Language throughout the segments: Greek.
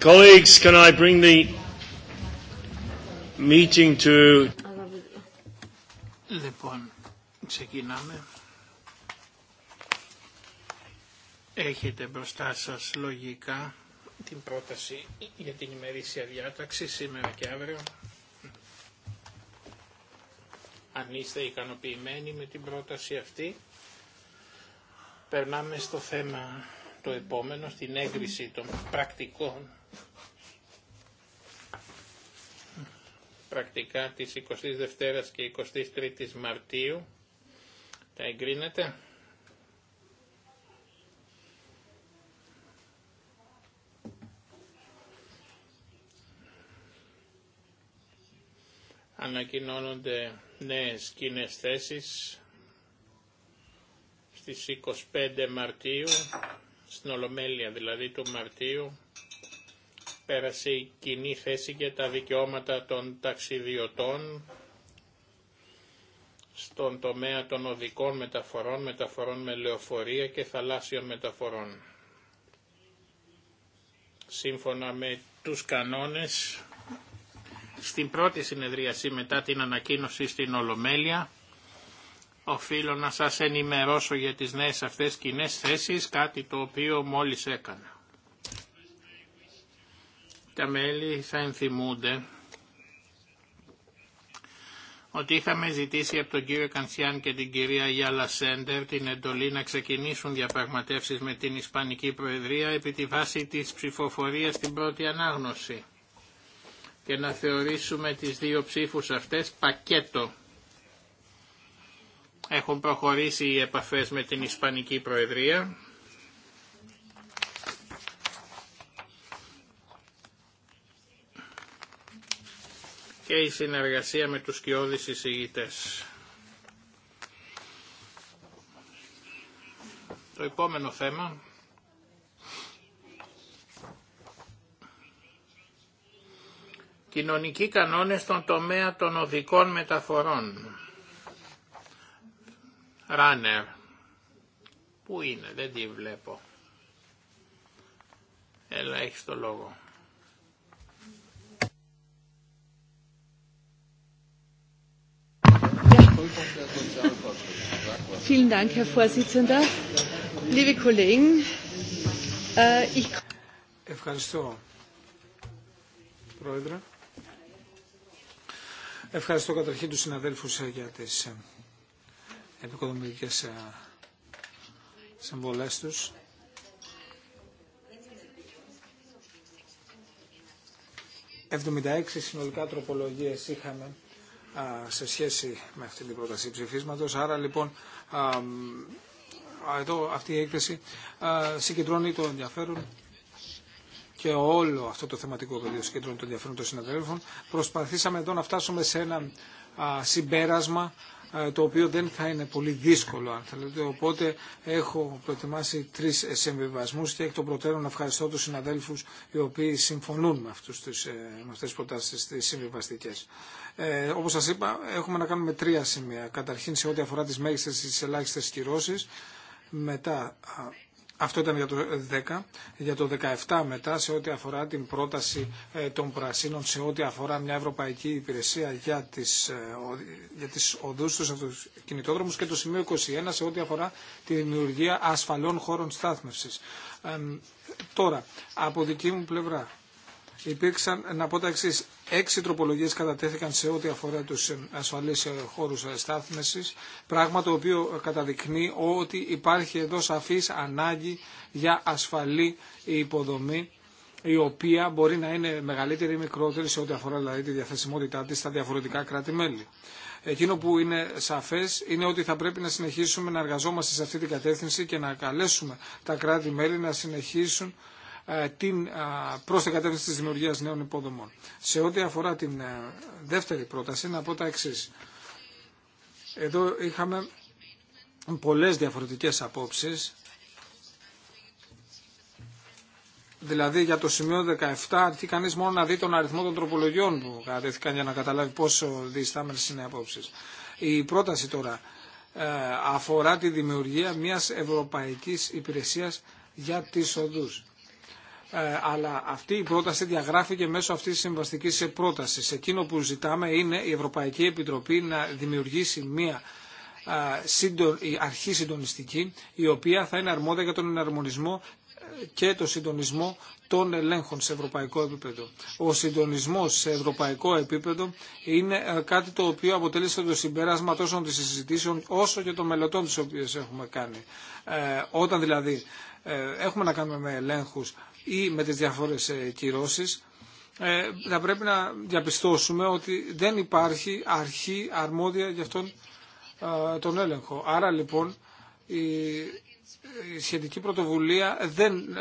Colleagues, can I bring the meeting to... Λοιπόν, ξεκινάμε. Έχετε μπροστά σας λογικά την πρόταση για την ημερήσια διάταξη σήμερα και αύριο. Αν είστε ικανοποιημένοι με την πρόταση αυτή, περνάμε στο θέμα το επόμενο, στην έγκριση των πρακτικών πρακτικά της 22ης και 23ης Μαρτίου. Τα εγκρίνετε. Ανακοινώνονται νέες κοινέ θέσεις στις 25 Μαρτίου, στην Ολομέλεια δηλαδή του Μαρτίου, πέρασε η κοινή θέση για τα δικαιώματα των ταξιδιωτών στον τομέα των οδικών μεταφορών, μεταφορών με λεωφορεία και θαλάσσιων μεταφορών. Σύμφωνα με τους κανόνες, στην πρώτη συνεδρίαση μετά την ανακοίνωση στην Ολομέλεια, οφείλω να σας ενημερώσω για τις νέες αυτές κοινέ θέσεις, κάτι το οποίο μόλις έκανα τα μέλη θα ενθυμούνται ότι είχαμε ζητήσει από τον κύριο Κανσιάν και την κυρία Γιάλα Σέντερ την εντολή να ξεκινήσουν διαπραγματεύσεις με την Ισπανική Προεδρία επί τη βάση της ψηφοφορίας στην πρώτη ανάγνωση και να θεωρήσουμε τις δύο ψήφους αυτές πακέτο. Έχουν προχωρήσει οι επαφές με την Ισπανική Προεδρία και η συνεργασία με τους κοιόδης εισηγητές. Το επόμενο θέμα Κοινωνικοί κανόνες στον τομέα των οδικών μεταφορών. Ράνερ. Πού είναι, δεν τη βλέπω. Έλα, έχεις το λόγο. Herr Liebe Kollegen, äh, Ευχαριστώ, Πρόεδρε. Ευχαριστώ καταρχήν τους συναδέλφους ε, για τις ε, επικοδομικές ε, συμβολές τους. «76 συνολικά τροπολογίες είχαμε σε σχέση με αυτή την πρόταση ψηφίσματος. Άρα λοιπόν εδώ αυτή η έκθεση συγκεντρώνει το ενδιαφέρον και όλο αυτό το θεματικό πεδίο συγκεντρώνει το ενδιαφέρον των συναδέλφων. Προσπαθήσαμε εδώ να φτάσουμε σε ένα συμπέρασμα ε, το οποίο δεν θα είναι πολύ δύσκολο αν θέλετε. Οπότε έχω προετοιμάσει τρεις συμβιβασμούς και εκ των προτέρων ευχαριστώ τους συναδέλφους οι οποίοι συμφωνούν με, αυτούς τι προτάσει αυτές τις προτάσεις Ε, όπως σας είπα έχουμε να κάνουμε τρία σημεία. Καταρχήν σε ό,τι αφορά τις μέγιστες και τις ελάχιστες κυρώσεις, μετά αυτό ήταν για το 10. Για το 17 μετά, σε ό,τι αφορά την πρόταση ε, των πρασίνων, σε ό,τι αφορά μια ευρωπαϊκή υπηρεσία για τις, ε, για τις οδούς των αυτοκινητόδρομους και το σημείο 21, σε ό,τι αφορά τη δημιουργία ασφαλών χώρων στάθμευσης. τώρα, από δική μου πλευρά, υπήρξαν, να πω τα εξή, έξι τροπολογίες κατατέθηκαν σε ό,τι αφορά του ασφαλείς χώρους στάθμεσης, πράγμα το οποίο καταδεικνύει ότι υπάρχει εδώ σαφής ανάγκη για ασφαλή υποδομή η οποία μπορεί να είναι μεγαλύτερη ή μικρότερη σε ό,τι αφορά δηλαδή, τη διαθεσιμότητά της στα διαφορετικά κράτη-μέλη. Εκείνο που είναι σαφές είναι ότι θα πρέπει να συνεχίσουμε να εργαζόμαστε σε αυτή την κατεύθυνση και να καλέσουμε τα κράτη-μέλη να συνεχίσουν ε, την, προς την κατεύθυνση της δημιουργίας νέων υποδομών. Σε ό,τι αφορά την ε, δεύτερη πρόταση, να πω τα εξή. Εδώ είχαμε πολλές διαφορετικές απόψεις, δηλαδή για το σημείο 17 αρκεί κανείς μόνο να δει τον αριθμό των τροπολογιών που κατατέθηκαν για να καταλάβει πόσο διστάμενες είναι οι απόψεις. Η πρόταση τώρα ε, αφορά τη δημιουργία μιας ευρωπαϊκής υπηρεσίας για τις οδούς. Ε, αλλά αυτή η πρόταση διαγράφηκε μέσω αυτής της συμβαστικής πρότασης. Εκείνο που ζητάμε είναι η Ευρωπαϊκή Επιτροπή να δημιουργήσει μία ε, αρχή συντονιστική η οποία θα είναι αρμόδια για τον εναρμονισμό ε, και το συντονισμό των ελέγχων σε ευρωπαϊκό επίπεδο. Ο συντονισμός σε ευρωπαϊκό επίπεδο είναι κάτι το οποίο αποτέλεσε το συμπέρασμα τόσο των συζητήσεων όσο και των μελετών τις οποίες έχουμε κάνει. όταν δηλαδή έχουμε να κάνουμε με ελέγχους ή με τις διαφόρες ε, κυρώσεις, ε, θα πρέπει να διαπιστώσουμε ότι δεν υπάρχει αρχή αρμόδια για αυτόν ε, τον έλεγχο. Άρα λοιπόν η σχετική πρωτοβουλία δεν,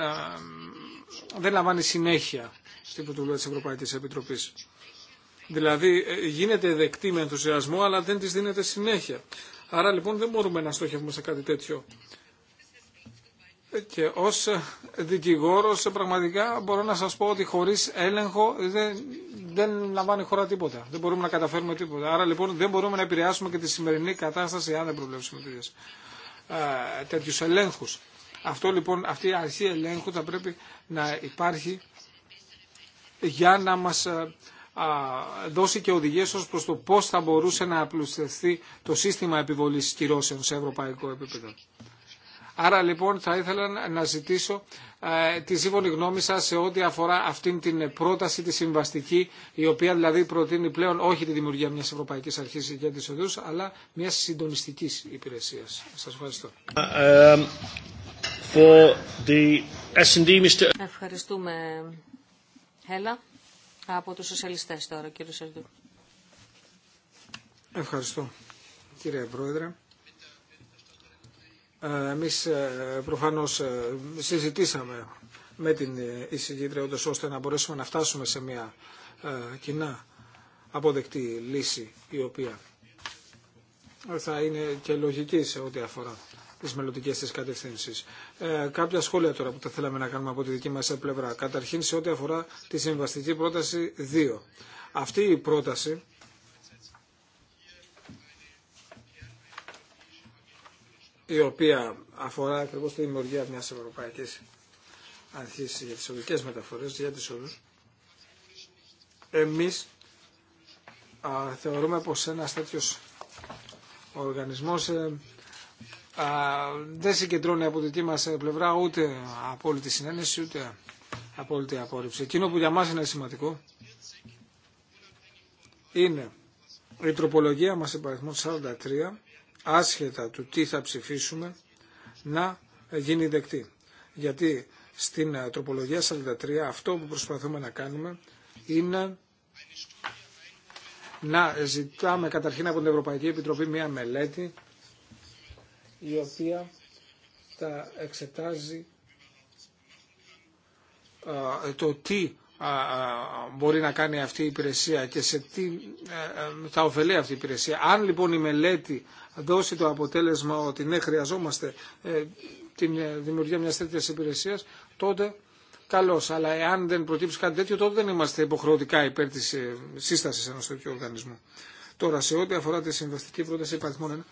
δεν λαμβάνει συνέχεια στην πρωτοβουλία της Ευρωπαϊκής Επιτροπής. Δηλαδή γίνεται δεκτή με ενθουσιασμό αλλά δεν της δίνεται συνέχεια. Άρα λοιπόν δεν μπορούμε να στοχεύουμε σε κάτι τέτοιο και ως δικηγόρος πραγματικά μπορώ να σας πω ότι χωρίς έλεγχο δεν, δεν λαμβάνει χώρα τίποτα. Δεν μπορούμε να καταφέρουμε τίποτα. Άρα λοιπόν δεν μπορούμε να επηρεάσουμε και τη σημερινή κατάσταση αν δεν προβλέψουμε τέτοιες, ε, τέτοιους ελέγχους. Αυτό λοιπόν, αυτή η αρχή ελέγχου θα πρέπει να υπάρχει για να μας δώσει και οδηγίες ως προς το πώς θα μπορούσε να απλουστευτεί το σύστημα επιβολής κυρώσεων σε ευρωπαϊκό επίπεδο. Άρα λοιπόν θα ήθελα να ζητήσω ε, τη σύμφωνη γνώμη σας σε ό,τι αφορά αυτήν την πρόταση τη συμβαστική, η οποία δηλαδή προτείνει πλέον όχι τη δημιουργία μιας Ευρωπαϊκής Αρχής για τις οδούς, αλλά μιας συντονιστικής υπηρεσίας. Σας ευχαριστώ. Um, Ευχαριστούμε, Έλα, από τους σοσιαλιστές τώρα, κύριε Σερδού. Ευχαριστώ, κύριε Πρόεδρε. Ε, εμείς ε, προφανώς ε, συζητήσαμε με την εισηγήτρια ούτως ώστε να μπορέσουμε να φτάσουμε σε μια κοινά αποδεκτή λύση η οποία θα είναι και λογική σε ό,τι αφορά τις μελλοντικέ της κατευθύνσεις. Ε, κάποια σχόλια τώρα που θα θέλαμε να κάνουμε από τη δική μας πλευρά. Καταρχήν σε ό,τι αφορά τη συμβαστική πρόταση 2. Αυτή η πρόταση η οποία αφορά ακριβώς τη δημιουργία μιας ευρωπαϊκής αρχής για τις οδικές μεταφορές, για τις οδούς, εμείς θεωρούμε πως ένας τέτοιος οργανισμός ε, δεν συγκεντρώνει από τη δική μας ε, πλευρά ούτε απόλυτη συνένεση, ούτε απόλυτη απόρριψη. Εκείνο που για μας είναι σημαντικό είναι η τροπολογία μας υπαριθμών 43 άσχετα του τι θα ψηφίσουμε, να γίνει δεκτή. Γιατί στην ε, τροπολογία 43 αυτό που προσπαθούμε να κάνουμε είναι να ζητάμε καταρχήν από την Ευρωπαϊκή Επιτροπή μια μελέτη η οποία θα εξετάζει ε, το τι μπορεί να κάνει αυτή η υπηρεσία και σε τι ε, ε, θα ωφελεί αυτή η υπηρεσία. Αν λοιπόν η μελέτη δώσει το αποτέλεσμα ότι ναι χρειαζόμαστε ε, την δημιουργία μιας τέτοιας υπηρεσίας, τότε καλώς. Αλλά εάν δεν προτύψει κάτι τέτοιο, τότε δεν είμαστε υποχρεωτικά υπέρ της σύστασης ενός τέτοιου οργανισμού. Τώρα σε ό,τι αφορά τη συμβαστική πρόταση υπαριθμών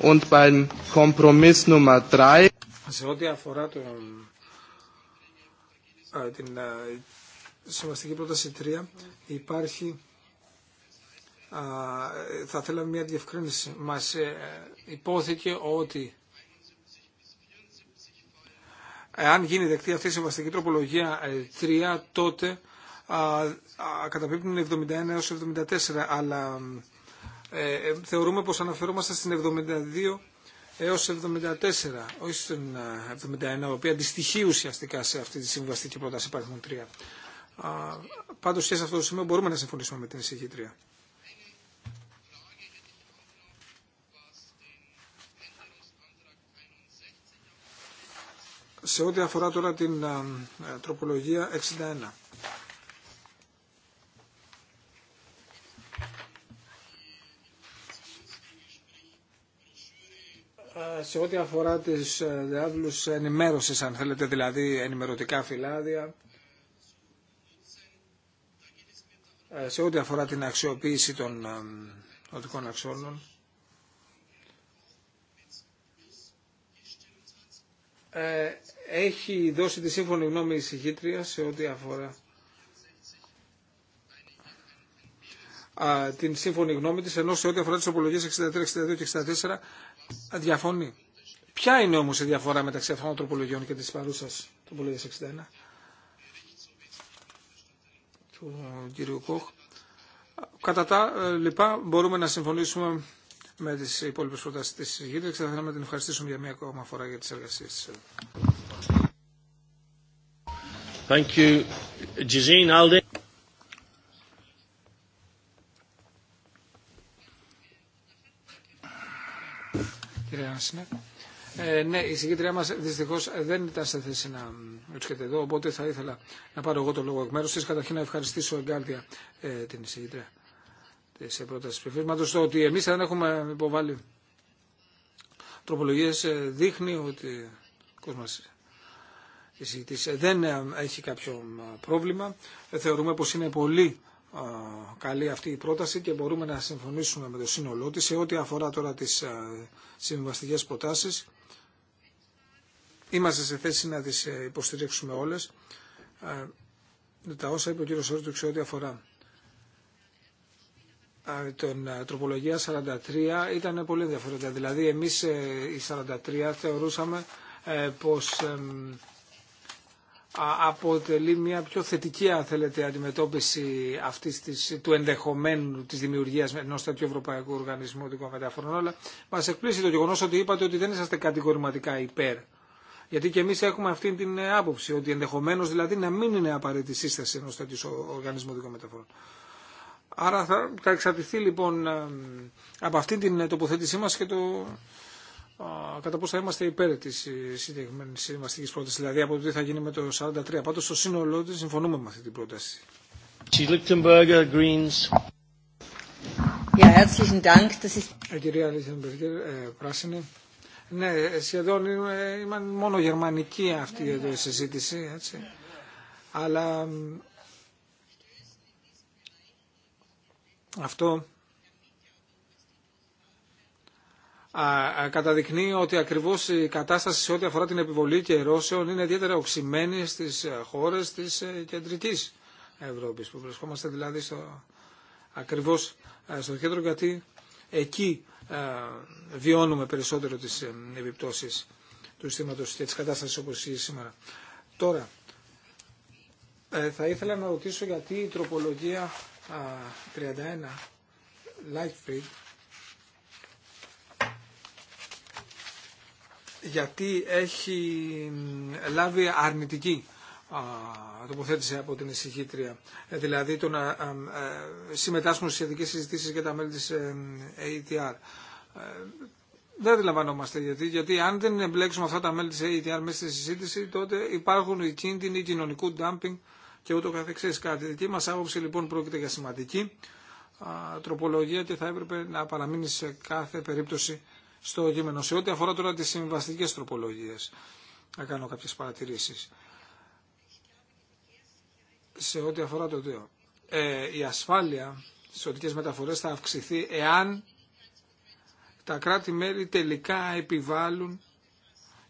1. Und beim Kompromiss Nummer 3. Σε ό,τι αφορά την συμβαστική πρόταση 3 υπάρχει θα θέλαμε μια διευκρίνηση. Μας ε, υπόθηκε ότι εάν γίνει δεκτή αυτή η συμβαστική τροπολογία 3, ε, τότε καταπίπτουν 71 έως 74, αλλά ε, θεωρούμε πως αναφερόμαστε στην 72 έως 74, όχι στην 71, η οποία αντιστοιχεί ουσιαστικά σε αυτή τη συμβαστική πρόταση υπάρχουν 3. Πάντως και σε αυτό το σημείο μπορούμε να συμφωνήσουμε με την εισηγήτρια. σε ό,τι αφορά τώρα την τροπολογία 61. Σε ό,τι αφορά τις ε, διάβλους ενημέρωσης, αν θέλετε, δηλαδή ενημερωτικά φυλάδια, Ε, σε ό,τι αφορά την αξιοποίηση των ε, οδικών αξώνων ε, έχει δώσει τη σύμφωνη γνώμη η συγχύτρια σε ό,τι αφορά την σύμφωνη γνώμη της, ενώ σε ό,τι αφορά τις τροπολογίες 63, 62 και 64 διαφωνεί. Ποια είναι όμως η διαφορά μεταξύ αυτών των τροπολογιών και της παρούσας τροπολογίας 61 του κύριου Κοχ. Κατά τα ε, λοιπά μπορούμε να συμφωνήσουμε με τις υπόλοιπες προτάσεις της συζήτησης και θα θέλαμε να την ευχαριστήσουμε για μία ακόμα φορά για τις εργασίες της. Thank you. Ε, ναι, η συγκέντριά μα δυστυχώ δεν ήταν σε θέση να βρίσκεται εδώ, οπότε θα ήθελα να πάρω εγώ το λόγο εκ μέρου τη. Καταρχήν να ευχαριστήσω εγκάρδια ε, την συγκέντρια τη ε, πρόταση ψηφίσματο. Το ότι εμεί δεν έχουμε υποβάλει τροπολογίε δείχνει ότι ο κόσμο δεν έχει κάποιο πρόβλημα. Θεωρούμε πω είναι πολύ καλή αυτή η πρόταση και μπορούμε να συμφωνήσουμε με το σύνολό της σε ό,τι αφορά τώρα τις συμβαστικές προτάσεις. Είμαστε σε θέση να τις ε, υποστηρίξουμε όλες. Τα όσα είπε ο κύριος Σόρτουξ σε ό,τι αφορά τον τροπολογία 43 ήταν πολύ ενδιαφέροντα. Δηλαδή εμείς η ε, 43 θεωρούσαμε ε, πως αποτελεί μια πιο θετική αν θέλετε αντιμετώπιση αυτής της, του ενδεχομένου της δημιουργίας ενό τέτοιου ευρωπαϊκού οργανισμού οδικών μεταφορών αλλά μας εκπλήσει το γεγονός ότι είπατε ότι δεν είσαστε κατηγορηματικά υπέρ γιατί και εμεί έχουμε αυτή την άποψη, ότι ενδεχομένω δηλαδή να μην είναι απαραίτητη σύσταση ενό τέτοιου οργανισμού οδικών μεταφορών. Άρα θα, θα εξαρτηθεί λοιπόν ε, από αυτή την τοποθέτησή μας και το κατά πώ θα είμαστε υπέρ τη ε, συγκεκριμένη συμβαστική πρόταση, δηλαδή από το τι θα γίνει με το 43. Πάντω, στο σύνολό τη συμφωνούμε με αυτή την πρόταση. Ε, κυρία Λίχτενμπεργκερ, πράσινη. Ναι, ε, σχεδόν ε, είμαι μόνο γερμανική αυτή η συζήτηση, έτσι. Αλλά αυτό καταδεικνύει ότι ακριβώς η κατάσταση σε ό,τι αφορά την επιβολή και ερώσεων είναι ιδιαίτερα οξυμένη στις ε, χώρες της ε, κεντρικής Ευρώπης που βρισκόμαστε δηλαδή στο, ακριβώς ε, στο κέντρο γιατί εκεί βιώνουμε περισσότερο τις επιπτώσεις του συστήματος και της κατάστασης όπως είναι σήμερα. Τώρα, θα ήθελα να ρωτήσω γιατί η τροπολογία 31 Lightfield γιατί έχει λάβει αρνητική τοποθέτηση από την εισηγήτρια. Ε, δηλαδή το να ε, συμμετάσχουν σε ειδικές συζητήσεις για τα μέλη της ε, ATR. Δεν αντιλαμβανόμαστε γιατί. Γιατί αν δεν εμπλέξουμε αυτά τα μέλη της ATR μέσα στη συζήτηση, τότε υπάρχουν οι κίνδυνοι κοινωνικού ντάμπινγκ και ούτω καθεξής. κάτι. δική μας άποψη λοιπόν πρόκειται για σημαντική τροπολογία και θα έπρεπε να παραμείνει σε κάθε περίπτωση στο κείμενο. Σε ό,τι αφορά τώρα τι συμβαστικέ τροπολογίες, να κάνω κάποιες παρατηρήσεις. Σε ό,τι αφορά το δύο, ε, η ασφάλεια στι οδικέ μεταφορές θα αυξηθεί εάν τα κράτη-μέλη τελικά επιβάλλουν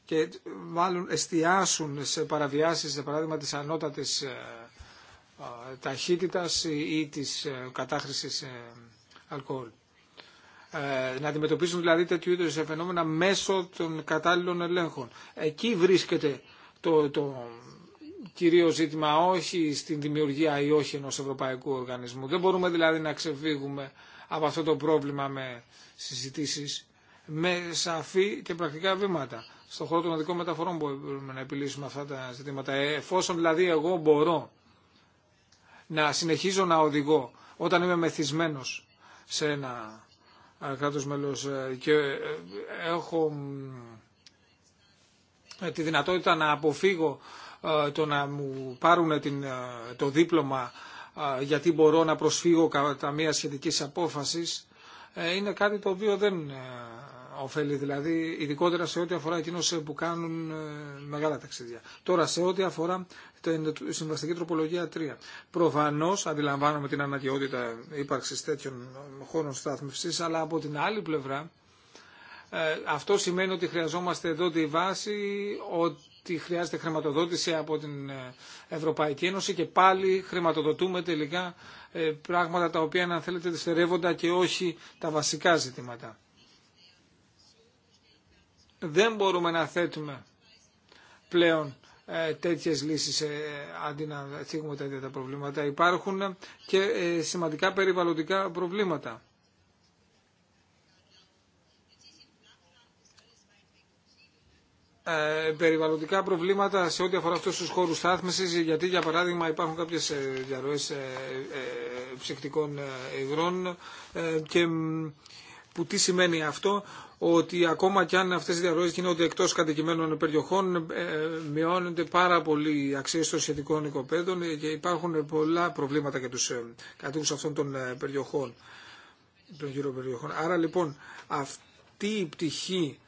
και βάλουν, εστιάσουν σε παραβιάσεις, σε παράδειγμα, της ανώτατης ε, ε, ταχύτητας ή της κατάχρησης αλκοόλ. Ε, να αντιμετωπίσουν δηλαδή τέτοιου είδους φαινόμενα μέσω των κατάλληλων ελέγχων. Εκεί βρίσκεται το, το κυρίω ζήτημα, όχι στην δημιουργία ή όχι ενός ευρωπαϊκού οργανισμού. Δεν μπορούμε δηλαδή να ξεφύγουμε από αυτό το πρόβλημα με συζητήσεις με σαφή και πρακτικά βήματα. Στον χώρο των οδικών μεταφορών μπορούμε να επιλύσουμε αυτά τα ζητήματα. Ε, εφόσον δηλαδή εγώ μπορώ να συνεχίζω να οδηγώ όταν είμαι μεθυσμένος σε ένα κράτος μέλος ε, και ε, έχω ε, τη δυνατότητα να αποφύγω το να μου πάρουν την, το δίπλωμα γιατί μπορώ να προσφύγω κατά μία σχετική απόφαση είναι κάτι το οποίο δεν ωφέλη, δηλαδή ειδικότερα σε ό,τι αφορά εκείνους που κάνουν ε, μεγάλα ταξίδια. Τώρα, σε ό,τι αφορά την συμβαστική τροπολογία 3. Προφανώ αντιλαμβάνομαι την αναγκαιότητα ύπαρξη τέτοιων χώρων στάθμευση, αλλά από την άλλη πλευρά ε, αυτό σημαίνει ότι χρειαζόμαστε εδώ τη βάση ότι χρειάζεται χρηματοδότηση από την ε, Ευρωπαϊκή Ένωση και πάλι χρηματοδοτούμε τελικά πράγματα τα οποία αν θέλετε δευτερεύοντα και όχι τα βασικά ζητήματα δεν μπορούμε να θέτουμε πλέον ε, τέτοιες λύσεις ε, αντί να θίγουμε τα τα προβλήματα. Υπάρχουν ε, και σημαντικά περιβαλλοντικά προβλήματα. περιβαλλοντικά προβλήματα σε ό,τι αφορά αυτούς τους χώρους στάθμισης, γιατί για παράδειγμα υπάρχουν κάποιες διαρροές ψυχτικών υγρών και που τι σημαίνει αυτό, ότι ακόμα κι αν αυτές οι διαρροές γίνονται εκτός κατοικημένων περιοχών, ε, μειώνονται πάρα πολύ οι αξίες των σχετικών οικοπαίδων ε, και υπάρχουν πολλά προβλήματα για τους ε, κατοίκους αυτών των περιοχών, των γύρω περιοχών. Άρα λοιπόν αυτή η πτυχή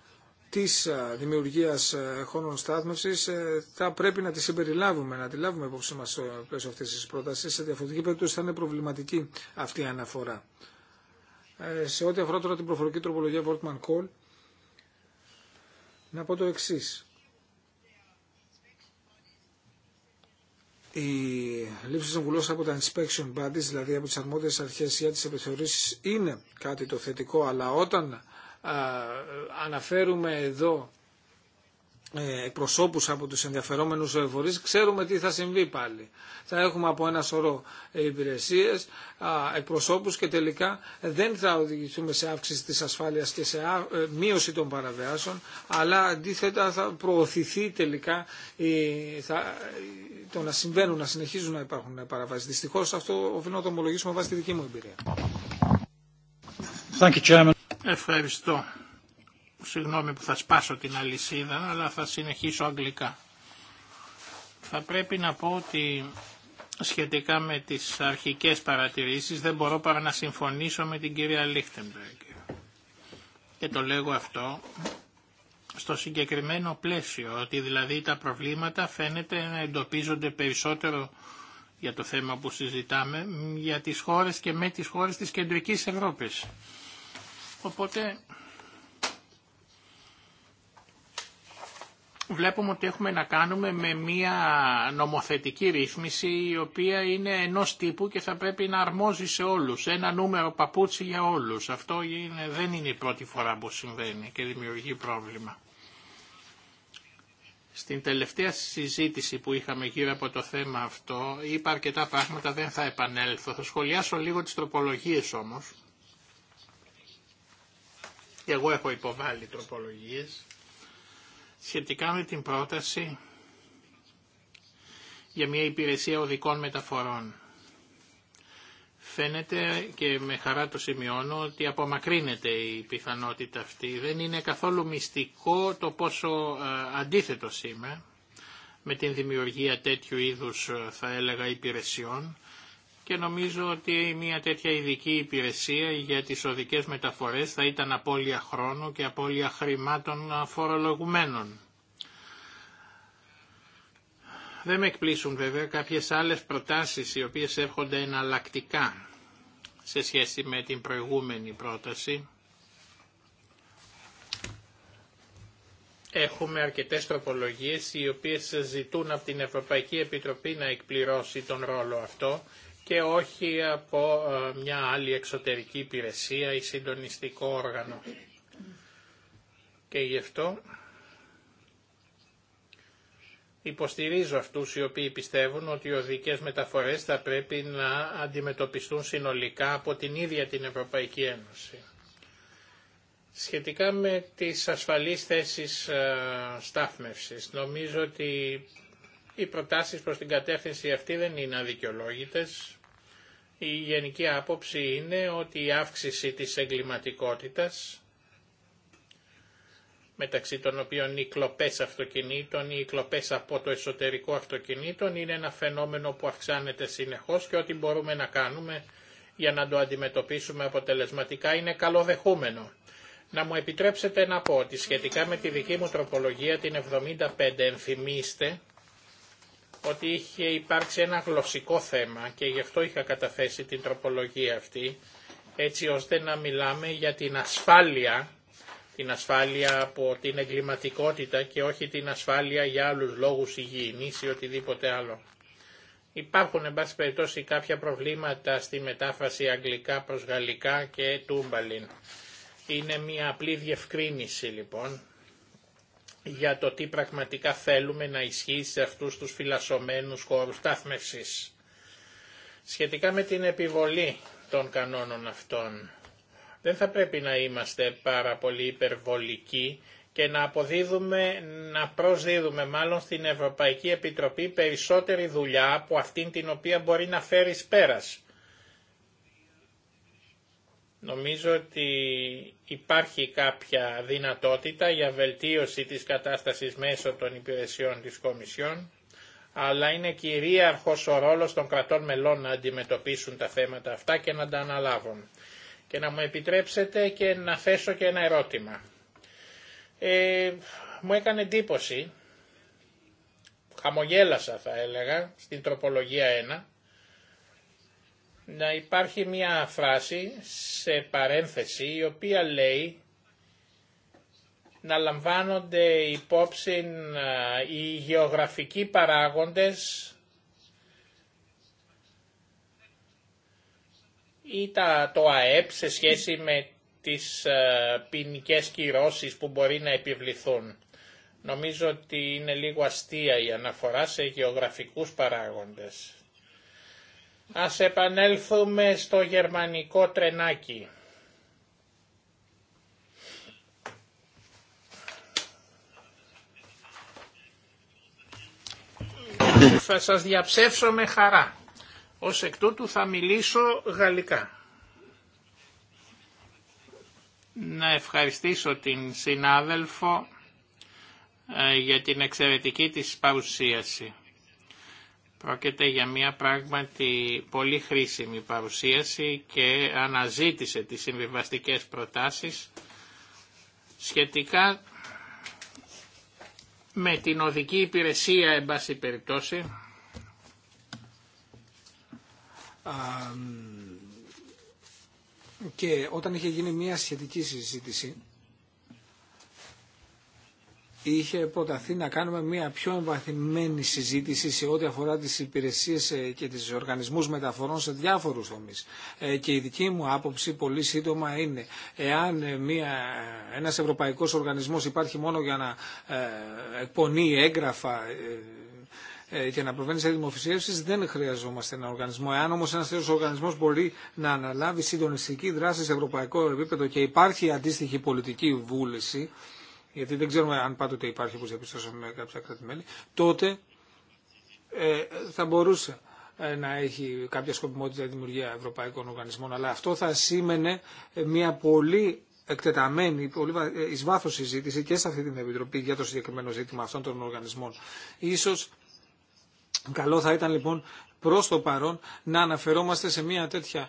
της δημιουργίας χώρων στάθμευσης θα πρέπει να τη συμπεριλάβουμε, να τη λάβουμε υπόψη μας στο πλαίσιο αυτής της πρότασης. Σε διαφορετική περίπτωση θα είναι προβληματική αυτή η αναφορά. Ε, σε ό,τι αφορά τώρα την προφορική τροπολογία Voltman Call, να πω το εξή. Η λήψη βουλώσεων από τα inspection bodies, δηλαδή από τι αρμόδιε αρχέ για τι επιθεωρήσει, είναι κάτι το θετικό, αλλά όταν ε, αναφέρουμε εδώ ε, εκπροσώπους από τους ενδιαφερόμενους φορείς ξέρουμε τι θα συμβεί πάλι. Θα έχουμε από ένα σωρό ε, υπηρεσίες, εκπροσώπους και τελικά δεν θα οδηγηθούμε σε αύξηση της ασφάλειας και σε ε, μείωση των παραβιάσεων αλλά αντίθετα θα προωθηθεί τελικά το να συμβαίνουν, να συνεχίζουν να υπάρχουν παραβάσεις. Δυστυχώ αυτό οφείλω να το ομολογήσουμε βάσει τη δική μου εμπειρία. Thank you, Ευχαριστώ. Συγγνώμη που θα σπάσω την αλυσίδα, αλλά θα συνεχίσω αγγλικά. Θα πρέπει να πω ότι σχετικά με τις αρχικές παρατηρήσεις δεν μπορώ παρά να συμφωνήσω με την κυρία Λίχτεμπεργκ. Και το λέγω αυτό στο συγκεκριμένο πλαίσιο, ότι δηλαδή τα προβλήματα φαίνεται να εντοπίζονται περισσότερο για το θέμα που συζητάμε, για τις χώρες και με τις χώρες της Κεντρικής Ευρώπης. Οπότε βλέπουμε ότι έχουμε να κάνουμε με μια νομοθετική ρύθμιση η οποία είναι ενός τύπου και θα πρέπει να αρμόζει σε όλους. Ένα νούμερο παπούτσι για όλους. Αυτό είναι, δεν είναι η πρώτη φορά που συμβαίνει και δημιουργεί πρόβλημα. Στην τελευταία συζήτηση που είχαμε γύρω από το θέμα αυτό είπα αρκετά πράγματα, δεν θα επανέλθω. Θα σχολιάσω λίγο τις τροπολογίες όμως. εγώ έχω υποβάλει τροπολογίες σχετικά με την πρόταση για μια υπηρεσία οδικών μεταφορών. Φαίνεται και με χαρά το σημειώνω ότι απομακρύνεται η πιθανότητα αυτή. Δεν είναι καθόλου μυστικό το πόσο ε, αντίθετο είμαι με την δημιουργία τέτοιου είδους ε, θα έλεγα υπηρεσιών και νομίζω ότι μια τέτοια ειδική υπηρεσία για τις οδικές μεταφορές θα ήταν απώλεια χρόνου και απώλεια χρημάτων φορολογουμένων. Δεν με εκπλήσουν βέβαια κάποιες άλλες προτάσεις οι οποίες έρχονται εναλλακτικά σε σχέση με την προηγούμενη πρόταση. Έχουμε αρκετές τροπολογίες οι οποίες ζητούν από την Ευρωπαϊκή Επιτροπή να εκπληρώσει τον ρόλο αυτό και όχι από ε, μια άλλη εξωτερική υπηρεσία ή συντονιστικό όργανο. Και γι' αυτό υποστηρίζω αυτούς οι οποίοι πιστεύουν ότι οι οδικές μεταφορές θα πρέπει να αντιμετωπιστούν συνολικά από την ίδια την Ευρωπαϊκή Ένωση. Σχετικά με τις ασφαλείς θέσεις ε, στάθμευσης, νομίζω ότι οι προτάσεις προς την κατεύθυνση αυτή δεν είναι αδικαιολόγητες. Η γενική άποψη είναι ότι η αύξηση της εγκληματικότητας, μεταξύ των οποίων οι κλοπές αυτοκινήτων ή οι κλοπές από το εσωτερικό αυτοκινήτων είναι ένα φαινόμενο που αυξάνεται συνεχώς και ό,τι μπορούμε να κάνουμε για να το αντιμετωπίσουμε αποτελεσματικά είναι καλοδεχούμενο. Να μου επιτρέψετε να πω ότι σχετικά με τη δική μου τροπολογία την 75 ενθυμίστε ότι είχε υπάρξει ένα γλωσσικό θέμα και γι' αυτό είχα καταθέσει την τροπολογία αυτή, έτσι ώστε να μιλάμε για την ασφάλεια, την ασφάλεια από την εγκληματικότητα και όχι την ασφάλεια για άλλους λόγους υγιεινής ή οτιδήποτε άλλο. Υπάρχουν, εν πάση περιπτώσει, κάποια προβλήματα στη μετάφραση αγγλικά προς γαλλικά και τούμπαλιν. Είναι μια απλή διευκρίνηση, λοιπόν, για το τι πραγματικά θέλουμε να ισχύει σε αυτούς τους φυλασσομένους χώρους στάθμευσης. Σχετικά με την επιβολή των κανόνων αυτών, δεν θα πρέπει να είμαστε πάρα πολύ υπερβολικοί και να αποδίδουμε, να προσδίδουμε μάλλον στην Ευρωπαϊκή Επιτροπή περισσότερη δουλειά από αυτήν την οποία μπορεί να φέρει πέρας. Νομίζω ότι υπάρχει κάποια δυνατότητα για βελτίωση της κατάστασης μέσω των υπηρεσιών της Κομισιόν, αλλά είναι κυρίαρχος ο ρόλος των κρατών μελών να αντιμετωπίσουν τα θέματα αυτά και να τα αναλάβουν. Και να μου επιτρέψετε και να θέσω και ένα ερώτημα. Ε, μου έκανε εντύπωση, χαμογέλασα θα έλεγα, στην τροπολογία 1, να υπάρχει μια φράση σε παρένθεση η οποία λέει να λαμβάνονται υπόψη οι γεωγραφικοί παράγοντες ή τα, το ΑΕΠ σε σχέση με τις ποινικέ κυρώσεις που μπορεί να επιβληθούν. Νομίζω ότι είναι λίγο αστεία η αναφορά σε γεωγραφικούς παράγοντες. Ας επανέλθουμε στο γερμανικό τρενάκι. Θα σας διαψεύσω με χαρά. Ως εκ τούτου θα μιλήσω γαλλικά. Να ευχαριστήσω την συνάδελφο ε, για την εξαιρετική της παρουσίαση. Πρόκειται για μια πράγματι πολύ χρήσιμη παρουσίαση και αναζήτησε τις συμβιβαστικές προτάσεις σχετικά με την οδική υπηρεσία, εν πάση περιπτώσει, και όταν είχε γίνει μια σχετική συζήτηση είχε προταθεί να κάνουμε μια πιο εμβαθυμένη συζήτηση σε ό,τι αφορά τις υπηρεσίες ε, και τις οργανισμούς μεταφορών σε διάφορους τομείς. Ε, και η δική μου άποψη πολύ σύντομα είναι εάν ε, μια, ένας ευρωπαϊκός οργανισμός υπάρχει μόνο για να εκπονεί έγγραφα και να προβαίνει σε δημοφιλεύσει, δεν χρειαζόμαστε ένα οργανισμό. Εάν όμω ένα τέτοιο οργανισμό μπορεί να αναλάβει συντονιστική δράση σε ευρωπαϊκό επίπεδο και υπάρχει αντίστοιχη πολιτική βούληση, γιατί δεν ξέρουμε αν πάντοτε υπάρχει όπως διαπιστώσαμε κάποια τότε ε, θα μπορούσε ε, να έχει κάποια σκοπιμότητα η δημιουργία ευρωπαϊκών οργανισμών. Αλλά αυτό θα σήμαινε ε, μια πολύ εκτεταμένη, πολύ εις βάθος συζήτηση και σε αυτή την Επιτροπή για το συγκεκριμένο ζήτημα αυτών των οργανισμών. Ίσως καλό θα ήταν λοιπόν προς το παρόν να αναφερόμαστε σε μια τέτοια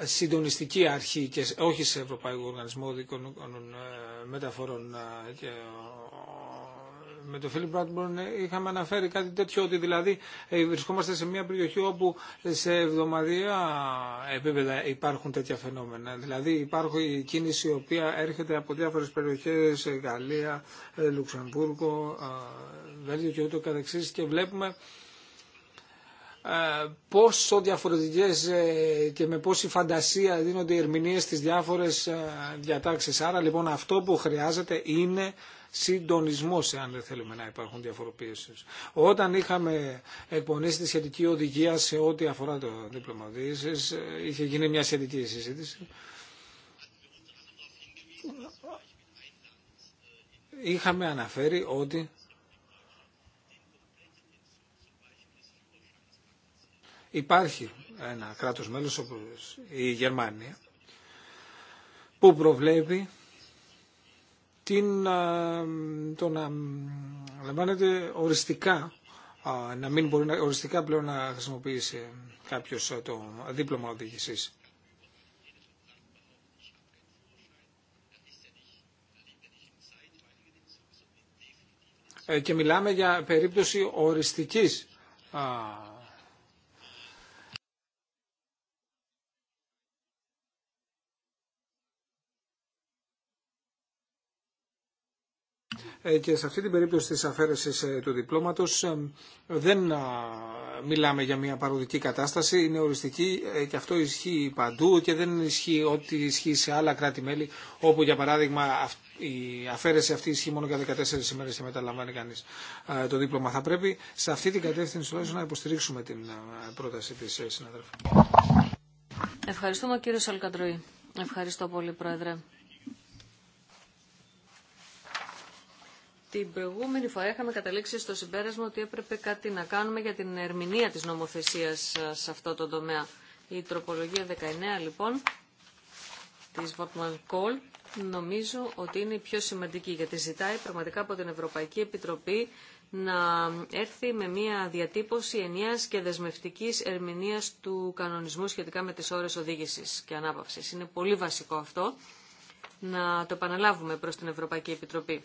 συντονιστική αρχή και όχι σε Ευρωπαϊκό Οργανισμό Δικών ε, Μεταφορών ε, και ε, με τον Φίλιπ Μπράτμπορν είχαμε αναφέρει κάτι τέτοιο, ότι δηλαδή βρισκόμαστε σε μια περιοχή όπου σε εβδομαδιαία επίπεδα υπάρχουν τέτοια φαινόμενα. Δηλαδή υπάρχει η κίνηση η οποία έρχεται από διάφορες περιοχές, Γαλλία, Λουξεμβούργο, Βέλγιο και ούτω καθεξής και βλέπουμε ε, πόσο διαφορετικές ε, και με πόση φαντασία δίνονται οι ερμηνείες στις διάφορες ε, διατάξεις. Άρα λοιπόν αυτό που χρειάζεται είναι συντονισμός εάν θέλουμε να υπάρχουν διαφοροποίησεις. Όταν είχαμε εκπονήσει τη σχετική οδηγία σε ό,τι αφορά το δίπλωμα είχε γίνει μια σχετική συζήτηση. Είχαμε αναφέρει ότι υπάρχει ένα κράτος μέλος όπως η Γερμανία που προβλέπει την, το να λαμβάνεται οριστικά να μην μπορεί να, οριστικά πλέον να χρησιμοποιήσει κάποιος το δίπλωμα οδήγησης. Ε, και μιλάμε για περίπτωση οριστικής Ε, και σε αυτή την περίπτωση της αφαίρεσης ε, του διπλώματος ε, δεν μιλάμε για μια παροδική κατάσταση, είναι οριστική και αυτό ισχύει παντού και δεν ισχύει ό,τι ισχύει σε άλλα κράτη-μέλη όπου για παράδειγμα η αφαίρεση αυτή ισχύει μόνο για 14 ημέρες και μετά λαμβάνει κανείς το δίπλωμα. Θα πρέπει σε αυτή την κατεύθυνση να υποστηρίξουμε την πρόταση της συναδέλφου. Ευχαριστούμε κύριο Σαλκαντροή. Ευχαριστώ πολύ πρόεδρε. Την προηγούμενη φορά είχαμε καταλήξει στο συμπέρασμα ότι έπρεπε κάτι να κάνουμε για την ερμηνεία της νομοθεσίας ε, σε αυτό το τομέα. Η τροπολογία 19 λοιπόν της Βορτμαν Κόλ νομίζω ότι είναι η πιο σημαντική γιατί ζητάει πραγματικά από την Ευρωπαϊκή Επιτροπή να έρθει με μια διατύπωση ενιαίας και δεσμευτικής ερμηνείας του κανονισμού σχετικά με τις ώρες οδήγησης και ανάπαυσης. Είναι πολύ βασικό αυτό να το επαναλάβουμε προς την Ευρωπαϊκή Επιτροπή.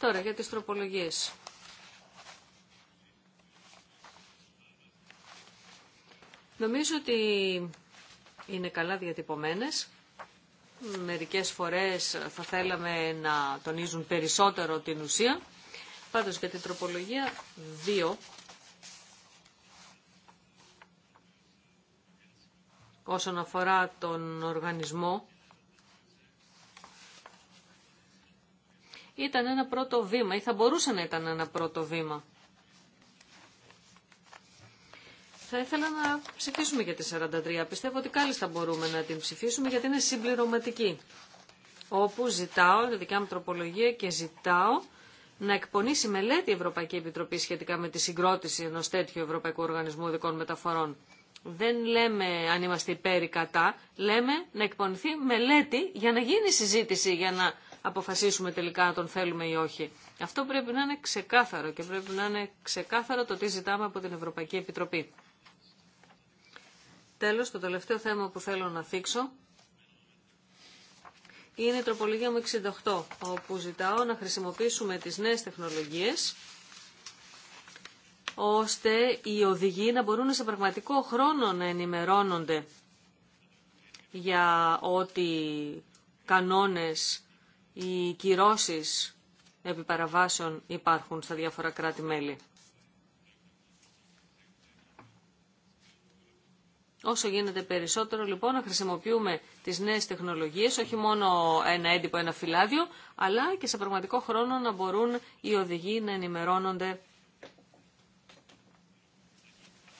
Τώρα για τις τροπολογίες. Νομίζω ότι είναι καλά διατυπωμένες. Μερικές φορές θα θέλαμε να τονίζουν περισσότερο την ουσία. Πάντως για την τροπολογία 2, όσον αφορά τον οργανισμό ήταν ένα πρώτο βήμα ή θα μπορούσε να ήταν ένα πρώτο βήμα. Θα ήθελα να ψηφίσουμε για τη 43. Πιστεύω ότι κάλλιστα μπορούμε να την ψηφίσουμε γιατί είναι συμπληρωματική. Όπου ζητάω, τη δικιά μου τροπολογία και ζητάω να εκπονήσει μελέτη η Ευρωπαϊκή Επιτροπή σχετικά με τη συγκρότηση ενός τέτοιου Ευρωπαϊκού Οργανισμού Δικών Μεταφορών. Δεν λέμε αν είμαστε υπέρ ή κατά, λέμε να εκπονηθεί μελέτη για να γίνει συζήτηση, για να αποφασίσουμε τελικά αν τον θέλουμε ή όχι. Αυτό πρέπει να είναι ξεκάθαρο και πρέπει να είναι ξεκάθαρο το τι ζητάμε από την Ευρωπαϊκή Επιτροπή. Τέλος, το τελευταίο θέμα που θέλω να θίξω είναι η τροπολογία μου 68, όπου ζητάω να χρησιμοποιήσουμε τις νέες τεχνολογίες ώστε οι οδηγοί να μπορούν σε πραγματικό χρόνο να ενημερώνονται για ό,τι κανόνες οι κυρώσεις επιπαραβάσεων υπάρχουν στα διάφορα κράτη-μέλη. Όσο γίνεται περισσότερο λοιπόν να χρησιμοποιούμε τις νέες τεχνολογίες, όχι μόνο ένα έντυπο, ένα φυλάδιο, αλλά και σε πραγματικό χρόνο να μπορούν οι οδηγοί να ενημερώνονται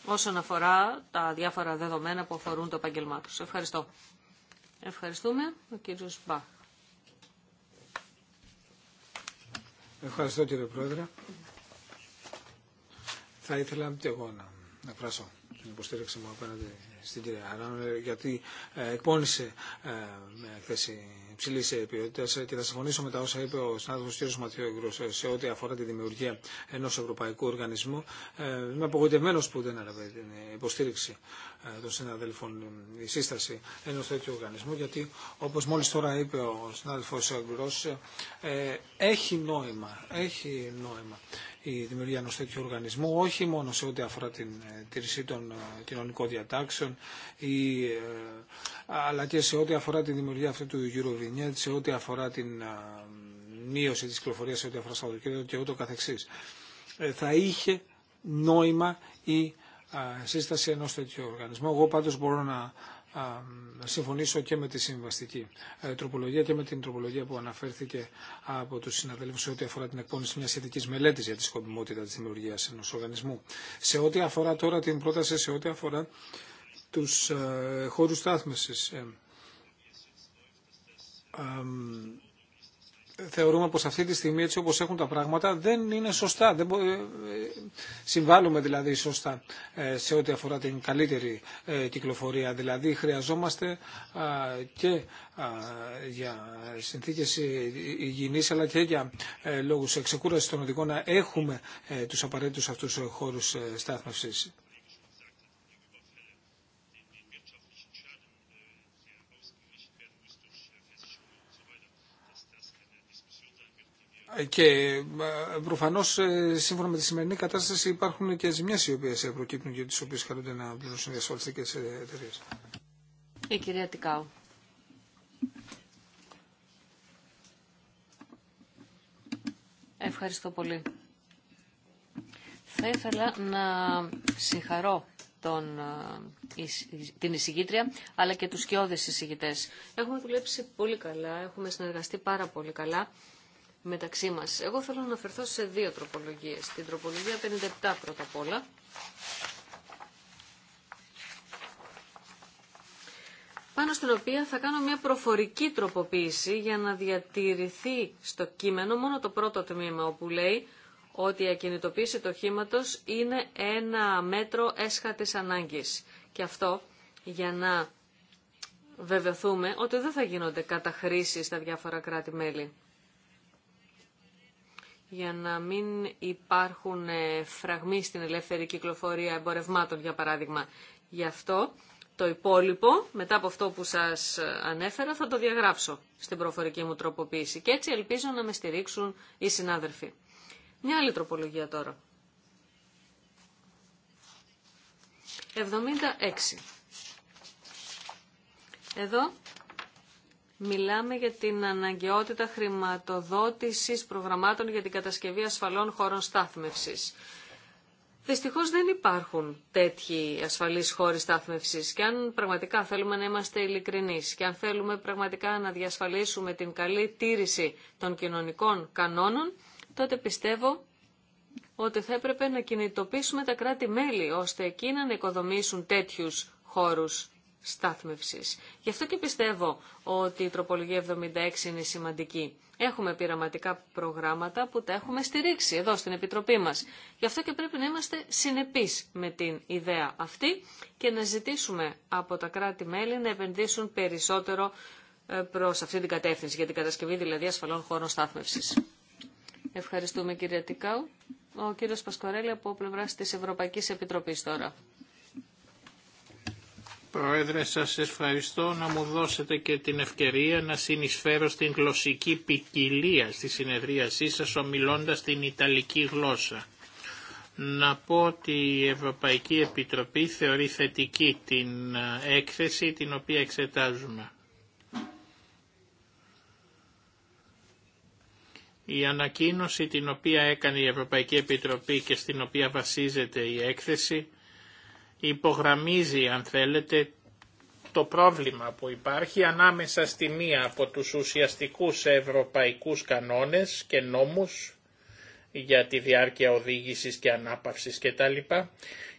όσον αφορά τα διάφορα δεδομένα που αφορούν το επαγγελμά τους. Ευχαριστώ. Ευχαριστούμε ο κύριος Μπαχ. Ευχαριστώ κύριε Πρόεδρε. Θα ήθελα και εγώ να, να την υποστήριξη μου απέναντι στην κυρία Άραν, ε, γιατί ε, εκπώνησε ε, με εκθέση υψηλή ποιότητα και θα συμφωνήσω με τα όσα είπε ο συνάδελφο κ. Ματιό σε ό,τι αφορά τη δημιουργία ενό ευρωπαϊκού οργανισμού. Είμαι απογοητευμένο που δεν έλαβε την υποστήριξη των συναδέλφων η σύσταση ενό τέτοιου οργανισμού γιατί όπω μόλι τώρα είπε ο συνάδελφο Γκρό έχει νόημα. Έχει νόημα η δημιουργία ενό τέτοιου οργανισμού, όχι μόνο σε ό,τι αφορά την ε, τηρησή των ε, κοινωνικών διατάξεων, ή, ε, αλλά και σε ό,τι αφορά τη δημιουργία αυτού του Eurovignette, σε ό,τι αφορά την μείωση της κυκλοφορίας σε ό,τι αφορά Σαββατοκύριακο και ούτω καθεξής. Θα είχε νόημα η σύσταση ενός τέτοιου οργανισμού. Εγώ πάντως μπορώ να συμφωνήσω και με τη συμβαστική ε, τροπολογία και με την τροπολογία που αναφέρθηκε από τους συναδέλφους σε ό,τι αφορά την εκπόνηση μιας σχετική μελέτης για τη σκοπιμότητα της δημιουργίας ενός οργανισμού. Σε ό,τι αφορά τώρα την πρόταση, σε ό,τι αφορά τους ε, χώρους στάθμισης, ε, θεωρούμε πως αυτή τη στιγμή έτσι όπως έχουν τα πράγματα δεν είναι σωστά. Δεν ε, ε, Συμβάλλουμε δηλαδή σωστά ε, σε ό,τι αφορά την καλύτερη κυκλοφορία. Δηλαδή χρειαζόμαστε και για συνθήκες υγιεινής αλλά και για λόγους εξεκούρασης των οδηγών να έχουμε τους απαραίτητους αυτούς χώρους στάθμευσης. Και ε, προφανώ ε, σύμφωνα με τη σημερινή κατάσταση υπάρχουν και ζημιέ οι οποίε ε, προκύπτουν και τι οποίε καλούνται να πληρώσουν οι ασφαλιστικέ εταιρείε. Η κυρία Τικάου. Ευχαριστώ πολύ. Θα ήθελα να συγχαρώ τον, την εισηγήτρια, αλλά και τους σκιώδες εισηγητές. Έχουμε δουλέψει πολύ καλά, έχουμε συνεργαστεί πάρα πολύ καλά μεταξύ μας. Εγώ θέλω να αναφερθώ σε δύο τροπολογίες. Την τροπολογία 57 πρώτα απ' όλα. Πάνω στην οποία θα κάνω μια προφορική τροποποίηση για να διατηρηθεί στο κείμενο μόνο το πρώτο τμήμα όπου λέει ότι η ακινητοποίηση του οχήματο είναι ένα μέτρο έσχατης ανάγκης. Και αυτό για να βεβαιωθούμε ότι δεν θα γίνονται καταχρήσεις στα διάφορα κράτη-μέλη για να μην υπάρχουν ε, φραγμοί στην ελεύθερη κυκλοφορία εμπορευμάτων, για παράδειγμα. Γι' αυτό το υπόλοιπο, μετά από αυτό που σας ε, ανέφερα, θα το διαγράψω στην προφορική μου τροποποίηση. Και έτσι ελπίζω να με στηρίξουν οι συνάδελφοι. Μια άλλη τροπολογία τώρα. 76. Εδώ Μιλάμε για την αναγκαιότητα χρηματοδότησης προγραμμάτων για την κατασκευή ασφαλών χώρων στάθμευσης. Δυστυχώς δεν υπάρχουν τέτοιοι ασφαλείς χώροι στάθμευσης και αν πραγματικά θέλουμε να είμαστε ειλικρινείς και αν θέλουμε πραγματικά να διασφαλίσουμε την καλή τήρηση των κοινωνικών κανόνων, τότε πιστεύω ότι θα έπρεπε να κινητοποιήσουμε τα κράτη-μέλη ώστε εκείνα να οικοδομήσουν τέτοιους χώρους στάθμευσης. Γι' αυτό και πιστεύω ότι η τροπολογία 76 είναι σημαντική. Έχουμε πειραματικά προγράμματα που τα έχουμε στηρίξει εδώ στην Επιτροπή μας. Γι' αυτό και πρέπει να είμαστε συνεπείς με την ιδέα αυτή και να ζητήσουμε από τα κράτη-μέλη να επενδύσουν περισσότερο ε, προς αυτή την κατεύθυνση, για την κατασκευή δηλαδή ασφαλών χώρων στάθμευσης. Ευχαριστούμε κύριε Τικάου. Ο κύριος Πασκορέλη από πλευρά της Ευρωπαϊκής Επιτροπής τώρα. Πρόεδρε, σας ευχαριστώ να μου δώσετε και την ευκαιρία να συνεισφέρω στην γλωσσική ποικιλία στη συνεδρίασή σας ομιλώντας την Ιταλική γλώσσα. Να πω ότι η Ευρωπαϊκή Επιτροπή θεωρεί θετική την ε, έκθεση την οποία εξετάζουμε. Η ανακοίνωση την οποία έκανε η Ευρωπαϊκή Επιτροπή και στην οποία βασίζεται η έκθεση υπογραμμίζει αν θέλετε το πρόβλημα που υπάρχει ανάμεσα στη μία από τους ουσιαστικούς ευρωπαϊκούς κανόνες και νόμους για τη διάρκεια οδήγησης και ανάπαυσης κτλ.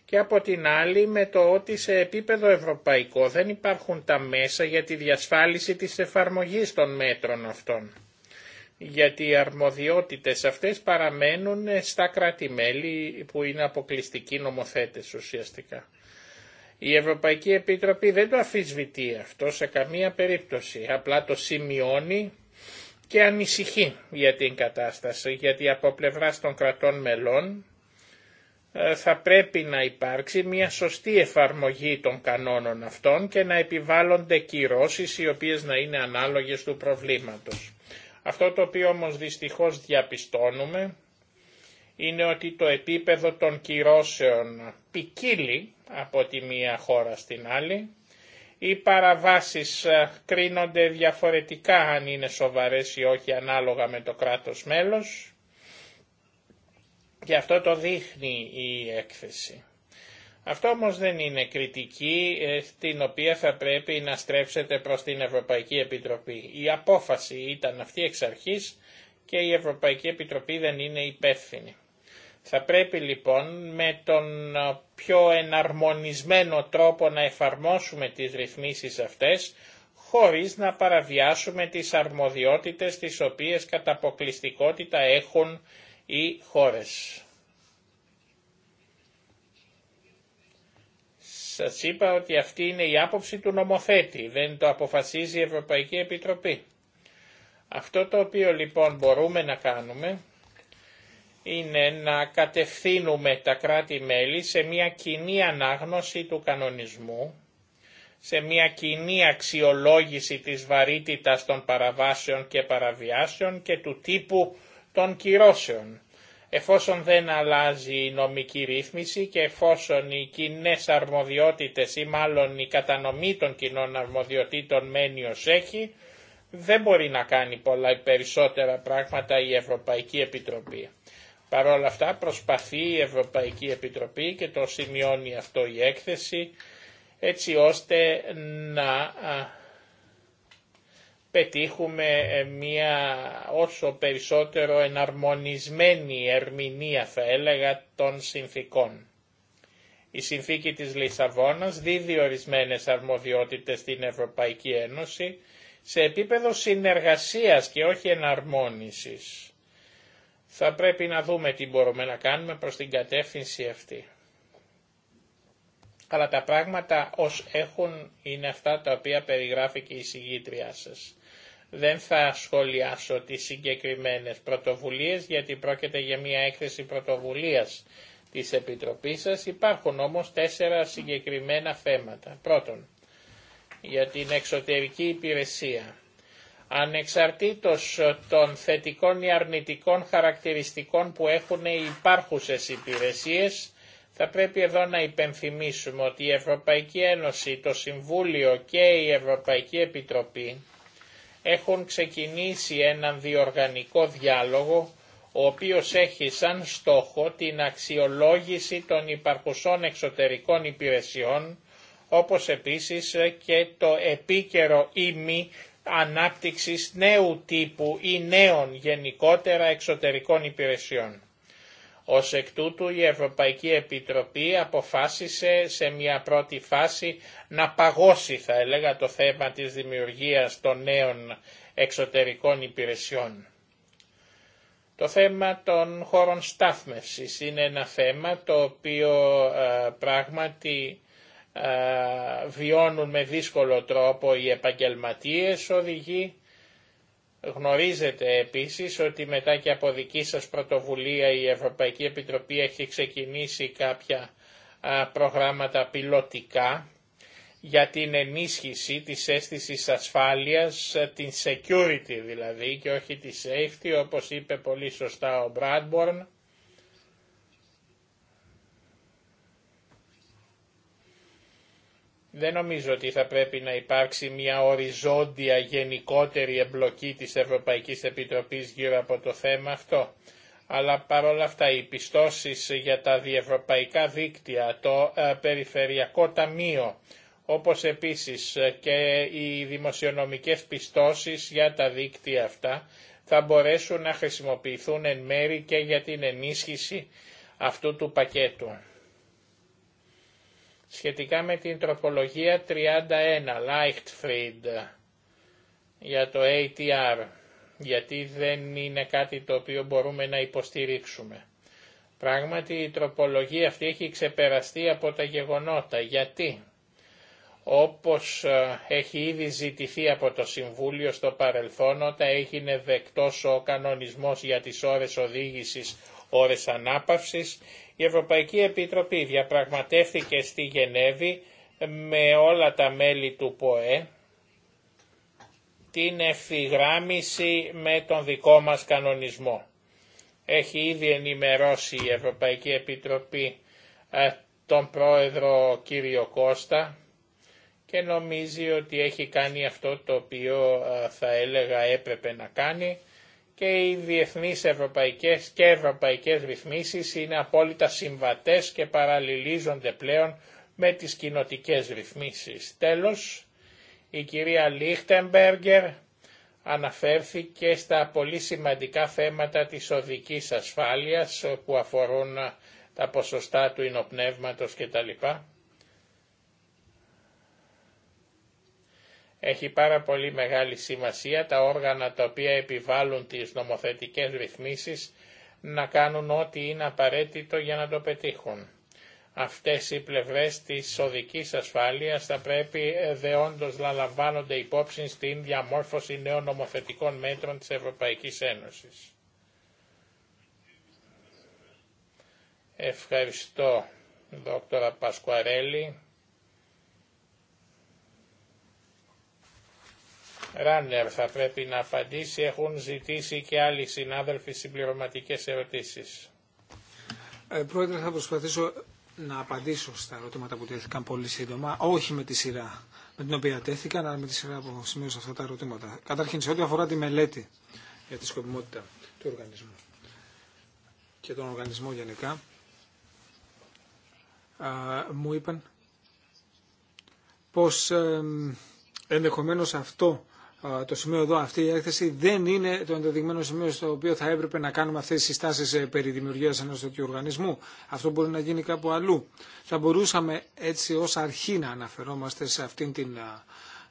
Και από την άλλη με το ότι σε επίπεδο ευρωπαϊκό δεν υπάρχουν τα μέσα για τη διασφάλιση της εφαρμογής των μέτρων αυτών γιατί οι αρμοδιότητες αυτές παραμένουν στα κράτη-μέλη που είναι αποκλειστικοί νομοθέτες ουσιαστικά. Η Ευρωπαϊκή Επιτροπή δεν το αφισβητεί αυτό σε καμία περίπτωση, απλά το σημειώνει και ανησυχεί για την κατάσταση, γιατί από πλευρά των κρατών μελών ε, θα πρέπει να υπάρξει μια σωστή εφαρμογή των κανόνων αυτών και να επιβάλλονται κυρώσεις οι οποίες να είναι ανάλογες του προβλήματος. Αυτό το οποίο όμως δυστυχώς διαπιστώνουμε είναι ότι το επίπεδο των κυρώσεων ποικίλει από τη μία χώρα στην άλλη. Οι παραβάσεις ε, κρίνονται διαφορετικά αν είναι σοβαρές ή όχι ανάλογα με το κράτος μέλος και αυτό το δείχνει η έκθεση. Αυτό όμως δεν είναι κριτική ε, την οποία θα πρέπει να στρέψετε προς την Ευρωπαϊκή Επιτροπή. Η απόφαση ήταν αυτή εξ αρχής και η Ευρωπαϊκή Επιτροπή δεν είναι υπεύθυνη. Θα πρέπει λοιπόν με τον ε, πιο εναρμονισμένο τρόπο να εφαρμόσουμε τις ρυθμίσεις αυτές χωρίς να παραβιάσουμε τις αρμοδιότητες τις οποίες κατά αποκλειστικότητα έχουν οι χώρες. Σας είπα ότι αυτή είναι η άποψη του νομοθέτη, δεν το αποφασίζει η Ευρωπαϊκή Επιτροπή. Αυτό το οποίο λοιπόν μπορούμε να κάνουμε είναι να κατευθύνουμε τα κράτη-μέλη σε μια κοινή ανάγνωση του κανονισμού, σε μια κοινή αξιολόγηση της βαρύτητας των παραβάσεων και παραβιάσεων και του τύπου των κυρώσεων Εφόσον δεν αλλάζει η νομική ρύθμιση και εφόσον οι κοινέ αρμοδιότητες ή μάλλον η κατανομή των κοινών αρμοδιοτήτων μένει ως έχει, δεν μπορεί να κάνει πολλά περισσότερα πράγματα η Ευρωπαϊκή Επιτροπή. Παρ' όλα αυτά προσπαθεί η Ευρωπαϊκή Επιτροπή και το σημειώνει αυτό η έκθεση έτσι ώστε να πετύχουμε ε, μια όσο περισσότερο εναρμονισμένη ερμηνεία θα έλεγα των συνθήκων. Η συνθήκη της Λισαβόνας δίδει ορισμένες αρμοδιότητες στην Ευρωπαϊκή Ένωση σε επίπεδο συνεργασίας και όχι εναρμόνισης. Θα πρέπει να δούμε τι μπορούμε να κάνουμε προς την κατεύθυνση αυτή. Αλλά τα πράγματα ως έχουν είναι αυτά τα οποία περιγράφει και η συγγήτριά σας. Δεν θα σχολιάσω τις συγκεκριμένες πρωτοβουλίες γιατί πρόκειται για μια έκθεση πρωτοβουλίας της Επιτροπής σας. Υπάρχουν όμως τέσσερα συγκεκριμένα θέματα. Πρώτον, για την εξωτερική υπηρεσία. Ανεξαρτήτως των θετικών ή αρνητικών χαρακτηριστικών που έχουν οι υπάρχουσες υπηρεσίες, θα πρέπει εδώ να υπενθυμίσουμε ότι η Ευρωπαϊκή Ένωση, το Συμβούλιο και η Ευρωπαϊκή Επιτροπή έχουν ξεκινήσει έναν διοργανικό διάλογο ο οποίος έχει σαν στόχο την αξιολόγηση των υπαρχουσών εξωτερικών υπηρεσιών όπως επίσης και το επίκαιρο ήμι ανάπτυξης νέου τύπου ή νέων γενικότερα εξωτερικών υπηρεσιών. Ως εκ τούτου η Ευρωπαϊκή Επιτροπή αποφάσισε σε μια πρώτη φάση να παγώσει θα έλεγα το θέμα της δημιουργίας των νέων εξωτερικών υπηρεσιών. Το θέμα των χώρων στάθμευσης είναι ένα θέμα το οποίο ε, πράγματι ε, βιώνουν με δύσκολο τρόπο οι επαγγελματίες, οδηγεί Γνωρίζετε επίσης ότι μετά και από δική σας πρωτοβουλία η Ευρωπαϊκή Επιτροπή έχει ξεκινήσει κάποια προγράμματα πιλωτικά για την ενίσχυση της αίσθησης ασφάλειας, ε, την security δηλαδή και όχι τη safety όπως είπε πολύ σωστά ο Bradborn Δεν νομίζω ότι θα πρέπει να υπάρξει μια οριζόντια γενικότερη εμπλοκή της Ευρωπαϊκής Επιτροπής γύρω από το θέμα αυτό. Αλλά παρόλα αυτά οι πιστώσεις για τα διευρωπαϊκά δίκτυα, το ε, περιφερειακό ταμείο, όπως επίσης ε, και οι δημοσιονομικές πιστώσεις για τα δίκτυα αυτά, θα μπορέσουν να χρησιμοποιηθούν εν μέρη και για την ενίσχυση αυτού του πακέτου σχετικά με την τροπολογία 31, Lightfried, για το ATR, γιατί δεν είναι κάτι το οποίο μπορούμε να υποστηρίξουμε. Πράγματι η τροπολογία αυτή έχει ξεπεραστεί από τα γεγονότα. Γιατί, όπως ε, έχει ήδη ζητηθεί από το Συμβούλιο στο παρελθόν όταν έγινε δεκτός ο κανονισμός για τις ώρες οδήγησης, ώρες ανάπαυσης, η Ευρωπαϊκή Επιτροπή διαπραγματεύθηκε στη Γενέβη με όλα τα μέλη του ΠΟΕ την ευθυγράμμιση με τον δικό μας κανονισμό. Έχει ήδη ενημερώσει η Ευρωπαϊκή Επιτροπή ε, τον πρόεδρο κύριο Κώστα και νομίζει ότι έχει κάνει αυτό το οποίο ε, θα έλεγα έπρεπε να κάνει και οι διεθνείς ευρωπαϊκές και ευρωπαϊκές ρυθμίσεις είναι απόλυτα συμβατές και παραλληλίζονται πλέον με τις κοινοτικές ρυθμίσεις. Τέλος, η κυρία Λίχτεμπεργκερ αναφέρθηκε στα πολύ σημαντικά θέματα της οδικής ασφάλειας που αφορούν τα ποσοστά του ινοπνεύματος κτλ. Έχει πάρα πολύ μεγάλη σημασία τα όργανα τα οποία επιβάλλουν τις νομοθετικές ρυθμίσεις να κάνουν ό,τι είναι απαραίτητο για να το πετύχουν. Αυτές οι πλευρές της οδικής ασφάλειας θα πρέπει ε, δεόντως να λαμβάνονται υπόψη στην διαμόρφωση νέων νομοθετικών μέτρων της Ευρωπαϊκής Ένωσης. Ευχαριστώ, δόκτωρα Πασκουαρέλη. Ράνερ θα πρέπει να απαντήσει. Έχουν ζητήσει και άλλοι συνάδελφοι συμπληρωματικέ ερωτήσει. Ε, πρόεδρε, θα προσπαθήσω να απαντήσω στα ερωτήματα που τέθηκαν πολύ σύντομα, όχι με τη σειρά με την οποία τέθηκαν, αλλά με τη σειρά που σημείωσα αυτά τα ερωτήματα. Καταρχήν, σε ό,τι αφορά τη μελέτη για τη σκοπιμότητα του οργανισμού και τον οργανισμό γενικά, μου είπαν πως ενδεχομένως αυτό το σημείο εδώ, αυτή η έκθεση δεν είναι το ενδεδειγμένο σημείο στο οποίο θα έπρεπε να κάνουμε αυτέ τι συστάσει ε, περί δημιουργία ενό τέτοιου οργανισμού. Αυτό μπορεί να γίνει κάπου αλλού. Θα μπορούσαμε έτσι ω αρχή να αναφερόμαστε σε αυτήν την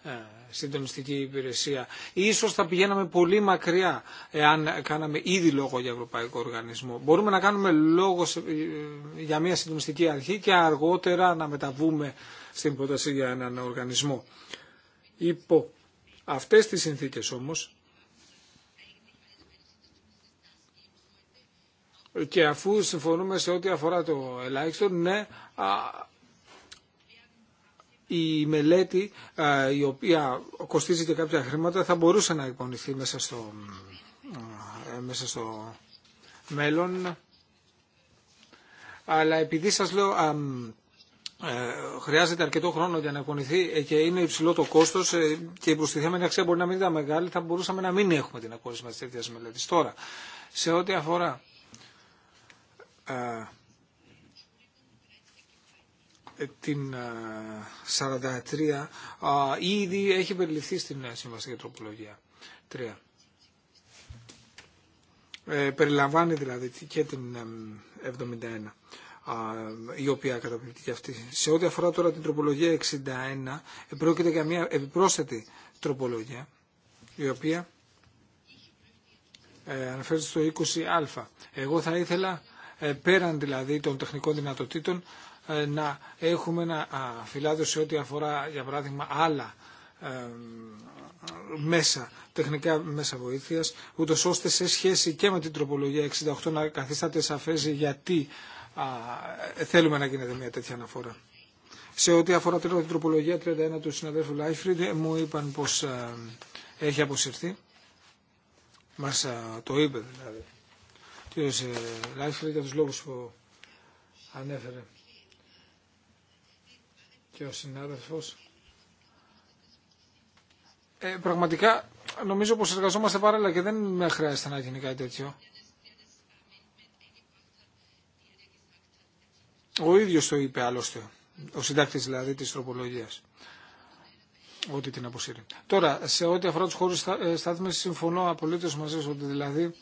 ε, συντονιστική υπηρεσία. Ίσως θα πηγαίναμε πολύ μακριά εάν κάναμε ήδη λόγο για ευρωπαϊκό οργανισμό. Μπορούμε να κάνουμε λόγο ε, για μια συντονιστική αρχή και αργότερα να μεταβούμε στην πρόταση για έναν οργανισμό. Υπό Αυτές τις συνθήκες όμως και αφού συμφωνούμε σε ό,τι αφορά το ελάχιστο, ναι, η μελέτη η οποία κοστίζει και κάποια χρήματα θα μπορούσε να εκπονηθεί μέσα στο, μέσα στο μέλλον. Αλλά επειδή σας λέω ε, χρειάζεται αρκετό χρόνο για να εκπονηθεί ε, και είναι υψηλό το κόστο ε, και η προστιθέμενη αξία μπορεί να μην ήταν μεγάλη, θα μπορούσαμε να μην έχουμε την ακόμη μα τέτοια μελέτη. Τώρα, σε ό,τι αφορά την 43 ήδη έχει περιληφθεί στην Συμβαστική Τροπολογία 3. περιλαμβάνει δηλαδή και την 71 η οποία καταπληκτική αυτή. Σε ό,τι αφορά τώρα την τροπολογία 61, πρόκειται για μια επιπρόσθετη τροπολογία, η οποία ε, αναφέρεται στο 20α. Εγώ θα ήθελα, ε, πέραν δηλαδή των τεχνικών δυνατοτήτων, ε, να έχουμε ένα φυλάδιο σε ό,τι αφορά, για παράδειγμα, άλλα μέσα, τεχνικά μέσα βοήθειας, ούτως ώστε σε σχέση και με την τροπολογία 68 να καθίσταται σαφές γιατί θέλουμε να γίνεται μια τέτοια αναφορά. Σε ό,τι αφορά την τροπολογία 31 του συναδέλφου Λάιφριντ, μου είπαν πως έχει αποσυρθεί. Μας το είπε δηλαδή. ο ε, Λάιφριντ για τους λόγους που ανέφερε και ο συνάδελφος. Ε, πραγματικά νομίζω πως εργαζόμαστε παράλληλα και δεν με χρειάζεται να γίνει κάτι τέτοιο. Ο ίδιος το είπε άλλωστε, ο συντάκτης δηλαδή της τροπολογίας, ότι την αποσύρει. Τώρα, σε ό,τι αφορά τους χώρους ε, στάθμες, συμφωνώ απολύτως μαζί σας ότι δηλαδή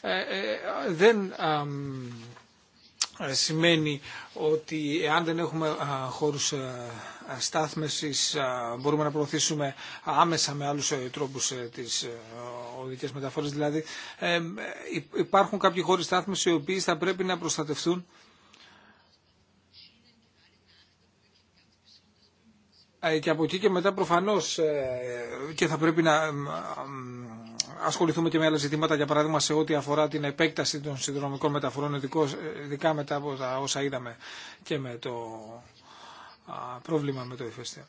ε, ε, δεν... Ε, σημαίνει ότι εάν δεν έχουμε χώρους στάθμευσης μπορούμε να προωθήσουμε άμεσα με άλλους ε, τρόπους ε, τις οδικές μεταφορές. Δηλαδή υπάρχουν κάποιοι χώροι στάθμευσης οι οποίοι θα πρέπει να προστατευτούν και από εκεί και μετά προφανώς και θα πρέπει να ασχοληθούμε και με άλλα ζητήματα, για παράδειγμα σε ό,τι αφορά την επέκταση των συνδρομικών μεταφορών, ειδικά μετά από τα όσα είδαμε και με το πρόβλημα με το ηφαίστειο.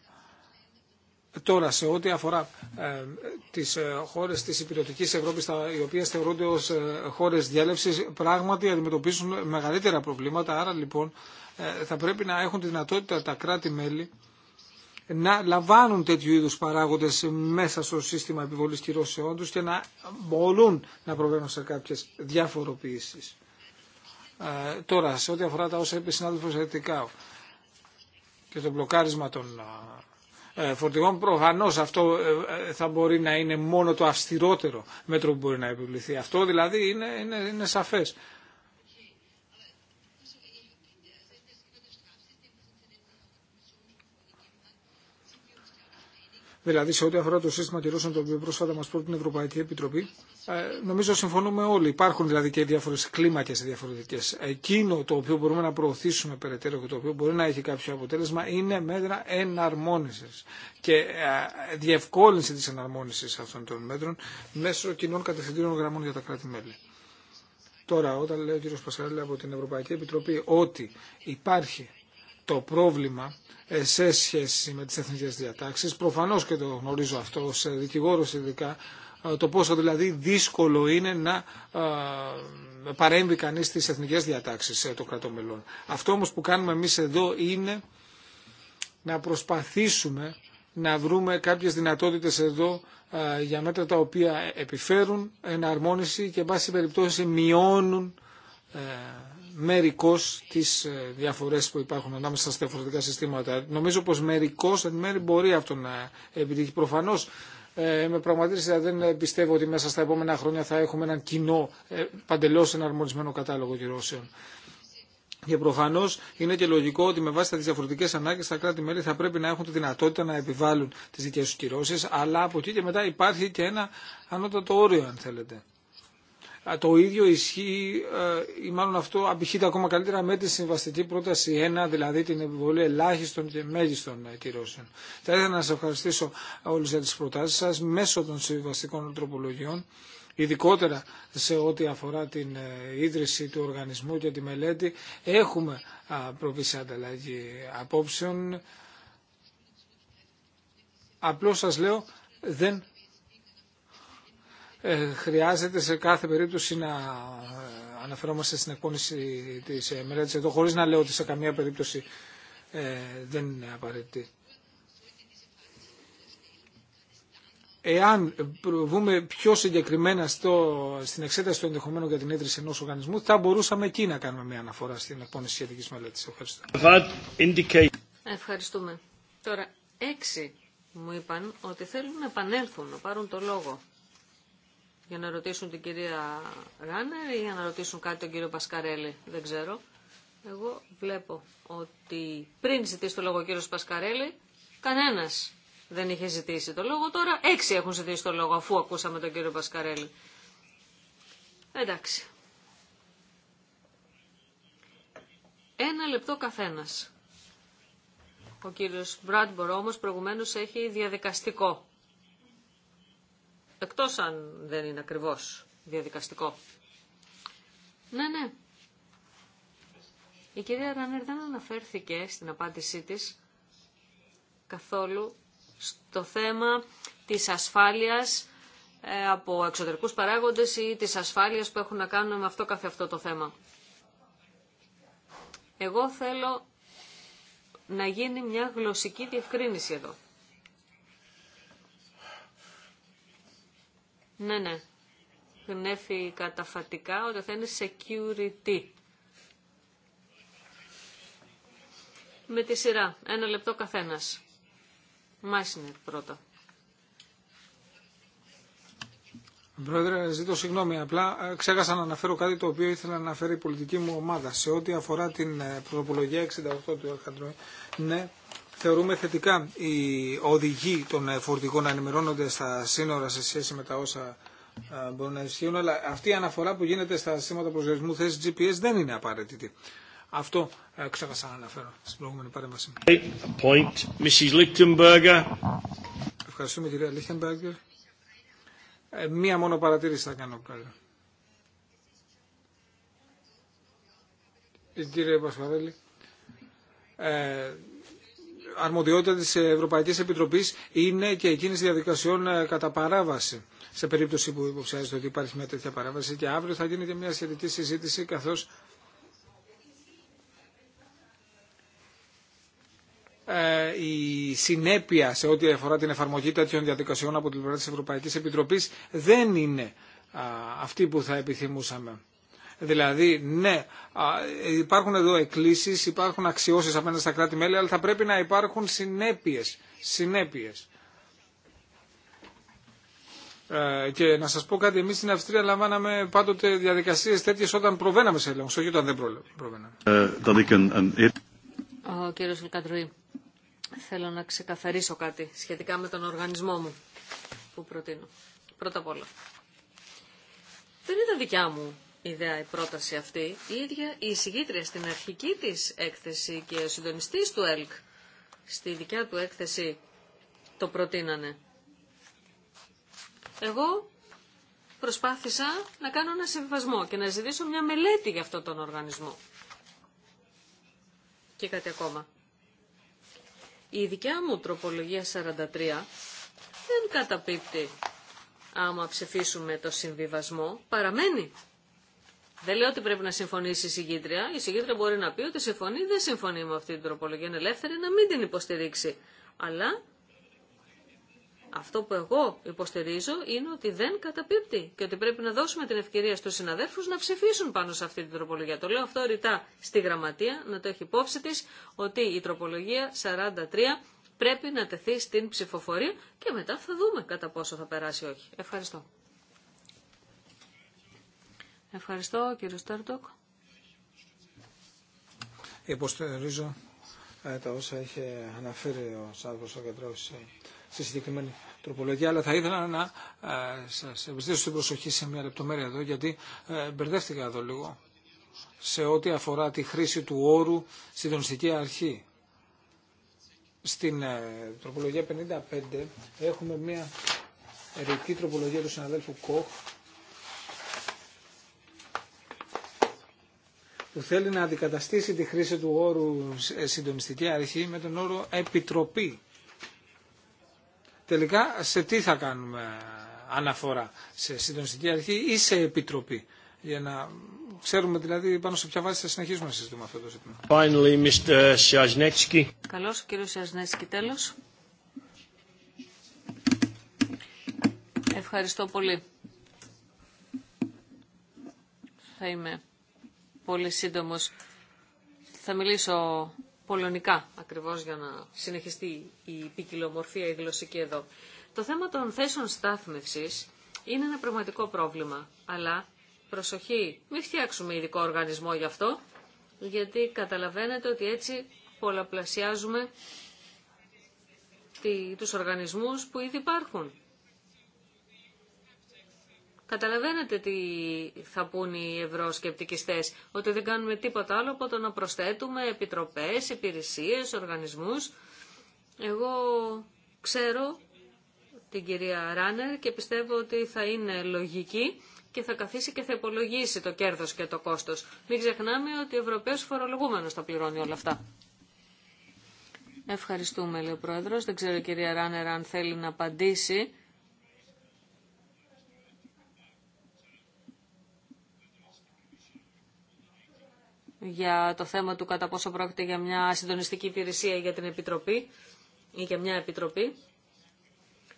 Τώρα, σε ό,τι αφορά ε, τις ε, χώρες της υπηρετικής Ευρώπης, τα, οι οποίες θεωρούνται ως ε, χώρες διάλευσης, πράγματι αντιμετωπίζουν μεγαλύτερα προβλήματα. Άρα, λοιπόν, ε, θα πρέπει να έχουν τη δυνατότητα τα κράτη-μέλη να λαμβάνουν τέτοιου είδους παράγοντες μέσα στο σύστημα επιβολής κυρώσεών τους και να μπορούν να προβαίνουν σε κάποιες διαφοροποιήσεις. Ε, τώρα, σε ό,τι αφορά τα όσα είπε συνάδελφος Ετικάου και το μπλοκάρισμα των ε, φορτηγών. Προφανώ αυτό ε, θα μπορεί να είναι μόνο το αυστηρότερο μέτρο που μπορεί να επιβληθεί. Αυτό δηλαδή είναι, είναι, είναι σαφέ. δηλαδή σε ό,τι αφορά το σύστημα κυρώσεων το οποίο πρόσφατα μα πρότεινε η Ευρωπαϊκή Επιτροπή, ε, νομίζω συμφωνούμε όλοι. Υπάρχουν δηλαδή και διάφορε κλίμακε διαφορετικέ. Εκείνο το οποίο μπορούμε να προωθήσουμε περαιτέρω και το οποίο μπορεί να έχει κάποιο αποτέλεσμα είναι μέτρα εναρμόνιση και ε, διευκόλυνση τη εναρμόνιση αυτών των μέτρων μέσω κοινών κατευθυντήριων γραμμών για τα κράτη-μέλη. Τώρα, όταν λέει ο κ. Πασχαλή από την Ευρωπαϊκή Επιτροπή ότι υπάρχει το πρόβλημα ε, σε σχέση με τις εθνικές διατάξεις. Προφανώς και το γνωρίζω αυτό σε δικηγόρος ειδικά, ε, το πόσο δηλαδή δύσκολο είναι να ε, παρέμβει κανείς στις εθνικές διατάξεις των κρατομελών. Αυτό όμως που κάνουμε εμείς εδώ είναι να προσπαθήσουμε να βρούμε κάποιες δυνατότητες εδώ για μέτρα τα οποία επιφέρουν εναρμόνιση και εν πάση περιπτώσει μειώνουν μερικώς τις ε, διαφορέ που υπάρχουν ανάμεσα στα διαφορετικά συστήματα. Νομίζω πω μερικώς εν μέρη μπορεί αυτό να επιτύχει. Προφανώ, ε, με πραγματήρια ε, δεν πιστεύω ότι μέσα στα επόμενα χρόνια θα έχουμε έναν κοινό ε, παντελώς εναρμονισμένο κατάλογο κυρώσεων. Και προφανώ είναι και λογικό ότι με βάση τα διαφορετικέ ανάγκε τα κράτη-μέλη θα πρέπει να έχουν τη δυνατότητα να επιβάλλουν τι δικέ του κυρώσει, αλλά από εκεί και μετά υπάρχει και ένα ανώτατο όριο, αν θέλετε. Το ίδιο ισχύει ε, ή μάλλον αυτό απηχείται ακόμα καλύτερα με τη συμβαστική πρόταση 1, δηλαδή την επιβολή ελάχιστων και μέγιστων ε, κυρώσεων. Θα ήθελα να σα ευχαριστήσω όλου για τι προτάσει σα μέσω των συμβαστικών τροπολογιών ειδικότερα σε ό,τι αφορά την ε, ίδρυση του οργανισμού και τη μελέτη, έχουμε προβεί σε ανταλλαγή απόψεων. Απλώς σας λέω, δεν ε, χρειάζεται σε κάθε περίπτωση να ε, αναφερόμαστε στην εκπόνηση της ε, μελέτης εδώ, χωρίς να λέω ότι σε καμία περίπτωση δεν είναι απαραίτητη. Εάν βούμε πιο συγκεκριμένα στο, στην εξέταση του ενδεχομένου για την ίδρυση ενός οργανισμού, θα μπορούσαμε εκεί να κάνουμε μια αναφορά στην εκπόνηση σχετικής μελέτης. Ευχαριστώ. Ευχαριστούμε. Τώρα, έξι μου είπαν ότι θέλουν να επανέλθουν, να πάρουν το λόγο για να ρωτήσουν την κυρία Ράνερ ή για να ρωτήσουν κάτι τον κύριο Πασκαρέλη. Δεν ξέρω. Εγώ βλέπω ότι πριν ζητήσει το λόγο ο κύριος Πασκαρέλη, κανένας δεν είχε ζητήσει το λόγο. Τώρα έξι έχουν ζητήσει το λόγο αφού ακούσαμε τον κύριο Πασκαρέλη. Εντάξει. Ένα λεπτό καθένας. Ο κύριος Μπράντμπορ όμως προηγουμένως έχει διαδικαστικό εκτός αν δεν είναι ακριβώς διαδικαστικό. Ναι, ναι. Η κυρία Ρανέρ δεν αναφέρθηκε στην απάντησή της καθόλου στο θέμα της ασφάλειας ε, από εξωτερικούς παράγοντες ή της ασφάλειας που έχουν να κάνουν με αυτό καθε αυτό το θέμα. Εγώ θέλω να γίνει μια γλωσσική διευκρίνηση εδώ. Ναι, ναι. Γνέφει καταφατικά ότι θα είναι security. Με τη σειρά. Ένα λεπτό καθένας. Μάισνερ πρώτα. Πρόεδρε, ζητώ συγγνώμη. Απλά ε, ξέχασα να αναφέρω κάτι το οποίο ήθελα να αναφέρει η πολιτική μου ομάδα σε ό,τι αφορά την πρωτοπολογία ε, 68 του Αλχαντρού. Ναι, θεωρούμε θετικά η οδηγή των φορτηγών να ενημερώνονται στα σύνορα σε σχέση με τα όσα ε, μπορούν να ισχύουν, αλλά αυτή η αναφορά που γίνεται στα συστήματα προσδιορισμού θέση GPS δεν είναι απαραίτητη. Αυτό ε, ξέχασα να αναφέρω στην προηγούμενη παρέμβαση. Ευχαριστούμε κυρία Λίχτεμπεργκερ. μία μόνο παρατήρηση θα κάνω ε, Κύριε αρμοδιότητα της Ευρωπαϊκής Επιτροπής είναι και εκείνης διαδικασιών ε, κατά παράβαση σε περίπτωση που υποψιάζεται ότι υπάρχει μια τέτοια παράβαση και αύριο θα γίνει και μια σχετική συζήτηση καθώς ε, η συνέπεια σε ό,τι αφορά την εφαρμογή τέτοιων διαδικασιών από την πλευρά της Ευρωπαϊκής Επιτροπής δεν είναι αυτή που θα επιθυμούσαμε. Δηλαδή, ναι, υπάρχουν εδώ εκκλήσεις, υπάρχουν αξιώσεις απέναντι στα κράτη-μέλη, αλλά θα πρέπει να υπάρχουν συνέπειες. συνέπειες. Ε, και να σας πω κάτι, εμείς στην Αυστρία λαμβάναμε πάντοτε διαδικασίες τέτοιες όταν προβαίναμε σε έλεγχο, όχι όταν δεν προβαίναμε. Ε, Ο κύριος θέλω να ξεκαθαρίσω κάτι σχετικά με τον οργανισμό μου που προτείνω. Πρώτα απ' όλα. Δεν ήταν δικιά μου ιδέα η πρόταση αυτή. Η ίδια η εισηγήτρια στην αρχική της έκθεση και ο συντονιστής του ΕΛΚ στη δικιά του έκθεση το προτείνανε. Εγώ προσπάθησα να κάνω ένα συμβιβασμό και να ζητήσω μια μελέτη για αυτόν τον οργανισμό. Και κάτι ακόμα. Η δικιά μου τροπολογία 43 δεν καταπίπτει άμα ψηφίσουμε το συμβιβασμό, παραμένει δεν λέω ότι πρέπει να συμφωνήσει η συγκίτρια. Η συγκίτρια μπορεί να πει ότι συμφωνεί, δεν συμφωνεί με αυτή την τροπολογία. Είναι ελεύθερη να μην την υποστηρίξει. Αλλά αυτό που εγώ υποστηρίζω είναι ότι δεν καταπίπτει και ότι πρέπει να δώσουμε την ευκαιρία στους συναδέλφους να ψηφίσουν πάνω σε αυτή την τροπολογία. Το λέω αυτό ρητά στη γραμματεία, να το έχει υπόψη της, ότι η τροπολογία 43 πρέπει να τεθεί στην ψηφοφορία και μετά θα δούμε κατά πόσο θα περάσει όχι. Ευχαριστώ. Ευχαριστώ κύριο Στέρτοκ. Υποστηρίζω ε, τα όσα είχε αναφέρει ο Σάρβο ο σε στη συγκεκριμένη τροπολογία, αλλά θα ήθελα να ε, σα εμπιστεύσω την προσοχή σε μια λεπτομέρεια εδώ, γιατί ε, μπερδεύτηκα εδώ λίγο σε ό,τι αφορά τη χρήση του όρου στη δονηστική αρχή. Στην τροπολογία 55 έχουμε μια ερετική τροπολογία του συναδέλφου Κοχ, που θέλει να αντικαταστήσει τη χρήση του όρου ε, συντονιστική αρχή με τον όρο επιτροπή. Τελικά σε τι θα κάνουμε αναφορά, σε συντονιστική αρχή ή σε επιτροπή, για να ξέρουμε δηλαδή πάνω σε ποια βάση θα συνεχίσουμε να συζητούμε αυτό το ζήτημα. Finally, Mr. Καλώς, τέλος. Ευχαριστώ πολύ. Θα είμαι πολύ σύντομος. Θα μιλήσω πολωνικά ακριβώς για να συνεχιστεί η ποικιλομορφία η γλωσσική εδώ. Το θέμα των θέσεων στάθμευσης είναι ένα πραγματικό πρόβλημα, αλλά προσοχή, μην φτιάξουμε ειδικό οργανισμό γι' αυτό, γιατί καταλαβαίνετε ότι έτσι πολλαπλασιάζουμε τους οργανισμούς που ήδη υπάρχουν. Καταλαβαίνετε τι θα πούν οι Ευρώσκεπτικιστέ, ότι δεν κάνουμε τίποτα άλλο από το να προσθέτουμε επιτροπές, υπηρεσίε, οργανισμούς. Εγώ ξέρω την κυρία Ράνερ και πιστεύω ότι θα είναι λογική και θα καθίσει και θα υπολογίσει το κέρδος και το κόστος. Μην ξεχνάμε ότι ο Ευρωπαίος φορολογούμενος θα πληρώνει όλα αυτά. Ευχαριστούμε, λέει ο Πρόεδρος. Δεν ξέρω, κυρία Ράνερ, αν θέλει να απαντήσει για το θέμα του κατά πόσο πρόκειται για μια συντονιστική υπηρεσία για την Επιτροπή ή για μια Επιτροπή.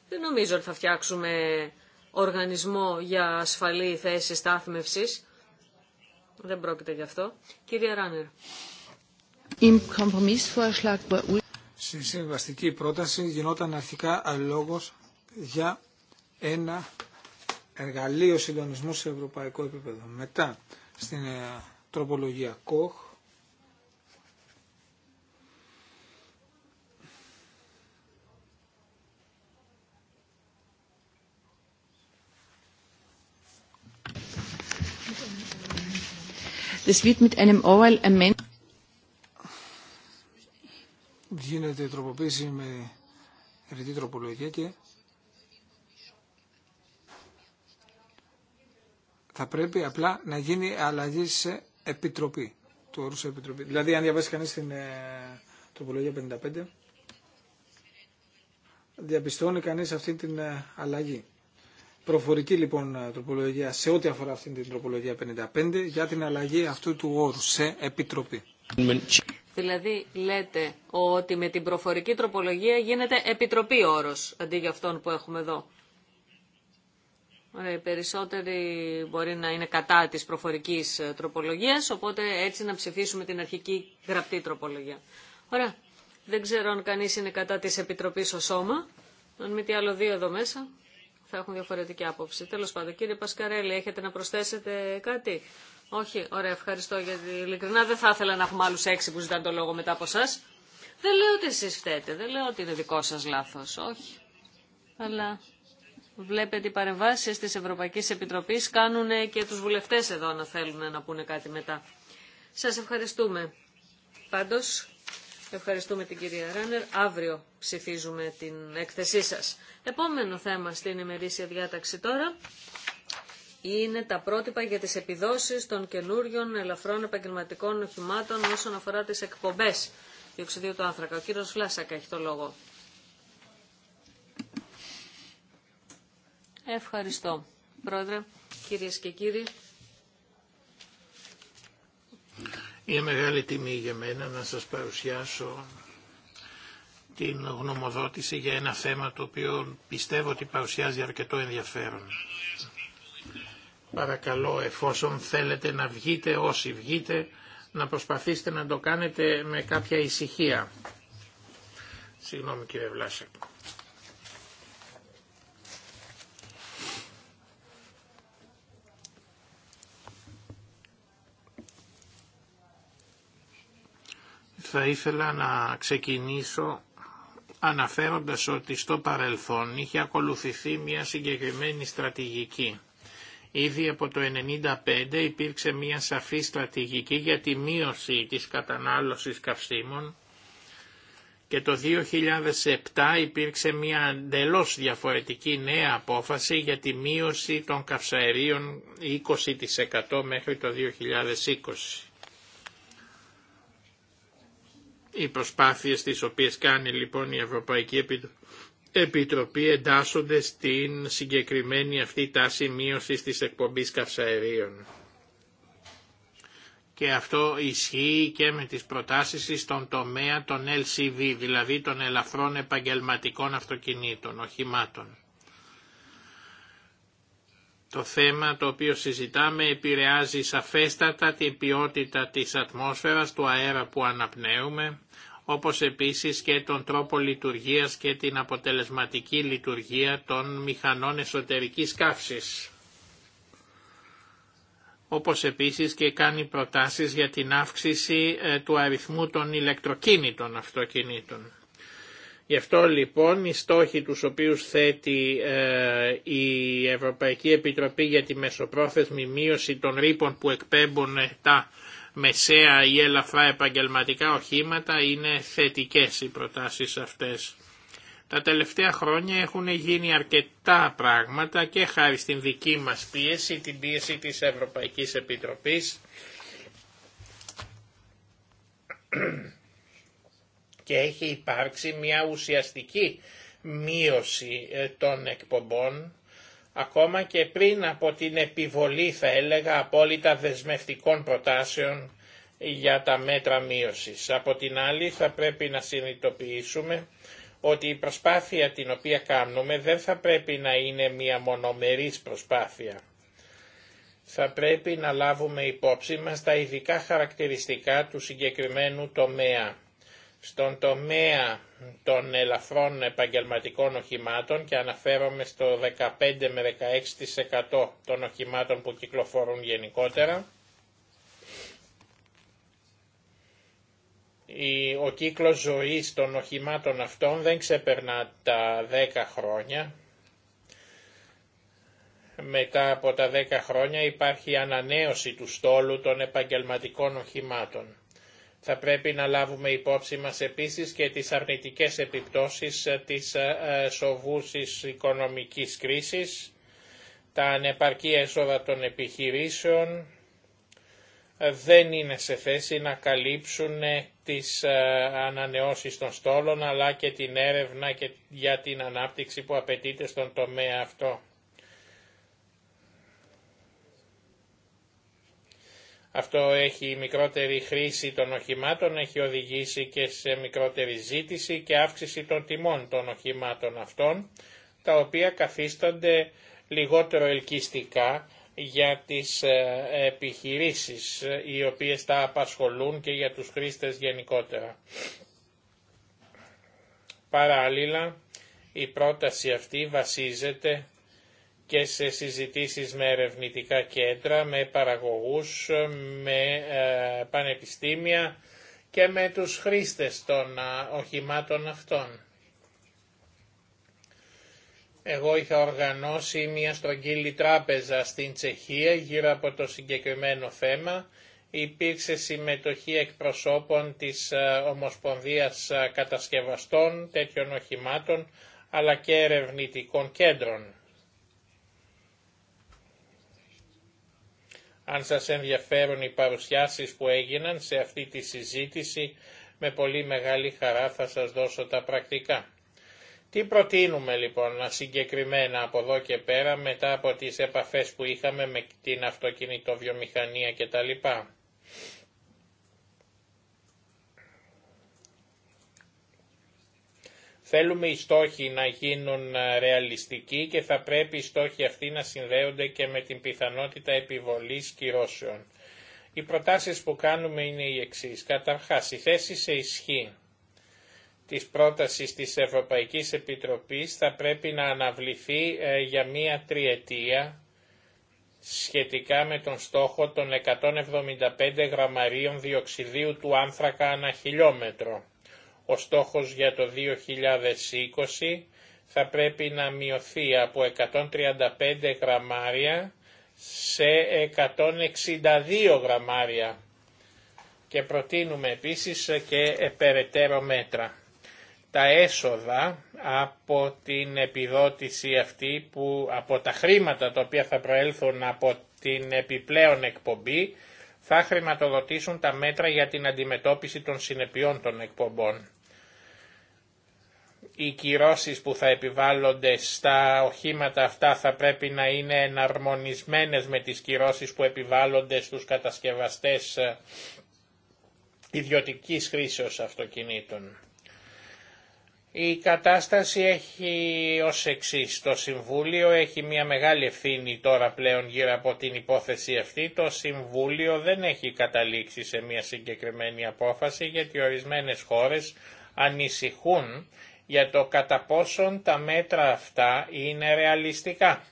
Δεν νομίζω ότι θα φτιάξουμε οργανισμό για ασφαλή θέση στάθμευσης. Δεν πρόκειται γι' αυτό. Κύριε Ράνερ. Στη συμβαστική πρόταση γινόταν αρχικά λόγος για ένα εργαλείο συντονισμού σε ευρωπαϊκό επίπεδο. Μετά στην ε, Τροπολογία Κοχ. Das wird mit einem oral Γίνεται τροποποίηση με ρητή τροπολογία και θα πρέπει απλά να γίνει αλλαγή σε επιτροπή. Του όρου επιτροπή. Δηλαδή, αν διαβάσει κανεί την ε, τροπολογία 55, διαπιστώνει κανείς αυτή την ε, αλλαγή. Προφορική λοιπόν ε, τροπολογία σε ό,τι αφορά αυτή την τροπολογία 55 για την αλλαγή αυτού του όρου σε επιτροπή. Δηλαδή λέτε ότι με την προφορική τροπολογία γίνεται επιτροπή όρος αντί για αυτόν που έχουμε εδώ. Ωραία, Οι περισσότεροι μπορεί να είναι κατά της προφορικής ε, τροπολογίας, οπότε έτσι να ψηφίσουμε την αρχική γραπτή τροπολογία. Ωραία. Δεν ξέρω αν κανείς είναι κατά της Επιτροπής ο σώμα. Αν μη τι άλλο δύο εδώ μέσα θα έχουν διαφορετική άποψη. Τέλος πάντων, κύριε Πασκαρέλη, έχετε να προσθέσετε κάτι. Όχι, ωραία, ευχαριστώ γιατί ειλικρινά δεν θα ήθελα να έχουμε άλλου έξι που ζητάνε το λόγο μετά από εσά. Δεν λέω ότι εσεί φταίτε, δεν λέω ότι είναι δικό σα λάθο, όχι. Αλλά Βλέπετε οι παρεμβάσει τη Ευρωπαϊκή Επιτροπή κάνουν και τους βουλευτές εδώ να θέλουν να πούνε κάτι μετά. Σας ευχαριστούμε. Πάντως, ευχαριστούμε την κυρία Ράνερ. Αύριο ψηφίζουμε την έκθεσή σα. Επόμενο θέμα στην ημερήσια διάταξη τώρα είναι τα πρότυπα για τις επιδόσεις των καινούριων ελαφρών επαγγελματικών οχημάτων όσον αφορά τις εκπομπές διοξιδίου του άνθρακα. Ο κύριος Φλάσακα έχει το λόγο. Ευχαριστώ, Πρόεδρε, κυρίες και κύριοι. Είναι μεγάλη τιμή για μένα να σας παρουσιάσω την γνωμοδότηση για ένα θέμα το οποίο πιστεύω ότι παρουσιάζει αρκετό ενδιαφέρον. Παρακαλώ, εφόσον θέλετε να βγείτε όσοι βγείτε, να προσπαθήσετε να το κάνετε με κάποια ησυχία. Συγγνώμη κύριε Βλάσσακ. Θα ήθελα να ξεκινήσω αναφέροντας ότι στο παρελθόν είχε ακολουθηθεί μια συγκεκριμένη στρατηγική. Ήδη από το 1995 υπήρξε μια σαφή στρατηγική για τη μείωση της κατανάλωσης καυσίμων και το 2007 υπήρξε μια εντελώ διαφορετική νέα απόφαση για τη μείωση των καυσαερίων 20% μέχρι το 2020. Οι προσπάθειες τις οποίες κάνει λοιπόν η Ευρωπαϊκή Επιτροπή εντάσσονται στην συγκεκριμένη αυτή τάση μείωσης της εκπομπής καυσαερίων. Και αυτό ισχύει και με τις προτάσεις στον τομέα των LCV, δηλαδή των ελαφρών επαγγελματικών αυτοκινήτων, οχημάτων. Το θέμα το οποίο συζητάμε επηρεάζει σαφέστατα την ποιότητα της ατμόσφαιρας, του αέρα που αναπνέουμε, όπως επίσης και τον τρόπο λειτουργίας και την αποτελεσματική λειτουργία των μηχανών εσωτερικής καύσης. Όπως επίσης και κάνει προτάσεις για την αύξηση ε, του αριθμού των ηλεκτροκίνητων αυτοκινήτων. Γι' αυτό λοιπόν οι στόχοι τους οποίους θέτει ε, η Ευρωπαϊκή Επιτροπή για τη μεσοπρόθεσμη μείωση των ρήπων που εκπέμπουν τα μεσαία ή ελαφρά επαγγελματικά οχήματα είναι θετικές οι προτάσεις αυτές. Τα τελευταία χρόνια έχουν γίνει αρκετά πράγματα και χάρη στην δική μας πίεση, την πίεση της Ευρωπαϊκής Επιτροπής και έχει υπάρξει μια ουσιαστική μείωση ε, των εκπομπών ακόμα και πριν από την επιβολή θα έλεγα απόλυτα δεσμευτικών προτάσεων για τα μέτρα μείωσης. Από την άλλη θα πρέπει να συνειδητοποιήσουμε ότι η προσπάθεια την οποία κάνουμε δεν θα πρέπει να είναι μια μονομερής προσπάθεια. Θα πρέπει να λάβουμε υπόψη μας τα ειδικά χαρακτηριστικά του συγκεκριμένου τομέα. Στον τομέα των ελαφρών επαγγελματικών οχημάτων και αναφέρομαι στο 15 με 16% των οχημάτων που κυκλοφορούν γενικότερα, ο κύκλος ζωής των οχημάτων αυτών δεν ξεπερνά τα 10 χρόνια. Μετά από τα 10 χρόνια υπάρχει ανανέωση του στόλου των επαγγελματικών οχημάτων. Θα πρέπει να λάβουμε υπόψη μας επίσης και τις αρνητικές επιπτώσεις ε, της ε, ε, σοβούσης οικονομικής κρίσης, τα ανεπαρκή έσοδα των επιχειρήσεων, δεν είναι σε θέση να καλύψουν τις ανανεώσεις των στόλων αλλά και την έρευνα και για την ανάπτυξη που απαιτείται στον τομέα αυτό. Αυτό έχει μικρότερη χρήση των οχημάτων, έχει οδηγήσει και σε μικρότερη ζήτηση και αύξηση των τιμών των οχημάτων αυτών, τα οποία καθίστανται λιγότερο ελκυστικά για τις ε, επιχειρήσεις ε, οι οποίες τα απασχολούν και για τους χρήστες γενικότερα. Παράλληλα, η πρόταση αυτή βασίζεται και σε συζητήσεις με ερευνητικά κέντρα, με παραγωγούς, με ε, πανεπιστήμια και με τους χρήστες των ε, οχημάτων αυτών. Εγώ είχα οργανώσει μια στρογγύλη τράπεζα στην Τσεχία γύρω από το συγκεκριμένο θέμα. Υπήρξε συμμετοχή εκπροσώπων της ε, Ομοσπονδίας Κατασκευαστών τέτοιων οχημάτων αλλά και ερευνητικών κέντρων. Αν σας ενδιαφέρουν οι παρουσιάσεις που έγιναν σε αυτή τη συζήτηση, με πολύ μεγάλη χαρά θα σας δώσω τα πρακτικά. Τι προτείνουμε λοιπόν να συγκεκριμένα από εδώ και πέρα μετά από τις επαφές που είχαμε με την αυτοκινητοβιομηχανία κτλ. Θέλουμε οι στόχοι να γίνουν ε, ρεαλιστικοί και θα πρέπει οι στόχοι αυτοί να συνδέονται και με την πιθανότητα επιβολής κυρώσεων. Οι προτάσεις που κάνουμε είναι οι εξής. Καταρχάς, η θέση σε ισχύ της πρότασης της Ευρωπαϊκής Επιτροπής θα πρέπει να αναβληθεί ε, για μία τριετία σχετικά με τον στόχο των 175 γραμμαρίων διοξιδίου του άνθρακα ανά χιλιόμετρο. Ο στόχος για το 2020 θα πρέπει να μειωθεί από 135 γραμμάρια σε 162 γραμμάρια και προτείνουμε επίσης και περαιτέρω μέτρα. Τα έσοδα από την επιδότηση αυτή που από τα χρήματα τα οποία θα προέλθουν από την επιπλέον εκπομπή θα χρηματοδοτήσουν τα μέτρα για την αντιμετώπιση των συνεπειών των εκπομπών. Οι κυρώσεις που θα επιβάλλονται στα οχήματα αυτά θα πρέπει να είναι εναρμονισμένες με τις κυρώσεις που επιβάλλονται στους κατασκευαστές ε, ιδιωτικής χρήσεως αυτοκινήτων. Η κατάσταση έχει ως εξή. Το Συμβούλιο έχει μια μεγάλη ευθύνη τώρα πλέον γύρω από την υπόθεση αυτή. Το Συμβούλιο δεν έχει καταλήξει σε μια συγκεκριμένη απόφαση γιατί ορισμένες χώρες ανησυχούν για το κατά πόσον τα μέτρα αυτά είναι ρεαλιστικά.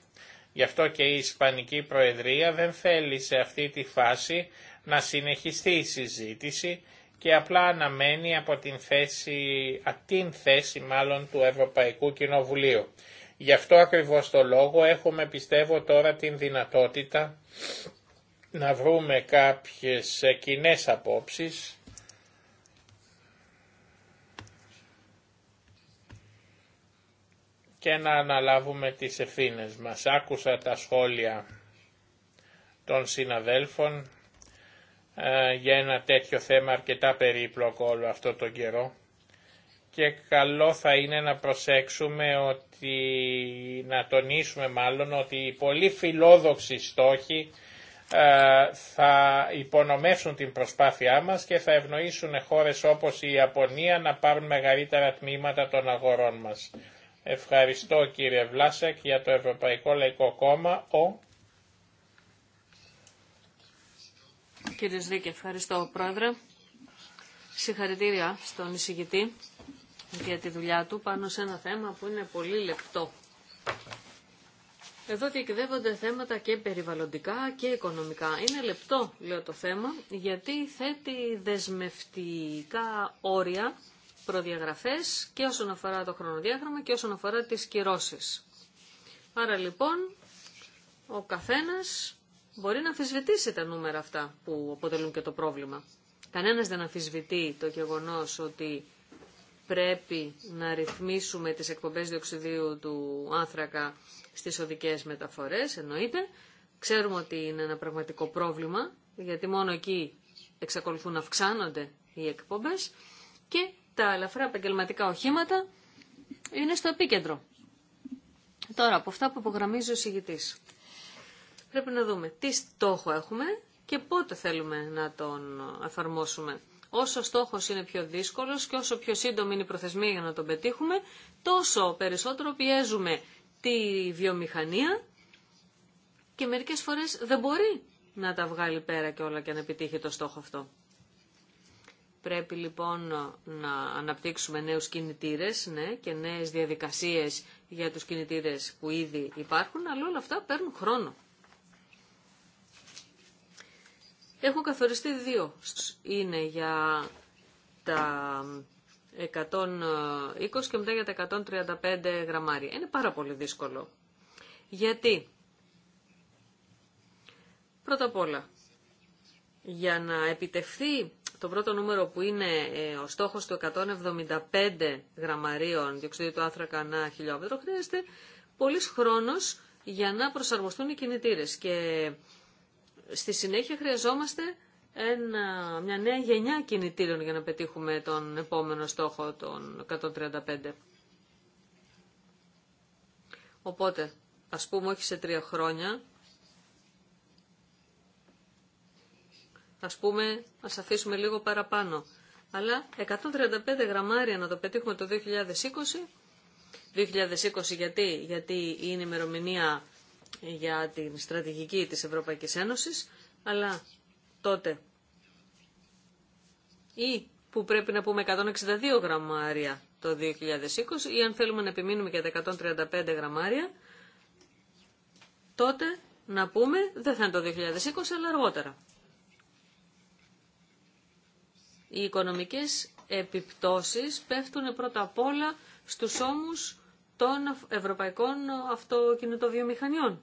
Γι' αυτό και η Ισπανική Προεδρία δεν θέλει σε αυτή τη φάση να συνεχιστεί η συζήτηση και απλά αναμένει από την θέση, την θέση μάλλον του Ευρωπαϊκού Κοινοβουλίου. Γι' αυτό ακριβώς το λόγο έχουμε πιστεύω τώρα την δυνατότητα να βρούμε κάποιες ε, κοινέ απόψεις και να αναλάβουμε τις ευθύνες μας. Άκουσα τα σχόλια των συναδέλφων για ένα τέτοιο θέμα αρκετά περίπλοκο όλο αυτό τον καιρό και καλό θα είναι να προσέξουμε ότι, να τονίσουμε μάλλον ότι οι πολύ φιλόδοξοι στόχοι θα υπονομεύσουν την προσπάθειά μας και θα ευνοήσουν χώρες όπως η Ιαπωνία να πάρουν μεγαλύτερα τμήματα των αγορών μας. Ευχαριστώ κύριε Βλάσεκ για το Ευρωπαϊκό Λαϊκό Κόμμα. Ο Κύριε Ζρίκη, ευχαριστώ πρόεδρε. Συγχαρητήρια στον εισηγητή για τη δουλειά του πάνω σε ένα θέμα που είναι πολύ λεπτό. Εδώ διεκδεύονται θέματα και περιβαλλοντικά και οικονομικά. Είναι λεπτό, λέω το θέμα, γιατί θέτει δεσμευτικά όρια, προδιαγραφές και όσον αφορά το χρονοδιάγραμμα και όσον αφορά τις κυρώσεις. Άρα λοιπόν, ο καθένας μπορεί να αμφισβητήσει τα νούμερα αυτά που αποτελούν και το πρόβλημα. Κανένας δεν αμφισβητεί το γεγονός ότι πρέπει να ρυθμίσουμε τις εκπομπές διοξιδίου του άνθρακα στις οδικές μεταφορές, εννοείται. Ξέρουμε ότι είναι ένα πραγματικό πρόβλημα, γιατί μόνο εκεί εξακολουθούν να αυξάνονται οι εκπομπές και τα ελαφρά επαγγελματικά οχήματα είναι στο επίκεντρο. Τώρα, από αυτά που απογραμμίζει ο συγητής πρέπει να δούμε τι στόχο έχουμε και πότε θέλουμε να τον εφαρμόσουμε. Όσο στόχο είναι πιο δύσκολος και όσο πιο σύντομη είναι η προθεσμία για να τον πετύχουμε, τόσο περισσότερο πιέζουμε τη βιομηχανία και μερικές φορές δεν μπορεί να τα βγάλει πέρα και όλα και να επιτύχει το στόχο αυτό. Πρέπει λοιπόν να αναπτύξουμε νέους κινητήρες ναι, και νέες διαδικασίες για τους κινητήρες που ήδη υπάρχουν, αλλά όλα αυτά παίρνουν χρόνο. Έχουν καθοριστεί δύο. Είναι για τα 120 και μετά για τα 135 γραμμάρια. Είναι πάρα πολύ δύσκολο. Γιατί, πρώτα απ' όλα, για να επιτευχθεί το πρώτο νούμερο που είναι ε, ο στόχος του 175 γραμμαρίων διοξιδίου του άνθρακα ανά χιλιόμετρο, χρειάζεται πολύς χρόνος για να προσαρμοστούν οι κινητήρες. Και στη συνέχεια χρειαζόμαστε ένα, μια νέα γενιά κινητήρων για να πετύχουμε τον επόμενο στόχο των 135. Οπότε, ας πούμε όχι σε τρία χρόνια, ας πούμε ας αφήσουμε λίγο παραπάνω. Αλλά 135 γραμμάρια να το πετύχουμε το 2020. 2020 γιατί, γιατί η ημερομηνία για την στρατηγική της Ευρωπαϊκής Ένωσης, αλλά τότε ή που πρέπει να πούμε 162 γραμμάρια το 2020 ή αν θέλουμε να επιμείνουμε για τα 135 γραμμάρια, τότε να πούμε δεν θα είναι το 2020 αλλά αργότερα. Οι οικονομικές επιπτώσεις πέφτουν πρώτα απ' όλα στους ώμους των ευρωπαϊκών αυτοκινητοβιομηχανιών.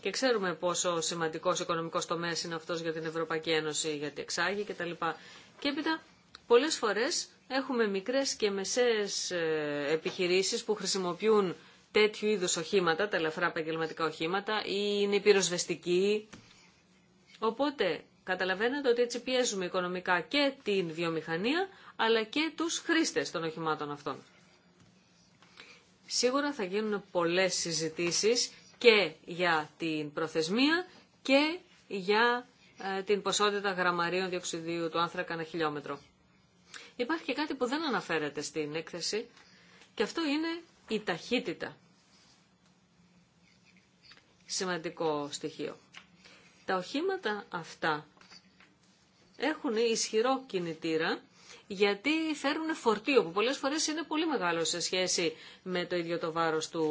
Και ξέρουμε πόσο σημαντικό οικονομικό τομέα είναι αυτό για την Ευρωπαϊκή Ένωση, για την εξάγει κτλ. Και έπειτα πολλέ φορέ έχουμε μικρέ και μεσαίες ε, επιχειρήσει που χρησιμοποιούν τέτοιου είδου οχήματα, τα ελαφρά επαγγελματικά οχήματα, ή είναι πυροσβεστικοί. Οπότε καταλαβαίνετε ότι έτσι πιέζουμε οικονομικά και την βιομηχανία, αλλά και του χρήστε των οχημάτων αυτών. Σίγουρα θα γίνουν πολλές συζητήσεις και για την προθεσμία και για ε, την ποσότητα γραμμαρίων διοξιδίου του άνθρακα ένα χιλιόμετρο. Υπάρχει και κάτι που δεν αναφέρεται στην έκθεση και αυτό είναι η ταχύτητα. Σημαντικό στοιχείο. Τα οχήματα αυτά έχουν ισχυρό κινητήρα γιατί φέρουν φορτίο που πολλές φορές είναι πολύ μεγάλο σε σχέση με το ίδιο το βάρος του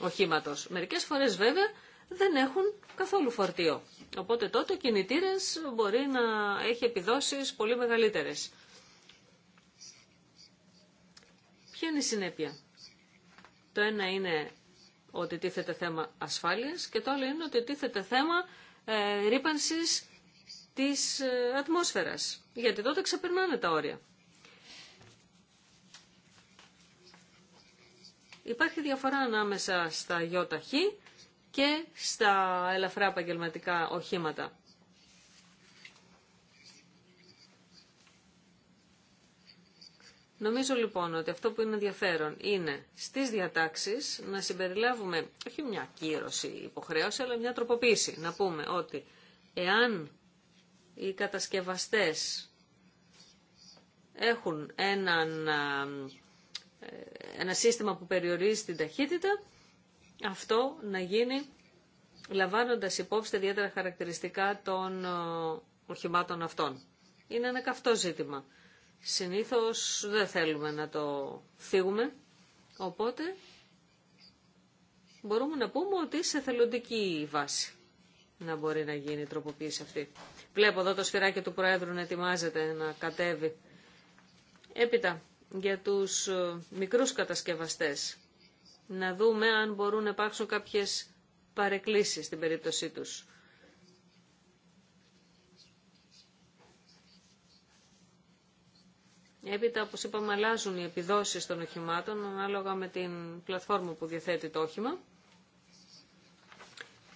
οχήματος. Μερικές φορές βέβαια δεν έχουν καθόλου φορτίο. Οπότε τότε ο κινητήρας μπορεί να έχει επιδόσεις πολύ μεγαλύτερες. Ποια είναι η συνέπεια. Το ένα είναι ότι τίθεται θέμα ασφάλειας και το άλλο είναι ότι τίθεται θέμα ε, ρήπανσης της ε, ατμόσφαιρας γιατί τότε ξεπερνάνε τα όρια. Υπάρχει διαφορά ανάμεσα στα ΙΧ και στα ελαφρά επαγγελματικά οχήματα. Νομίζω λοιπόν ότι αυτό που είναι ενδιαφέρον είναι στις διατάξεις να συμπεριλάβουμε όχι μια κύρωση υποχρέωση αλλά μια τροποποίηση. Να πούμε ότι εάν οι κατασκευαστές έχουν έναν, ε, ένα σύστημα που περιορίζει την ταχύτητα, αυτό να γίνει λαμβάνοντας υπόψη τα ιδιαίτερα χαρακτηριστικά των ε, οχημάτων αυτών. Είναι ένα καυτό ζήτημα. Συνήθως δεν θέλουμε να το φύγουμε, οπότε μπορούμε να πούμε ότι σε θελοντική βάση να μπορεί να γίνει η τροποποίηση αυτή. Βλέπω εδώ το σφυράκι του Προέδρου να ετοιμάζεται να κατέβει. Έπειτα, για τους ε, μικρούς κατασκευαστές, να δούμε αν μπορούν να υπάρξουν κάποιες παρεκκλήσεις στην περίπτωσή τους. Έπειτα, όπως είπαμε, αλλάζουν οι επιδόσεις των οχημάτων ανάλογα με την πλατφόρμα που διαθέτει το όχημα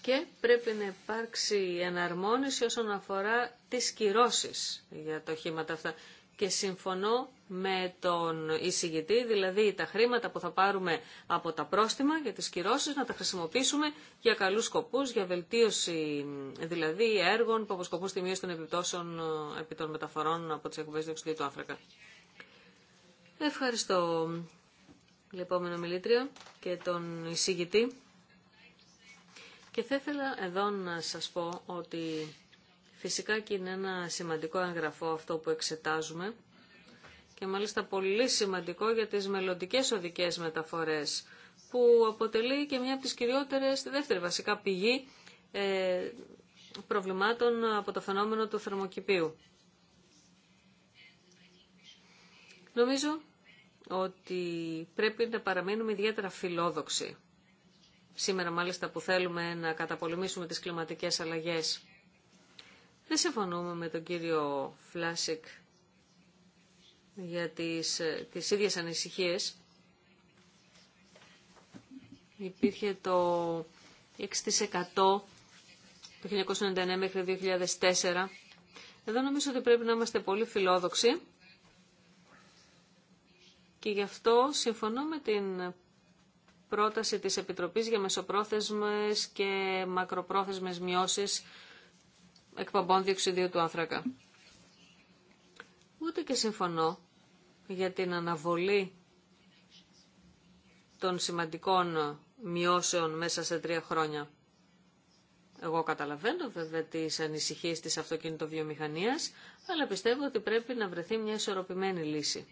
και πρέπει να υπάρξει εναρμόνιση όσον αφορά τις κυρώσεις για τα οχήματα αυτά. Και συμφωνώ με τον εισηγητή, δηλαδή τα χρήματα που θα πάρουμε από τα πρόστιμα για τις κυρώσεις να τα χρησιμοποιήσουμε για καλούς σκοπούς, για βελτίωση δηλαδή έργων που αποσκοπούν στη μείωση των επιπτώσεων επί των μεταφορών από τις εκπομπές του Άφρακα. Ευχαριστώ, λεπόμενο μιλήτριο και τον εισηγητή. Και θα ήθελα εδώ να σας πω ότι φυσικά και είναι ένα σημαντικό εγγραφό αυτό που εξετάζουμε και μάλιστα πολύ σημαντικό για τις μελλοντικέ οδικές μεταφορές που αποτελεί και μια από τις κυριότερες, τη δεύτερη βασικά πηγή ε, προβλημάτων από το φαινόμενο του θερμοκηπίου. Νομίζω ότι πρέπει να παραμείνουμε ιδιαίτερα φιλόδοξοι σήμερα μάλιστα που θέλουμε να καταπολεμήσουμε τις κλιματικές αλλαγές. Δεν συμφωνούμε με τον κύριο Φλάσικ για τις, τις ίδιες ανησυχίες. Υπήρχε το 6% το 1999 μέχρι το 2004. Εδώ νομίζω ότι πρέπει να είμαστε πολύ φιλόδοξοι και γι' αυτό συμφωνώ με την πρόταση της Επιτροπής για μεσοπρόθεσμες και μακροπρόθεσμες μειώσεις εκπομπών διοξιδίου του άνθρακα. Ούτε και συμφωνώ για την αναβολή των σημαντικών μειώσεων μέσα σε τρία χρόνια. Εγώ καταλαβαίνω βέβαια τις ανησυχίες της αυτοκινητοβιομηχανίας, αλλά πιστεύω ότι πρέπει να βρεθεί μια ισορροπημένη λύση.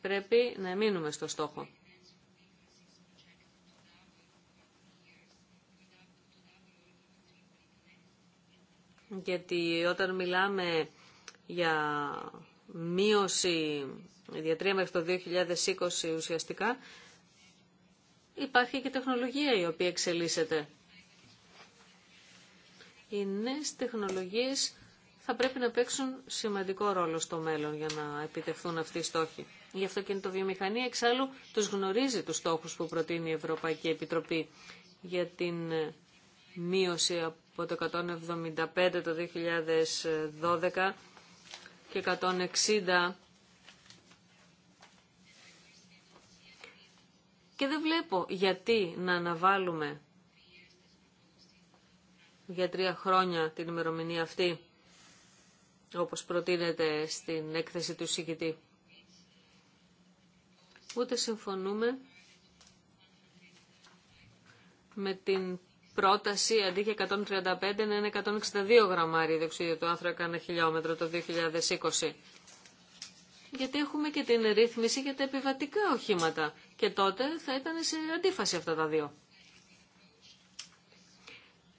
Πρέπει να μείνουμε στο στόχο. γιατί όταν μιλάμε για μείωση διατρία μέχρι το 2020 ουσιαστικά, υπάρχει και τεχνολογία η οποία εξελίσσεται. Οι νέες τεχνολογίες θα πρέπει να παίξουν σημαντικό ρόλο στο μέλλον για να επιτευχθούν αυτοί οι στόχοι. αυτό και Η αυτοκινητοβιομηχανία εξάλλου τους γνωρίζει τους στόχους που προτείνει η Ευρωπαϊκή Επιτροπή για την μείωση από το 175 το 2012 και 160 Και δεν βλέπω γιατί να αναβάλουμε για τρία χρόνια την ημερομηνία αυτή, όπως προτείνεται στην έκθεση του συγκητή. Ούτε συμφωνούμε με την πρόταση αντί για 135 να είναι 162 γραμμάρια διοξίδιο του άνθρακα ένα χιλιόμετρο το 2020. Γιατί έχουμε και την ρύθμιση για τα επιβατικά οχήματα και τότε θα ήταν σε αντίφαση αυτά τα δύο.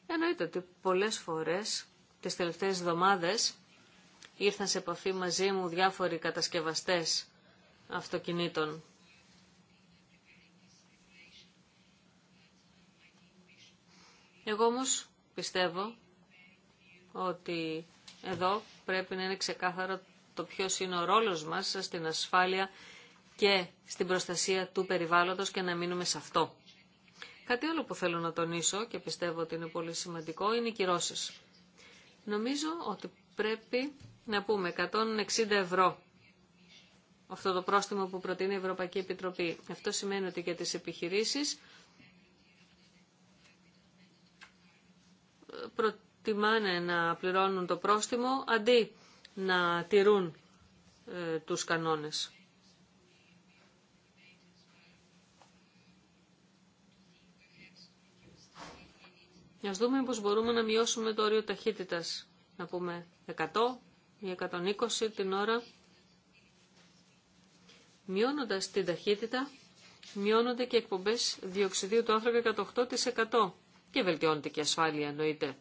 Εννοείται ότι πολλές φορές τις τελευταίες εβδομάδες ήρθαν σε επαφή μαζί μου διάφοροι κατασκευαστές αυτοκινήτων Εγώ όμως πιστεύω ότι εδώ πρέπει να είναι ξεκάθαρο το ποιος είναι ο ρόλος μας στην ασφάλεια και στην προστασία του περιβάλλοντος και να μείνουμε σε αυτό. Κάτι άλλο που θέλω να τονίσω και πιστεύω ότι είναι πολύ σημαντικό είναι οι κυρώσεις. Νομίζω ότι πρέπει να πούμε 160 ευρώ αυτό το πρόστιμο που προτείνει η Ευρωπαϊκή Επιτροπή. Αυτό σημαίνει ότι για τις επιχειρήσεις προτιμάνε να πληρώνουν το πρόστιμο αντί να τηρούν ε, τους κανόνες. Ας δούμε πώς μπορούμε να μειώσουμε το όριο ταχύτητας. Να πούμε 100 ή 120 την ώρα. Μειώνοντας την ταχύτητα, μειώνονται και εκπομπές διοξιδίου του άνθρακα 108% και βελτιώνεται και ασφάλεια εννοείται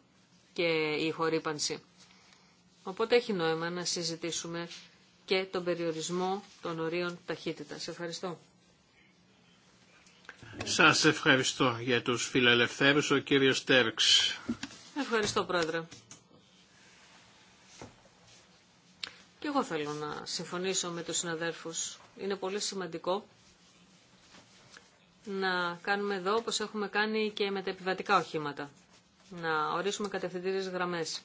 και η χορύπανση. Οπότε έχει νόημα να συζητήσουμε και τον περιορισμό των ορίων ταχύτητας. Ευχαριστώ. Σας ευχαριστώ για τους φιλελευθέρους, ο κύριος Τέρξ. Ευχαριστώ, Πρόεδρε. Και εγώ θέλω να συμφωνήσω με τους συναδέρφους. Είναι πολύ σημαντικό να κάνουμε εδώ όπως έχουμε κάνει και με τα επιβατικά οχήματα να ορίσουμε κατευθυντήριες γραμμές.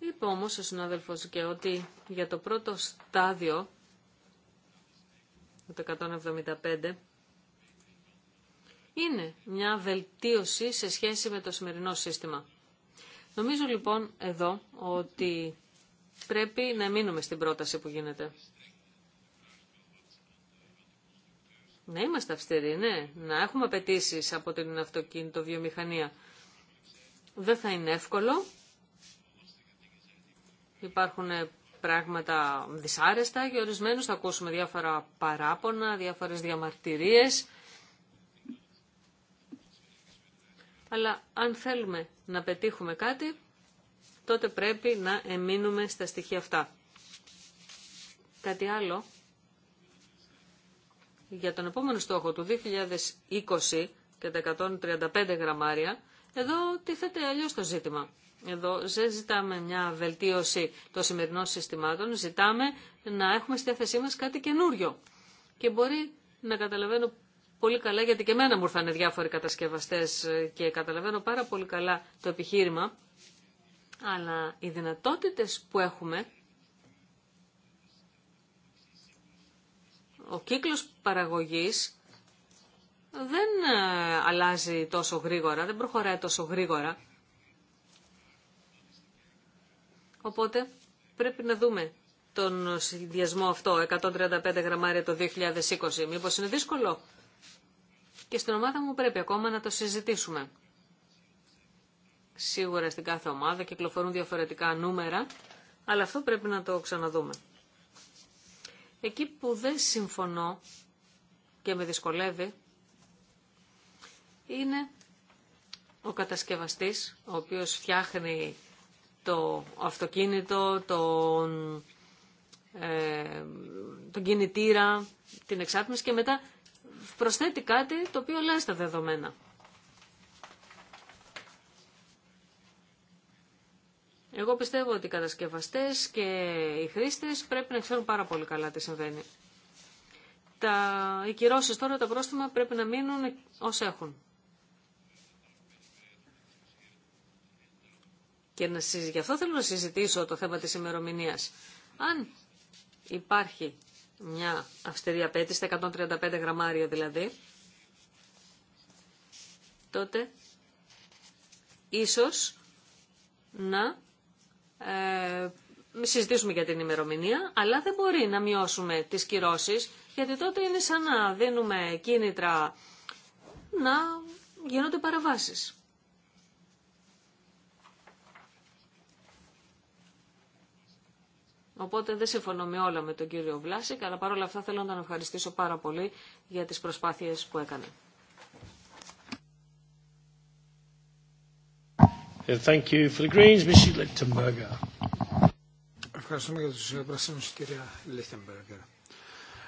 Είπε όμως ο συνάδελφος και ότι για το πρώτο στάδιο, το 175, είναι μια βελτίωση σε σχέση με το σημερινό σύστημα. Νομίζω λοιπόν εδώ ότι πρέπει να μείνουμε στην πρόταση που γίνεται. Να είμαστε αυστηροί, ναι. Να έχουμε απαιτήσει από την αυτοκίνητο βιομηχανία. Δεν θα είναι εύκολο. Υπάρχουν πράγματα δυσάρεστα για ορισμένους. Θα ακούσουμε διάφορα παράπονα, διάφορες διαμαρτυρίες. Αλλά αν θέλουμε να πετύχουμε κάτι, τότε πρέπει να εμείνουμε στα στοιχεία αυτά. Κάτι άλλο για τον επόμενο στόχο του 2020 και τα 135 γραμμάρια, εδώ τίθεται αλλιώ το ζήτημα. Εδώ δεν ζητάμε μια βελτίωση των σημερινών συστημάτων, ζητάμε να έχουμε στη θέση μας κάτι καινούριο. Και μπορεί να καταλαβαίνω πολύ καλά, γιατί και εμένα μου ήρθαν διάφοροι κατασκευαστές και καταλαβαίνω πάρα πολύ καλά το επιχείρημα, αλλά οι δυνατότητες που έχουμε ο κύκλος παραγωγής δεν ε, αλλάζει τόσο γρήγορα, δεν προχωράει τόσο γρήγορα. Οπότε πρέπει να δούμε τον συνδυασμό αυτό, 135 γραμμάρια το 2020. Μήπως είναι δύσκολο. Και στην ομάδα μου πρέπει ακόμα να το συζητήσουμε. Σίγουρα στην κάθε ομάδα κυκλοφορούν διαφορετικά νούμερα, αλλά αυτό πρέπει να το ξαναδούμε. Εκεί που δεν συμφωνώ και με δυσκολεύει είναι ο κατασκευαστής, ο οποίος φτιάχνει το αυτοκίνητο, τον, ε, κινητήρα, την εξάτμιση και μετά προσθέτει κάτι το οποίο αλλάζει τα δεδομένα. Εγώ πιστεύω ότι οι κατασκευαστές και οι χρήστες πρέπει να ξέρουν πάρα πολύ καλά τι συμβαίνει. Τα... Οι τώρα, τα πρόστιμα πρέπει να μείνουν ως έχουν. Και να συ γι' αυτό θέλω να συζητήσω το θέμα της ημερομηνία. Αν υπάρχει μια αυστηρή απέτηση, 135 γραμμάρια δηλαδή, τότε ίσως να ε, συζητήσουμε για την ημερομηνία, αλλά δεν μπορεί να μειώσουμε τις κυρώσεις, γιατί τότε είναι σαν να δίνουμε κίνητρα να γίνονται παραβάσεις. Οπότε δεν συμφωνώ με όλα με τον κύριο Βλάσικ, αλλά παρόλα αυτά θέλω να τον ευχαριστήσω πάρα πολύ για τις προσπάθειες που έκανε. Ευχαριστούμε για τους πράσινους, κυρία Λίχτεμπεργκερ.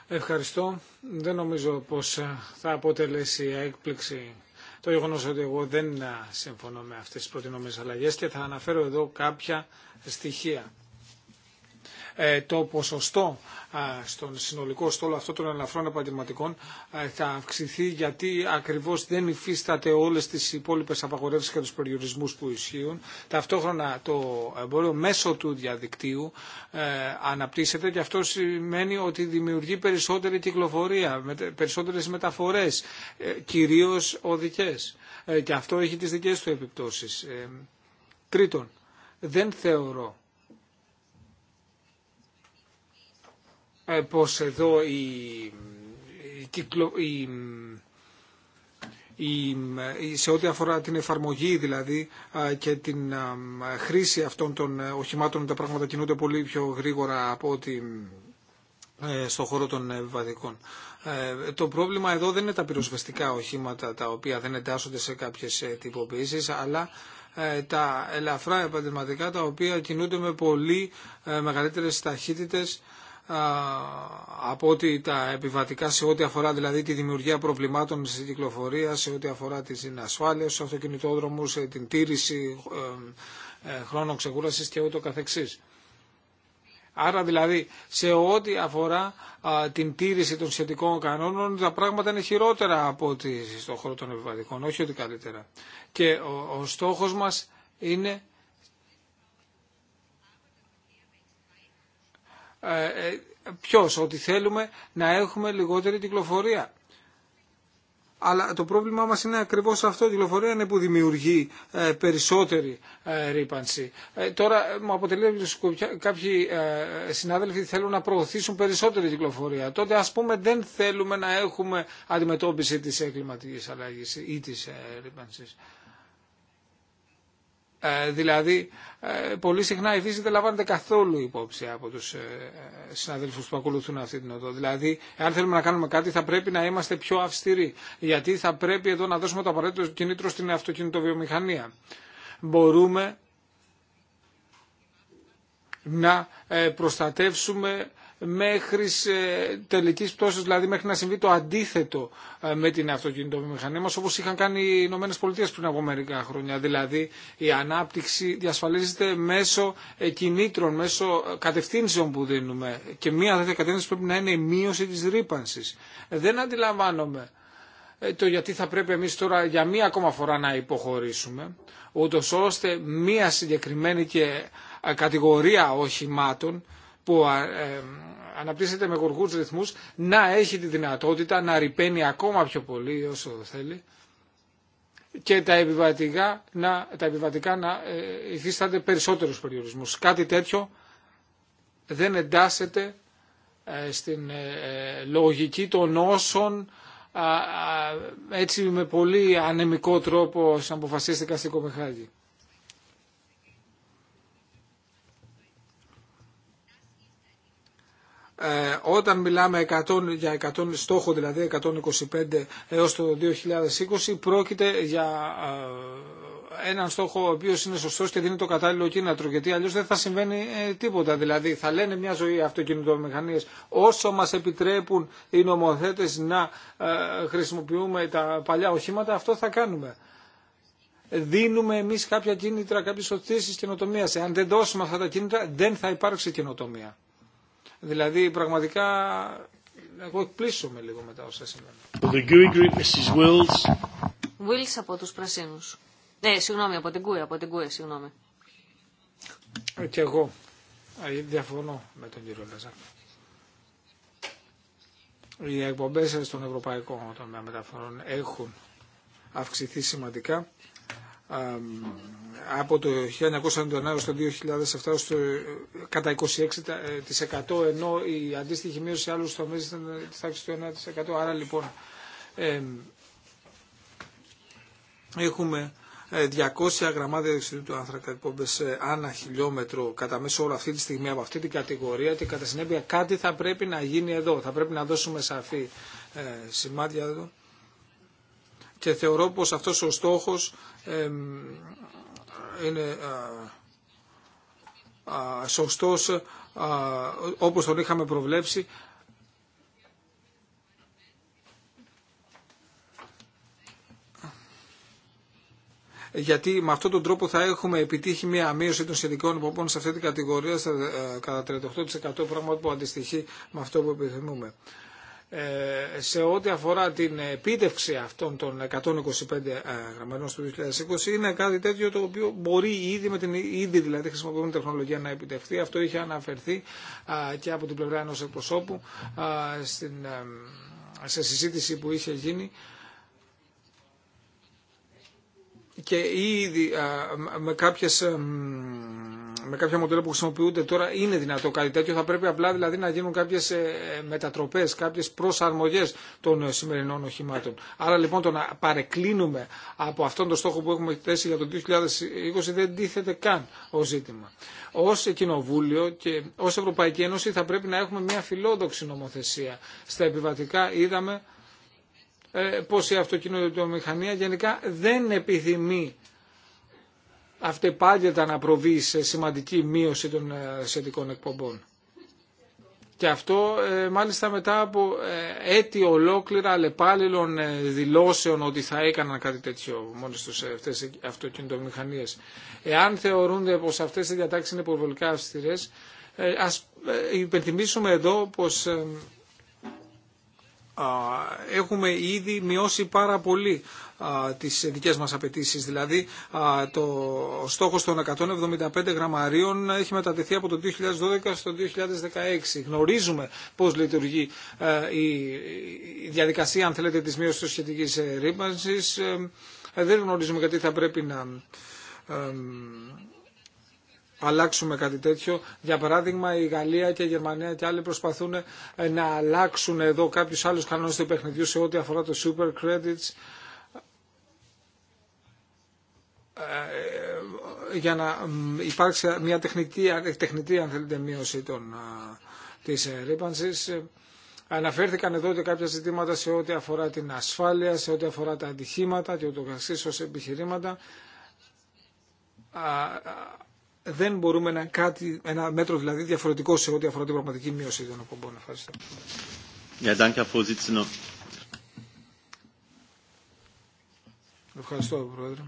Ευχαριστώ. Δεν νομίζω πως ε, θα αποτελέσει έκπληξη το γεγονό ότι εγώ δεν ε, συμφωνώ με αυτές τις προτινόμενες αλλαγές και θα αναφέρω εδώ κάποια στοιχεία. Ε, το ποσοστό στον συνολικό στόλο αυτών των ελαφρών επαγγελματικών ε, θα αυξηθεί γιατί ακριβώς δεν υφίσταται όλες τις υπόλοιπες απαγορεύσεις και τους περιορισμούς που ισχύουν. Ταυτόχρονα το εμπόριο μέσω του διαδικτύου ε, αναπτύσσεται και αυτό σημαίνει ότι δημιουργεί περισσότερη κυκλοφορία, περισσότερες μεταφορές, κυρίως οδικές. Και αυτό έχει τις δικές του επιπτώσεις. Τρίτον, δεν θεωρώ Ε, πως εδώ η, η, η, σε ό,τι αφορά την εφαρμογή δηλαδή και την χρήση αυτών των ε, οχημάτων τα πράγματα κινούνται πολύ πιο γρήγορα από ότι ε, στον χώρο των βαδικών. Το πρόβλημα εδώ δεν είναι τα πυροσβεστικά οχήματα τα οποία δεν εντάσσονται σε κάποιες τυποποιήσεις αλλά τα ελαφρά επαγγελματικά τα οποία κινούνται με πολύ μεγαλύτερες ταχύτητες από ότι τα επιβατικά σε ό,τι αφορά δηλαδή τη δημιουργία προβλημάτων στη κυκλοφορία, σε ό,τι αφορά τι ασφάλεια στους αυτοκινητόδρομους, ε, την τήρηση ε, ε, χρόνων ξεκούρασης και ούτω καθεξής. Άρα δηλαδή σε ό,τι αφορά την τήρηση των σχετικών κανόνων τα πράγματα είναι χειρότερα από ότι στον χώρο των επιβατικών, όχι ότι καλύτερα. Και ο, ο στόχος μας είναι Ε, ε, ποιος, ότι θέλουμε να έχουμε λιγότερη κυκλοφορία. Αλλά το πρόβλημά μας είναι ακριβώς αυτό, η κυκλοφορία είναι που δημιουργεί ε, περισσότερη ρήπανση. Τώρα μου αποτελεί κάποιοι συνάδελφοι θέλουν να προωθήσουν περισσότερη κυκλοφορία. Τότε ας πούμε δεν θέλουμε να έχουμε αντιμετώπιση της κλιματικής αλλαγής ή της ρήπανσης. Ε, δηλαδή, ε, πολύ συχνά η φύση δεν λαμβάνεται καθόλου υπόψη από τους ε, συναδέλφους που ακολουθούν αυτή την οδό. Δηλαδή, αν θέλουμε να κάνουμε κάτι θα πρέπει να είμαστε πιο αυστηροί, γιατί θα πρέπει εδώ να δώσουμε το απαραίτητο κινήτρο στην αυτοκινητοβιομηχανία. Μπορούμε να προστατεύσουμε μέχρι τελική πτώση, δηλαδή μέχρι να συμβεί το αντίθετο ε, με την αυτοκινητοβιομηχανία μα, όπω είχαν κάνει οι Ηνωμένε Πολιτείε πριν από μερικά χρόνια. Δηλαδή η ανάπτυξη διασφαλίζεται μέσω ε, κινήτρων, μέσω ε, κατευθύνσεων που δίνουμε. Και μία τέτοια κατεύθυνση πρέπει να είναι η μείωση τη ρήπανση. Δεν αντιλαμβάνομαι το γιατί θα πρέπει εμείς τώρα για μία ακόμα φορά να υποχωρήσουμε, ούτω ώστε μία συγκεκριμένη και κατηγορία οχημάτων που αναπτύσσεται με γοργούς ρυθμούς να έχει τη δυνατότητα να ρηπαίνει ακόμα πιο πολύ όσο θέλει και τα επιβατικά να, τα επιβατικά να ε, υφίστανται περισσότερους περιορισμούς. Κάτι τέτοιο δεν εντάσσεται ε, στην ε, λογική των όσων έτσι με πολύ ανεμικό τρόπο αποφασίστηκαν στην Κομιχάγη. Ε, όταν μιλάμε 100, για 100, στόχο δηλαδή 125 έως το 2020 πρόκειται για ε, έναν στόχο ο οποίος είναι σωστός και δίνει το κατάλληλο κίνητρο γιατί αλλιώς δεν θα συμβαίνει ε, τίποτα δηλαδή θα λένε μια ζωή αυτοκινητομηχανίες όσο μας επιτρέπουν οι νομοθέτες να χρησιμοποιούμε τα παλιά οχήματα αυτό θα κάνουμε δίνουμε εμεί κάποια κίνητρα, κάποιε οθήσει καινοτομία. Εάν δεν δώσουμε αυτά τα κίνητρα, δεν θα υπάρξει καινοτομία. Δηλαδή πραγματικά εγώ εκπλήσωμαι λίγο μετά όσα Mrs. Wills Wills από τους Πρασίνους. Ναι, συγγνώμη, από την ΚΟΕ, από την GUI, συγγνώμη. Ε, και εγώ ε, διαφωνώ με τον κύριο Λαζάκ. Οι εκπομπέ των Ευρωπαϊκών των μεταφορών έχουν αυξηθεί σημαντικά από το 1999 στο 2007 κατά 26% ενώ η αντίστοιχη μείωση σε άλλους τομείς ήταν της τάξης του 1%. Άρα λοιπόν έχουμε 200 ε, γραμμάδια διοξιδίου του άνθρακα εκπομπέ ε, ανά χιλιόμετρο κατά μέσο όρο αυτή τη στιγμή από αυτή την κατηγορία και κατά συνέπεια κάτι θα πρέπει να γίνει εδώ. Θα πρέπει να δώσουμε σαφή ε, σημάδια εδώ και θεωρώ πως αυτός ο στόχος είναι σωστός όπως τον είχαμε προβλέψει γιατί με αυτόν τον τρόπο θα έχουμε επιτύχει μια μείωση των σχετικών υποπών σε αυτή την κατηγορία ε, κατά 38% πράγμα που αντιστοιχεί με αυτό που επιθυμούμε. Ε, σε ό,τι αφορά την επίτευξη αυτών των 125 ε, γραμμαρίων στο 2020 είναι κάτι τέτοιο το οποίο μπορεί ήδη με την ήδη δηλαδή χρησιμοποιούμενη τεχνολογία να επιτευχθεί. Αυτό είχε αναφερθεί και από την πλευρά ενός εκπροσώπου στην, ε, σε συζήτηση που είχε γίνει και ήδη με κάποιες με κάποια μοντέλα που χρησιμοποιούνται τώρα είναι δυνατό κάτι τέτοιο. Θα πρέπει απλά δηλαδή να γίνουν κάποιε μετατροπέ, κάποιε προσαρμογέ των ε, σημερινών οχημάτων. Άρα λοιπόν το να παρεκκλίνουμε από αυτόν τον στόχο που έχουμε θέσει για το 2020 δεν τίθεται καν ω ζήτημα. Ω Κοινοβούλιο και ω Ευρωπαϊκή Ένωση θα πρέπει να έχουμε μια φιλόδοξη νομοθεσία. Στα επιβατικά είδαμε ε, πω η αυτοκινητομηχανία γενικά δεν επιθυμεί αυτή τα να προβεί σε σημαντική μείωση των ασιατικών ε, εκπομπών. Και αυτό ε, μάλιστα μετά από ε, έτη ολόκληρα αλλεπάλληλων δηλώσεων ότι θα έκαναν κάτι τέτοιο μόνο στους αυτές αυτοκινητομηχανίες. Εάν θεωρούνται πως αυτές οι διατάξεις είναι υπερβολικά αυστηρές, ας υπενθυμίσουμε εδώ πως έχουμε ήδη μειώσει πάρα πολύ τις δικέ μας απαιτήσει. Δηλαδή το, στόχο στόχος των 175 γραμμαρίων έχει μετατεθεί από το 2012 στο 2016. Γνωρίζουμε πώς λειτουργεί ε, η διαδικασία αν θέλετε τη μείωση τη σχετική ε, ρήπανση. Ε, δεν γνωρίζουμε γιατί θα πρέπει να αλλάξουμε κάτι τέτοιο. Για παράδειγμα, η Γαλλία και η Γερμανία και άλλοι προσπαθούν να αλλάξουν εδώ κάποιου άλλου κανόνε του παιχνιδιού σε ό,τι αφορά το super credits ε, για να υπάρξει μια τεχνητή, τεχνητή αν θέλετε, μείωση των, της ε, ρήπανσης. Αναφέρθηκαν εδώ και κάποια ζητήματα σε ό,τι αφορά την ασφάλεια, σε ό,τι αφορά τα αντιχήματα και ούτω καθεξής ως επιχειρήματα. Δεν μπορούμε να κάτι, ένα μέτρο δηλαδή διαφορετικό σε ό,τι αφορά την πραγματική μείωση των εκπομπών. Ευχαριστώ. Ευχαριστώ, Πρόεδρε.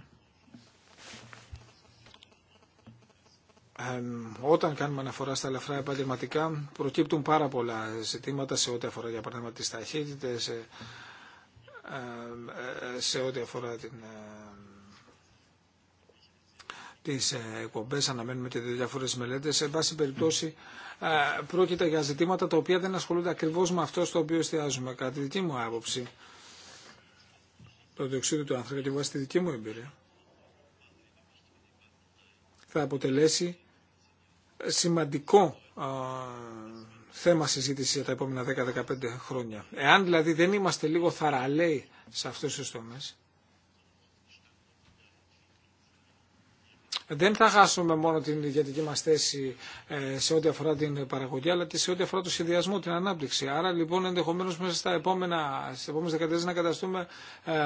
όταν κάνουμε αναφορά στα ελαφρά επαγγελματικά προκύπτουν πάρα πολλά ζητήματα σε ό,τι αφορά για παράδειγμα τις ταχύτητες, ε, ε, ε, σε ό,τι αφορά την, τις εκπομπές, αναμένουμε και διάφορες μελέτες. Σε βάση περιπτώσει πρόκειται για ζητήματα τα οποία δεν ασχολούνται ακριβώς με αυτό στο οποίο εστιάζουμε. Κατά τη δική μου άποψη, το διοξείδιο του άνθρωπου και βάσει τη δική μου εμπειρία, θα αποτελέσει σημαντικό θέμα συζήτηση για τα επόμενα 10-15 χρόνια. Εάν δηλαδή δεν είμαστε λίγο θαραλέοι σε αυτούς τους τομεί, δεν θα χάσουμε μόνο την ηγετική μα θέση ε, σε ό,τι αφορά την παραγωγή, αλλά και σε ό,τι αφορά το σχεδιασμό, την ανάπτυξη. Άρα λοιπόν ενδεχομένως μέσα στα επόμενα, στις επόμενες δεκαετίες να καταστούμε ε,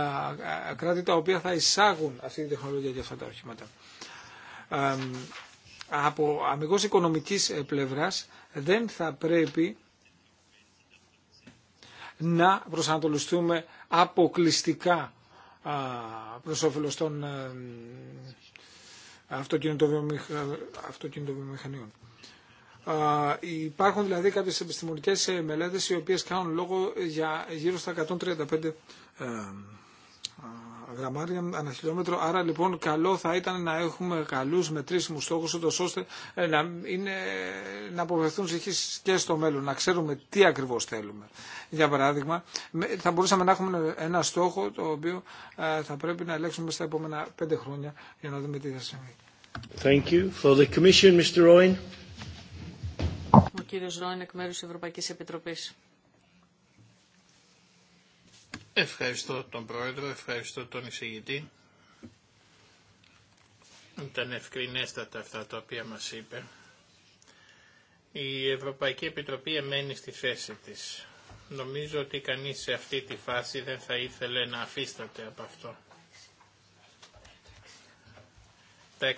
κράτη τα οποία θα εισάγουν αυτή τη τεχνολογία για αυτά τα οχήματα από αμυγός οικονομικής ε, πλευράς δεν θα πρέπει να προσανατολιστούμε αποκλειστικά προς όφελος των ε, αυτοκινητοβιομηχανίων. Υπάρχουν δηλαδή κάποιες επιστημονικές ε, μελέτες οι οποίες κάνουν λόγο για γύρω στα 135 γραμμάρια ανά χιλιόμετρο. Άρα λοιπόν καλό θα ήταν να έχουμε καλού μετρήσιμου στόχου, ώστε ε, να, είναι, να αποφευθούν συγχύσεις και στο μέλλον, να ξέρουμε τι ακριβώ θέλουμε. Για παράδειγμα, θα μπορούσαμε να έχουμε ένα στόχο το οποίο ε, θα πρέπει να ελέγξουμε στα επόμενα πέντε χρόνια για να δούμε τι θα συμβεί. Thank you. For the commission, Mr. Ο κύριος Ρόιν εκ μέρους Ευρωπαϊκής Επιτροπής. Ευχαριστώ τον Πρόεδρο, ευχαριστώ τον εισηγητή. Ήταν ευκρινέστατα αυτά τα οποία μας είπε. Η Ευρωπαϊκή Επιτροπή εμένει στη θέση της. Νομίζω ότι κανείς σε αυτή τη φάση δεν θα ήθελε να αφίσταται από αυτό. Τα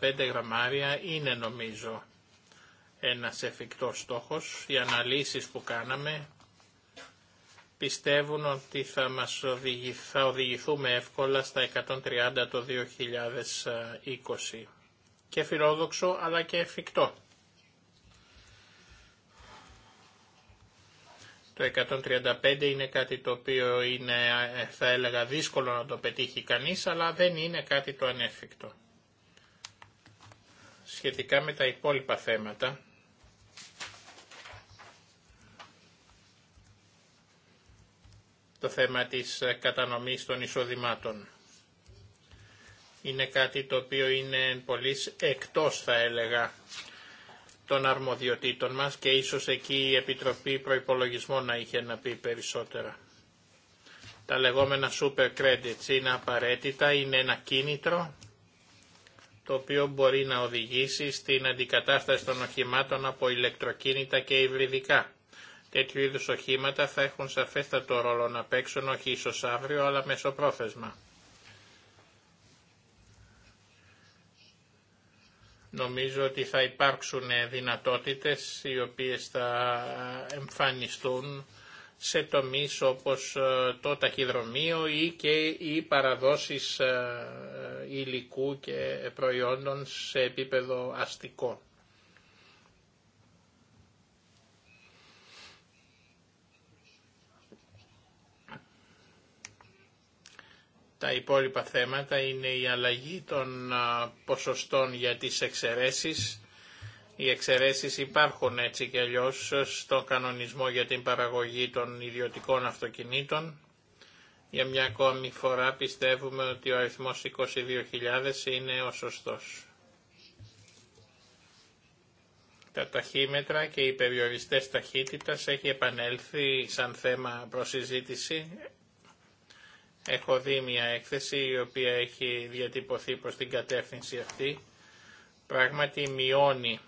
175 γραμμάρια είναι νομίζω ένας εφικτός στόχος. Οι αναλύσεις που κάναμε πιστεύουν ότι θα, μας θα οδηγηθούμε εύκολα στα 130 το 2020. Και φιλόδοξο αλλά και εφικτό. Το 135 είναι κάτι το οποίο είναι, θα έλεγα, δύσκολο να το πετύχει κανείς, αλλά δεν είναι κάτι το ανέφικτο. Σχετικά με τα υπόλοιπα θέματα, το θέμα της ε, κατανομής των εισοδημάτων. Είναι κάτι το οποίο είναι πολύς εκτός θα έλεγα των αρμοδιοτήτων μας και ίσως εκεί η Επιτροπή Προϋπολογισμών να είχε να πει περισσότερα. Τα λεγόμενα super credits είναι απαραίτητα, είναι ένα κίνητρο το οποίο μπορεί να οδηγήσει στην αντικατάσταση των οχημάτων από ηλεκτροκίνητα και υβριδικά. Τέτοιου είδους οχήματα θα έχουν σαφέστατο ρόλο να παίξουν όχι ίσω αύριο αλλά μεσοπρόθεσμα. Νομίζω ότι θα υπάρξουν δυνατότητες οι οποίες θα εμφανιστούν σε τομείς όπως ε, το ταχυδρομείο ή και οι παραδόσεις ε, υλικού και προϊόντων σε επίπεδο αστικό. Τα υπόλοιπα θέματα είναι η αλλαγή των ποσοστών για τις εξαιρέσεις. Οι εξαιρέσει υπάρχουν έτσι και αλλιώ στον κανονισμό για την παραγωγή των ιδιωτικών αυτοκινήτων. Για μια ακόμη φορά πιστεύουμε ότι ο αριθμός 22.000 είναι ο σωστός. Τα ταχύμετρα και οι περιοριστές ταχύτητας έχει επανέλθει σαν θέμα προσυζήτηση. Έχω δει μια έκθεση η οποία έχει διατυπωθεί προς την κατεύθυνση αυτή. Πράγματι μειώνει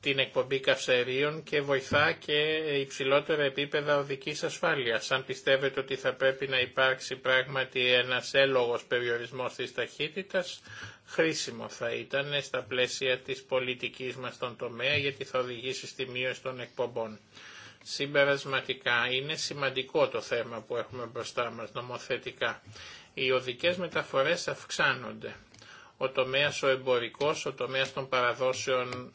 την εκπομπή καυσαερίων και βοηθά και υψηλότερα επίπεδα οδικής ασφάλειας. Αν πιστεύετε ότι θα πρέπει να υπάρξει πράγματι ένας έλογος περιορισμός της ταχύτητας, χρήσιμο θα ήταν στα πλαίσια της πολιτικής μας στον τομέα γιατί θα οδηγήσει στη μείωση των εκπομπών. Συμπερασματικά είναι σημαντικό το θέμα που έχουμε μπροστά μας νομοθετικά. Οι οδικές μεταφορές αυξάνονται. Ο τομέας ο εμπορικός, ο τομέας των παραδόσεων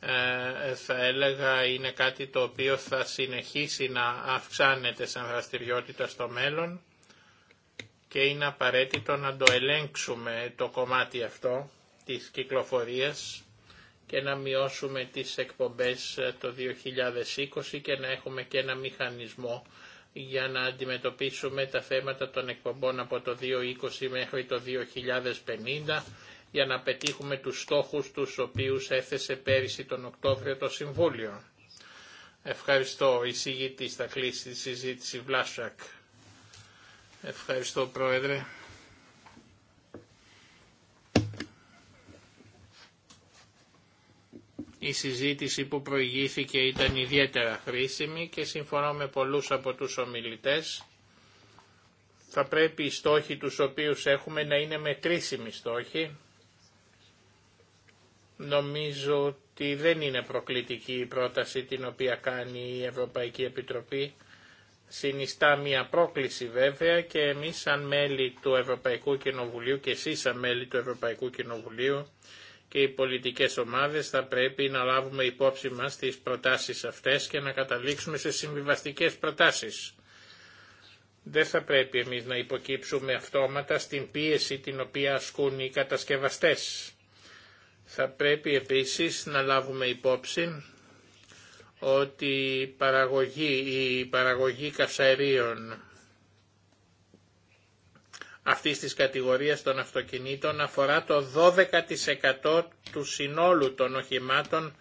ε, θα έλεγα είναι κάτι το οποίο θα συνεχίσει να αυξάνεται σαν δραστηριότητα στο μέλλον και είναι απαραίτητο να το ελέγξουμε το κομμάτι αυτό της κυκλοφορίας και να μειώσουμε τις εκπομπές ε, το 2020 και να έχουμε και ένα μηχανισμό για να αντιμετωπίσουμε τα θέματα των εκπομπών από το 2020 μέχρι το 2050 για να πετύχουμε τους στόχους τους οποίους έθεσε πέρυσι τον Οκτώβριο το Συμβούλιο. Ευχαριστώ. Η στα θα κλείσει τη συζήτηση Βλάσσακ. Ευχαριστώ Πρόεδρε. Η συζήτηση που προηγήθηκε ήταν ιδιαίτερα χρήσιμη και συμφωνώ με πολλούς από τους ομιλητές. Θα πρέπει οι στόχοι τους οποίους έχουμε να είναι μετρήσιμοι στόχοι. Νομίζω ότι δεν είναι προκλητική η πρόταση την οποία κάνει η Ευρωπαϊκή Επιτροπή. Συνιστά μια πρόκληση βέβαια και εμείς σαν μέλη του Ευρωπαϊκού Κοινοβουλίου και εσείς σαν μέλη του Ευρωπαϊκού Κοινοβουλίου και οι πολιτικές ομάδες θα πρέπει να λάβουμε υπόψη μας τις προτάσεις αυτές και να καταλήξουμε σε συμβιβαστικές προτάσεις. Δεν θα πρέπει εμείς να υποκύψουμε αυτόματα στην πίεση την οποία ασκούν οι κατασκευαστές. Θα πρέπει επίσης να λάβουμε υπόψη ότι η παραγωγή, η παραγωγή καυσαερίων αυτής της κατηγορίας των αυτοκινήτων αφορά το 12% του συνόλου των οχημάτων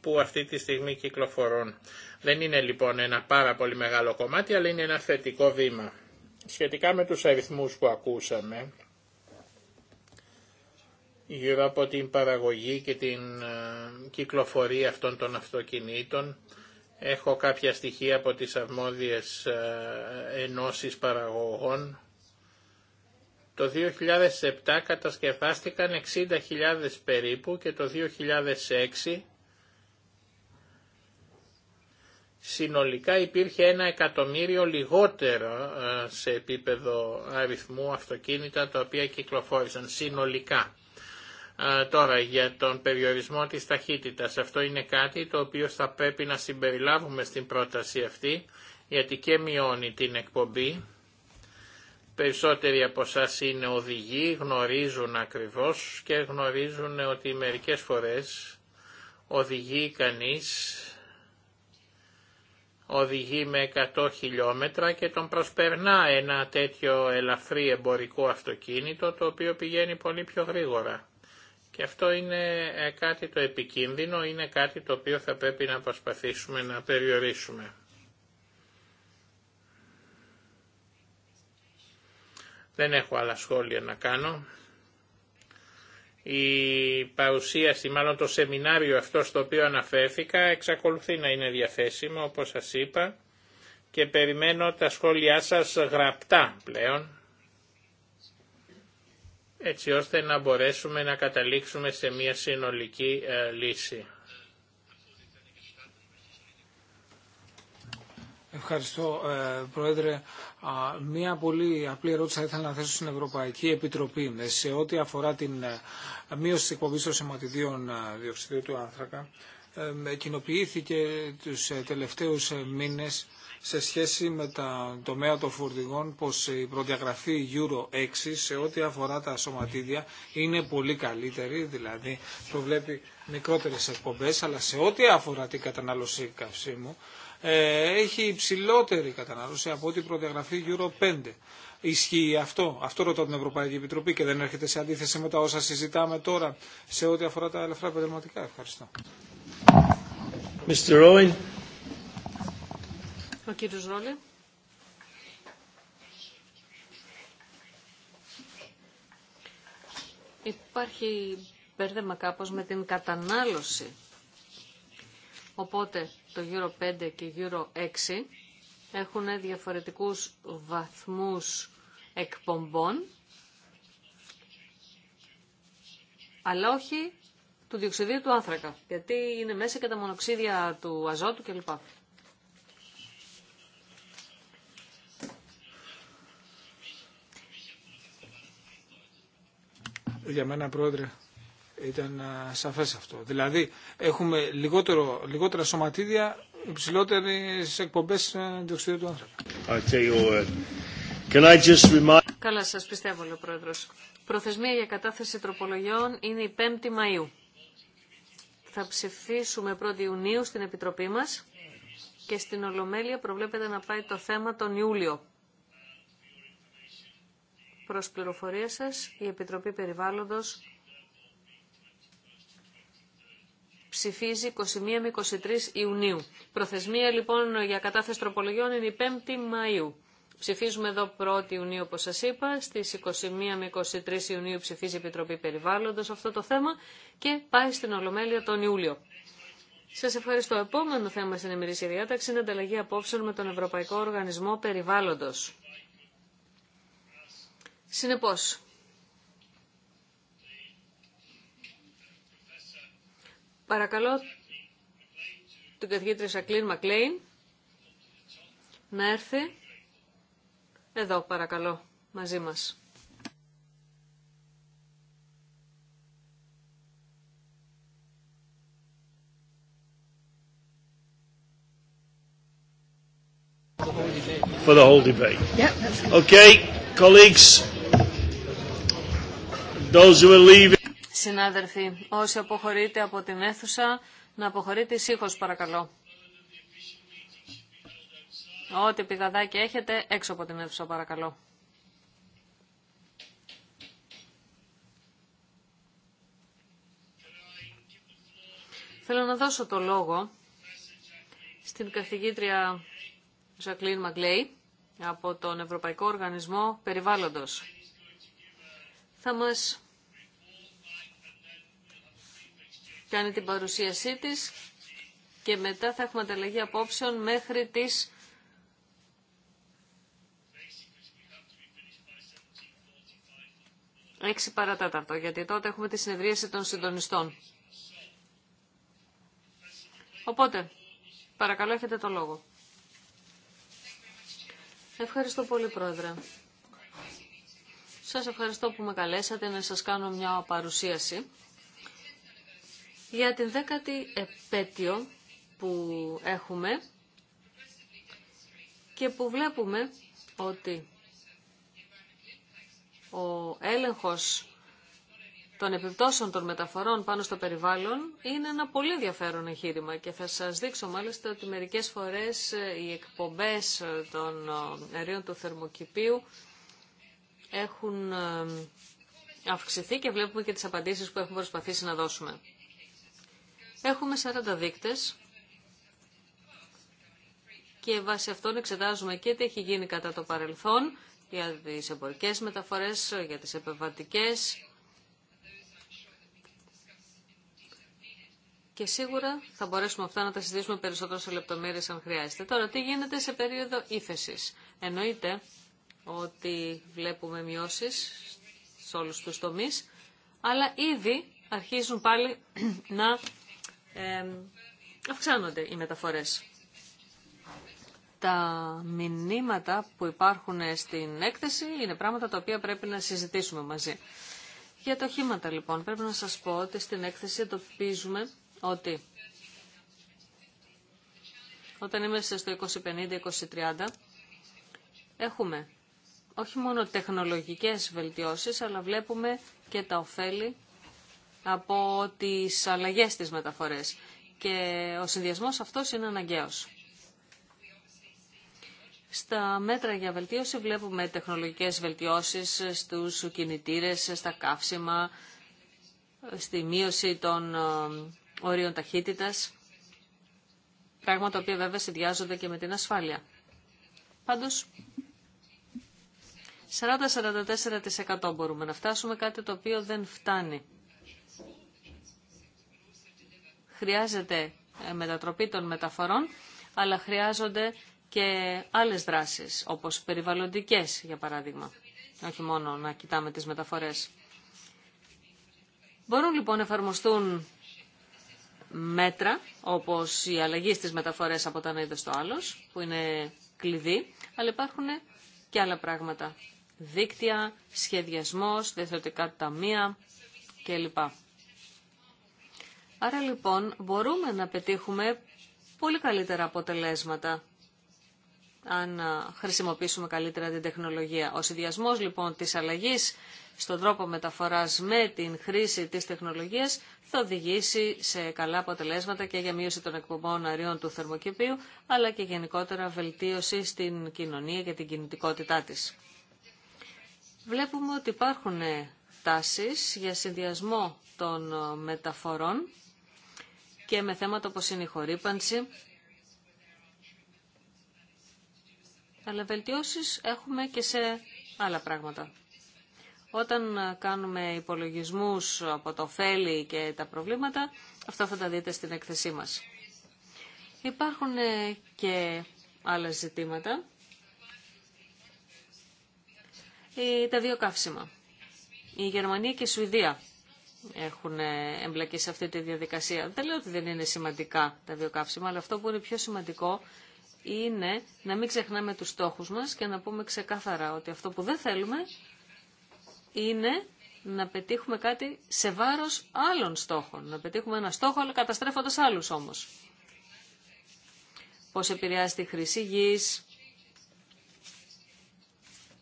που αυτή τη στιγμή κυκλοφορούν. Δεν είναι λοιπόν ένα πάρα πολύ μεγάλο κομμάτι, αλλά είναι ένα θετικό βήμα. Σχετικά με τους αριθμούς που ακούσαμε, γύρω από την παραγωγή και την κυκλοφορία αυτών των αυτοκινήτων, έχω κάποια στοιχεία από τις αρμόδιες ενώσεις παραγωγών, το 2007 κατασκευάστηκαν 60.000 περίπου και το 2006 συνολικά υπήρχε ένα εκατομμύριο λιγότερο ε, σε επίπεδο αριθμού αυτοκίνητα τα οποία κυκλοφόρησαν συνολικά. Ε, τώρα για τον περιορισμό της ταχύτητας. Αυτό είναι κάτι το οποίο θα πρέπει να συμπεριλάβουμε στην πρόταση αυτή γιατί και μειώνει την εκπομπή Περισσότεροι από εσά είναι οδηγοί, γνωρίζουν ακριβώς και γνωρίζουν ότι μερικές φορές οδηγεί κανείς οδηγεί με 100 χιλιόμετρα και τον προσπερνά ένα τέτοιο ελαφρύ εμπορικό αυτοκίνητο το οποίο πηγαίνει πολύ πιο γρήγορα. Και αυτό είναι ε, κάτι το επικίνδυνο, είναι κάτι το οποίο θα πρέπει να προσπαθήσουμε να περιορίσουμε. Δεν έχω άλλα σχόλια να κάνω. Η παρουσίαση, μάλλον το σεμινάριο αυτό στο οποίο αναφέρθηκα, εξακολουθεί να είναι διαθέσιμο, όπως σας είπα, και περιμένω τα σχόλιά σας γραπτά πλέον, έτσι ώστε να μπορέσουμε να καταλήξουμε σε μια συνολική ε, λύση. Ευχαριστώ, ε, Πρόεδρε. Μία πολύ απλή ερώτηση θα ήθελα να θέσω στην Ευρωπαϊκή Επιτροπή ε, σε ό,τι αφορά την ε, μείωση τη εκπομπή των σωματιδίων διοξιδίου του άνθρακα. Κοινοποιήθηκε τους τελευταίους μήνες σε σχέση με τα τομέα των φορτηγών πως η προδιαγραφή Euro 6 σε ό,τι αφορά τα σωματίδια είναι πολύ καλύτερη, δηλαδή προβλέπει μικρότερες εκπομπές, αλλά σε ό,τι αφορά την κατανάλωση καυσίμου ε, έχει υψηλότερη κατανάλωση από ό,τι προδιαγραφεί Euro 5. Ισχύει αυτό. Αυτό ρωτά την Ευρωπαϊκή Επιτροπή και δεν έρχεται σε αντίθεση με τα όσα συζητάμε τώρα σε ό,τι αφορά τα ελευθερά επαγγελματικά. Ευχαριστώ. Mr. Rowan. Ο Ρόλε. Υπάρχει μπέρδεμα κάπως με την κατανάλωση Οπότε το Euro 5 και Euro 6 έχουν διαφορετικούς βαθμούς εκπομπών, αλλά όχι του διοξιδίου του άνθρακα, γιατί είναι μέσα και τα μονοξίδια του αζότου κλπ. Για μένα, Πρόεδρε, ήταν ε, σαφές αυτό. Δηλαδή έχουμε λιγότερο, λιγότερα σωματίδια, υψηλότερες εκπομπές ε, διοξιδίου του άνθρακα. Uh, Καλά σας πιστεύω, λέει ο Προθεσμία για κατάθεση τροπολογιών είναι η 5η Μαΐου. Θα ψηφίσουμε 1η Ιουνίου στην Επιτροπή μας και στην Ολομέλεια προβλέπεται να πάει το θέμα τον Ιούλιο. Προς πληροφορία σας, η Επιτροπή Περιβάλλοντος ψηφίζει 21 με 23 Ιουνίου. Προθεσμία λοιπόν για κατάθεση τροπολογιών είναι η 5η Μαΐου. Ψηφίζουμε εδώ 1η Ιουνίου όπως σας είπα, στις 21 με 23 Ιουνίου ψηφίζει η Επιτροπή Περιβάλλοντος αυτό το θέμα και πάει στην Ολομέλεια τον Ιούλιο. Σας ευχαριστώ. Επόμενο θέμα στην εμμυρίσια διάταξη είναι ανταλλαγή απόψεων με τον Ευρωπαϊκό Οργανισμό Περιβάλλοντος. Συνεπώς, Παρακαλώ την καθηγήτρια Σακλίν Μακλέιν να έρθει εδώ παρακαλώ μαζί μας. for the whole debate. Yeah, Okay, colleagues, those who are leaving συνάδελφοι, όσοι αποχωρείτε από την αίθουσα, να αποχωρείτε ησύχως παρακαλώ. Ό,τι πηγαδάκι έχετε, έξω από την αίθουσα παρακαλώ. Θέλω να δώσω το λόγο στην καθηγήτρια Ζακλίν Μαγκλέη από τον Ευρωπαϊκό Οργανισμό Περιβάλλοντος. Θα μας κάνει την παρουσίασή της και μετά θα έχουμε ανταλλαγή απόψεων μέχρι τις 6 παρατάταρτο, γιατί τότε έχουμε τη συνεδρίαση των συντονιστών. Οπότε, παρακαλώ έχετε το λόγο. Ευχαριστώ πολύ, Πρόεδρε. Σας ευχαριστώ που με καλέσατε να σας κάνω μια παρουσίαση για την δέκατη επέτειο που έχουμε και που βλέπουμε ότι ο έλεγχος των επιπτώσεων των μεταφορών πάνω στο περιβάλλον είναι ένα πολύ ενδιαφέρον εγχείρημα και θα σας δείξω μάλιστα ότι μερικές φορές ε, οι εκπομπές ε, των ε, αερίων του θερμοκηπίου έχουν αυξηθεί και βλέπουμε και τις απαντήσεις που έχουμε προσπαθήσει να δώσουμε. Έχουμε 40 δείκτες και βάσει αυτών εξετάζουμε και τι έχει γίνει κατά το παρελθόν για τις εμπορικές μεταφορές, για τις επεμβατικές και σίγουρα θα μπορέσουμε αυτά να τα συζητήσουμε περισσότερο σε λεπτομέρειες αν χρειάζεται. Τώρα, τι γίνεται σε περίοδο ύφεση. Εννοείται ότι βλέπουμε μειώσεις σε όλους τους τομείς, αλλά ήδη αρχίζουν πάλι να αυξάνονται οι μεταφορές. Τα μηνύματα που υπάρχουν στην έκθεση είναι πράγματα τα οποία πρέπει να συζητήσουμε μαζί. Για τα οχήματα λοιπόν, πρέπει να σας πω ότι στην έκθεση εντοπίζουμε ότι όταν είμαστε στο 2050-2030 έχουμε όχι μόνο τεχνολογικές βελτιώσεις, αλλά βλέπουμε και τα ωφέλη από τις αλλαγές της μεταφορές και ο συνδυασμός αυτός είναι αναγκαίος. Στα μέτρα για βελτίωση βλέπουμε τεχνολογικές βελτιώσεις στους κινητήρες, στα καύσιμα, στη μείωση των όριων ε, ταχύτητας, πράγμα το οποίο βέβαια συνδυάζονται και με την ασφάλεια. Πάντως, 40-44% μπορούμε να φτάσουμε, κάτι το οποίο δεν φτάνει χρειάζεται ε, μετατροπή των μεταφορών, αλλά χρειάζονται και άλλες δράσεις, όπως περιβαλλοντικές, για παράδειγμα. Όχι μόνο να κοιτάμε τις μεταφορές. Μπορούν λοιπόν να εφαρμοστούν μέτρα, όπως η αλλαγή στις μεταφορές από το ένα είδος στο άλλος, που είναι κλειδί, αλλά υπάρχουν και άλλα πράγματα. Δίκτυα, σχεδιασμός, διεθνωτικά ταμεία κλπ. Άρα λοιπόν μπορούμε να πετύχουμε πολύ καλύτερα αποτελέσματα αν χρησιμοποιήσουμε καλύτερα την τεχνολογία. Ο συνδυασμό λοιπόν της αλλαγής στον τρόπο μεταφοράς με την χρήση της τεχνολογίας θα οδηγήσει σε καλά αποτελέσματα και για μείωση των εκπομπών αριών του θερμοκηπίου αλλά και γενικότερα βελτίωση στην κοινωνία και την κινητικότητά της. Βλέπουμε ότι υπάρχουν τάσεις για συνδυασμό των μεταφορών και με θέματα όπως είναι η χορύπανση. Αλλά βελτιώσεις έχουμε και σε άλλα πράγματα. Όταν κάνουμε υπολογισμούς από το φέλη και τα προβλήματα, αυτά θα τα δείτε στην έκθεσή μας. Υπάρχουν ε, και άλλα ζητήματα. Ε, τα δύο καύσιμα. Η Γερμανία και η Σουηδία έχουν εμπλακεί σε αυτή τη διαδικασία. Δεν λέω ότι δεν είναι σημαντικά τα βιοκαύσιμα, αλλά αυτό που είναι πιο σημαντικό είναι να μην ξεχνάμε τους στόχους μας και να πούμε ξεκάθαρα ότι αυτό που δεν θέλουμε είναι να πετύχουμε κάτι σε βάρος άλλων στόχων. Να πετύχουμε ένα στόχο, αλλά καταστρέφοντας άλλους όμως. Πώς επηρεάζει τη χρήση γης.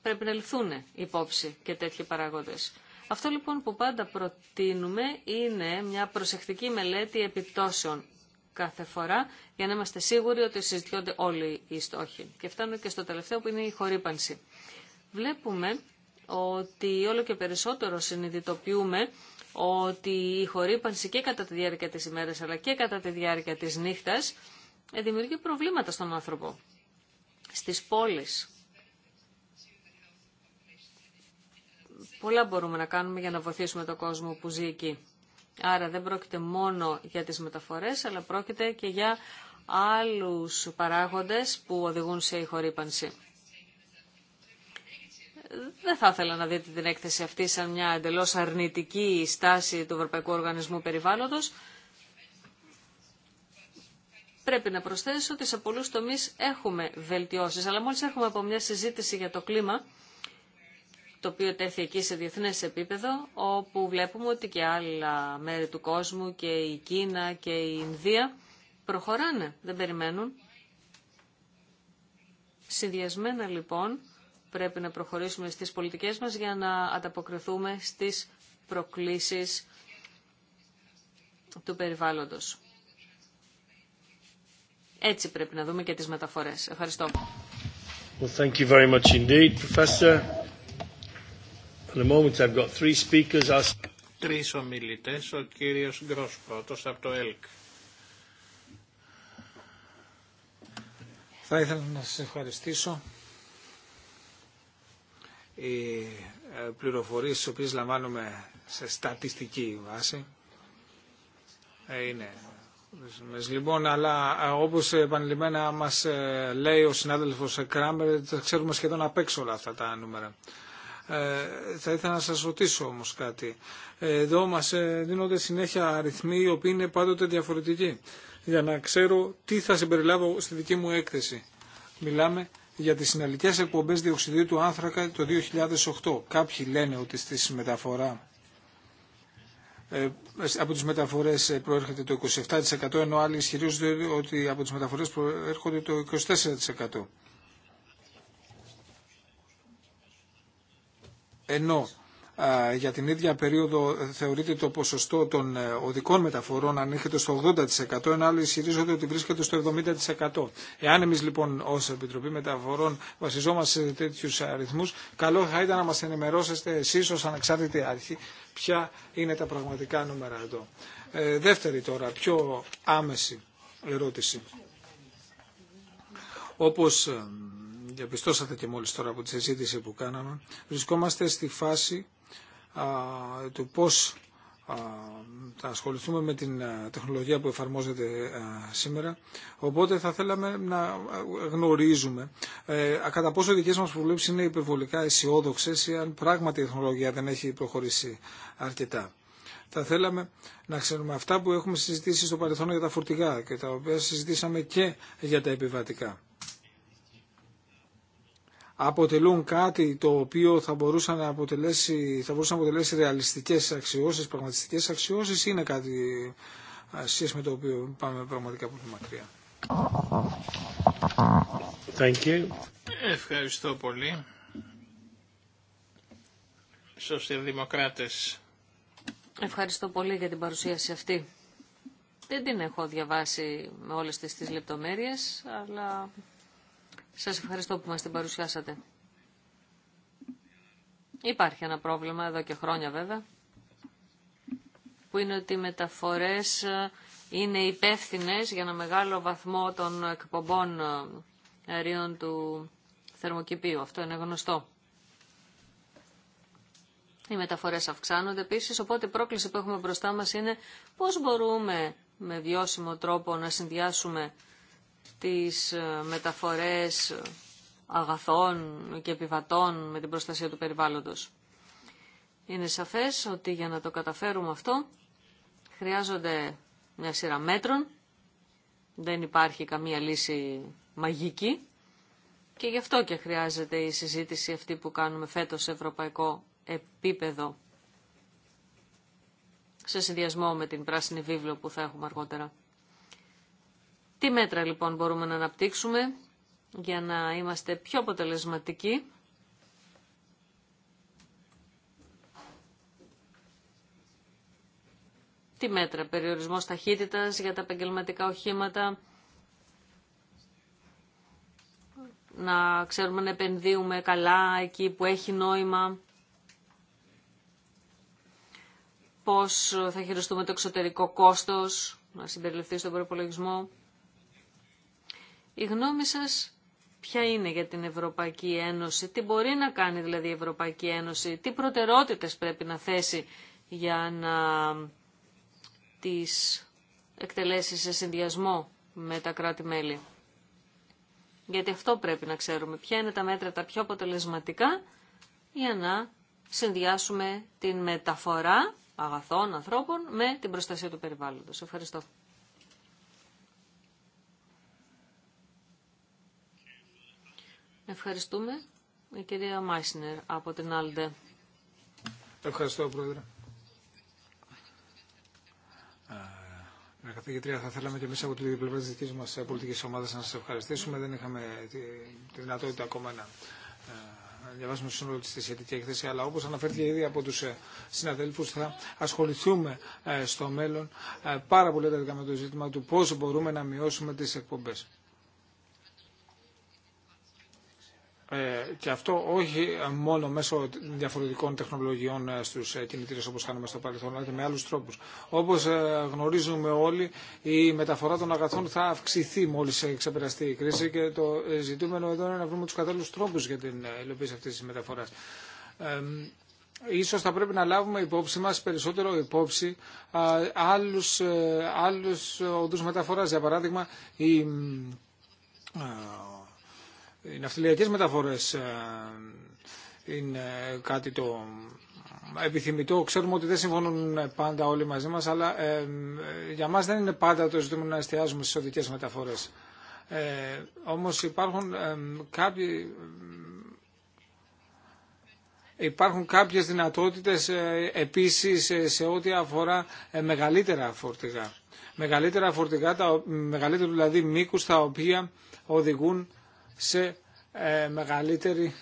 Πρέπει να ληφθούν υπόψη και τέτοιοι παράγοντες. Αυτό λοιπόν που πάντα προτείνουμε είναι μια προσεκτική μελέτη επιπτώσεων κάθε φορά για να είμαστε σίγουροι ότι συζητιώνται όλοι οι στόχοι. Και φτάνω και στο τελευταίο που είναι η χορύπανση. Βλέπουμε ότι όλο και περισσότερο συνειδητοποιούμε ότι η χορύπανση και κατά τη διάρκεια της ημέρας αλλά και κατά τη διάρκεια της νύχτας δημιουργεί προβλήματα στον άνθρωπο. Στις πόλεις Πολλά μπορούμε να κάνουμε για να βοηθήσουμε τον κόσμο που ζει εκεί. Άρα δεν πρόκειται μόνο για τις μεταφορές, αλλά πρόκειται και για άλλους παράγοντες που οδηγούν σε ηχορύπανση. Δεν θα ήθελα να δείτε την έκθεση αυτή σαν μια εντελώς αρνητική στάση του Ευρωπαϊκού Οργανισμού Περιβάλλοντος. Πρέπει να προσθέσω ότι σε πολλούς τομείς έχουμε βελτιώσεις, αλλά μόλις έχουμε από μια συζήτηση για το κλίμα, το οποίο τέθη εκεί σε διεθνές επίπεδο, όπου βλέπουμε ότι και άλλα μέρη του κόσμου και η Κίνα και η Ινδία προχωράνε, δεν περιμένουν. Συνδυασμένα λοιπόν πρέπει να προχωρήσουμε στις πολιτικές μας για να ανταποκριθούμε στις προκλήσεις του περιβάλλοντος. Έτσι πρέπει να δούμε και τις μεταφορές. Ευχαριστώ. Τρει moment Τρεις ομιλητές, ο κύριος Γκρός πρώτος από το ΕΛΚ. Θα ήθελα να σας ευχαριστήσω. Οι ε, πληροφορίες τις οποίες λαμβάνουμε σε στατιστική βάση ε, είναι Λοιπόν, αλλά ε, όπως επανειλημμένα μας λέει ο συνάδελφος Κράμερ, τα ξέρουμε σχεδόν απ' έξω όλα αυτά τα νούμερα. Ε, θα ήθελα να σας ρωτήσω όμως κάτι. Εδώ μας ε, δίνονται συνέχεια αριθμοί οι οποίοι είναι πάντοτε διαφορετικοί για να ξέρω τι θα συμπεριλάβω στη δική μου έκθεση. Μιλάμε για τις συναλλικές εκπομπές διοξιδίου του άνθρακα το 2008. Κάποιοι λένε ότι στη συμμεταφορά ε, από τις μεταφορές προέρχεται το 27% ενώ άλλοι ισχυρίζονται ότι από τις μεταφορές προέρχονται το 24%. ενώ για την ίδια περίοδο ε, θεωρείται το ποσοστό των ε, οδικών μεταφορών ανήκεται στο 80% ενώ άλλοι ισχυρίζονται ότι βρίσκεται στο 70%. Εάν εμεί λοιπόν ως Επιτροπή Μεταφορών βασιζόμαστε σε τέτοιους αριθμούς καλό θα ήταν να μας ενημερώσετε εσεί ω ανεξάρτητη αρχή ποια είναι τα πραγματικά νούμερα εδώ. Ε, δεύτερη τώρα, πιο άμεση ερώτηση. Όπως διαπιστώσατε και μόλις τώρα από τη συζήτηση που κάναμε, βρισκόμαστε στη φάση α, του πώς α, θα ασχοληθούμε με την τεχνολογία που εφαρμόζεται σήμερα. Οπότε θα θέλαμε να γνωρίζουμε ε, α, κατά πόσο οι δικές μας προβλέψεις είναι υπερβολικά αισιόδοξε ή αν πράγματι η τεχνολογία δεν έχει προχωρήσει αρκετά. Θα θέλαμε να ξέρουμε αυτά που έχουμε συζητήσει στο παρελθόν για τα φορτηγά και τα οποία συζητήσαμε και για τα επιβατικά αποτελούν κάτι το οποίο θα μπορούσε να αποτελέσει, θα μπορούσε να αποτελέσει ρεαλιστικές αξιώσεις, πραγματιστικές αξιώσεις είναι κάτι σχέση με το οποίο πάμε πραγματικά πολύ μακριά. Thank you. Ευχαριστώ πολύ. δημοκράτες. Ευχαριστώ πολύ για την παρουσίαση αυτή. Δεν την έχω διαβάσει με όλες τις, τις λεπτομέρειες, αλλά σας ευχαριστώ που μας την παρουσιάσατε. Υπάρχει ένα πρόβλημα εδώ και χρόνια βέβαια, που είναι ότι οι μεταφορές ε, είναι υπεύθυνε για ένα μεγάλο βαθμό των εκπομπών ε, αερίων του θερμοκηπίου. Αυτό είναι γνωστό. Οι μεταφορές αυξάνονται επίσης, οπότε η πρόκληση που έχουμε μπροστά μας είναι πώς μπορούμε με βιώσιμο τρόπο να συνδυάσουμε τις ε, μεταφορές αγαθών και επιβατών με την προστασία του περιβάλλοντος. Είναι σαφές ότι για να το καταφέρουμε αυτό χρειάζονται μια σειρά μέτρων, δεν υπάρχει καμία λύση μαγική και γι' αυτό και χρειάζεται η συζήτηση αυτή που κάνουμε φέτος σε ευρωπαϊκό επίπεδο σε συνδυασμό με την πράσινη βίβλο που θα έχουμε αργότερα. Τι μέτρα λοιπόν μπορούμε να αναπτύξουμε για να είμαστε πιο αποτελεσματικοί. Τι μέτρα, περιορισμός ταχύτητας για τα επαγγελματικά οχήματα, να ξέρουμε να επενδύουμε καλά εκεί που έχει νόημα, πώς θα χειριστούμε το εξωτερικό κόστος, να συμπεριληφθεί στον προπολογισμό. Η γνώμη σας ποια είναι για την Ευρωπαϊκή Ένωση, τι μπορεί να κάνει δηλαδή η Ευρωπαϊκή Ένωση, τι προτερότητες πρέπει να θέσει για να τις εκτελέσει σε συνδυασμό με τα κράτη-μέλη. Γιατί αυτό πρέπει να ξέρουμε, ποια είναι τα μέτρα τα πιο αποτελεσματικά για να συνδυάσουμε την μεταφορά αγαθών, ανθρώπων με την προστασία του περιβάλλοντος. Ευχαριστώ. Ευχαριστούμε. Η κυρία Μάισνερ από την Άλντε. Ευχαριστώ, Πρόεδρε. Μια ε, Καθηγητρία, θα θέλαμε και εμεί από την πλευρά τη δική μα πολιτική ομάδα να σα ευχαριστήσουμε. Δεν είχαμε τη, δυνατότητα ακόμα ε, να διαβάσουμε στο σύνολο τη σχετική έκθεση, αλλά όπω αναφέρθηκε ήδη από του ε, συναδέλφου, θα ασχοληθούμε στο μέλλον πάρα πολύ με το ζήτημα του πώ μπορούμε να μειώσουμε τι εκπομπέ. Ε, και αυτό όχι μόνο μέσω διαφορετικών τεχνολογιών ε, στους ε, κινητήρες όπως κάνουμε στο παρελθόν, αλλά και με άλλους τρόπους. Όπως γνωρίζουμε όλοι, η μεταφορά των αγαθών θα αυξηθεί μόλις ξεπεραστεί η κρίση και το ζητούμενο εδώ είναι να βρούμε τους κατάλληλους τρόπους για την υλοποίηση αυτής της μεταφοράς. Ίσως θα πρέπει να λάβουμε υπόψη μας περισσότερο υπόψη άλλους, άλλους οδούς μεταφοράς. Για παράδειγμα, η οι ναυτιλιακές μεταφορές ε, είναι κάτι το επιθυμητό. Ξέρουμε ότι δεν συμφωνούν πάντα όλοι μαζί μας, αλλά ε, για μας δεν είναι πάντα το ζητούμενο να εστιάζουμε στις οδικές μεταφορές. Ε, όμως υπάρχουν ε, κάποιοι Υπάρχουν κάποιες δυνατότητες επίσης σε ό,τι αφορά μεγαλύτερα φορτηγά. Μεγαλύτερα φορτηγά, τα, μεγαλύτερου δηλαδή μήκους τα οποία οδηγούν σε ε, μεγαλύτερη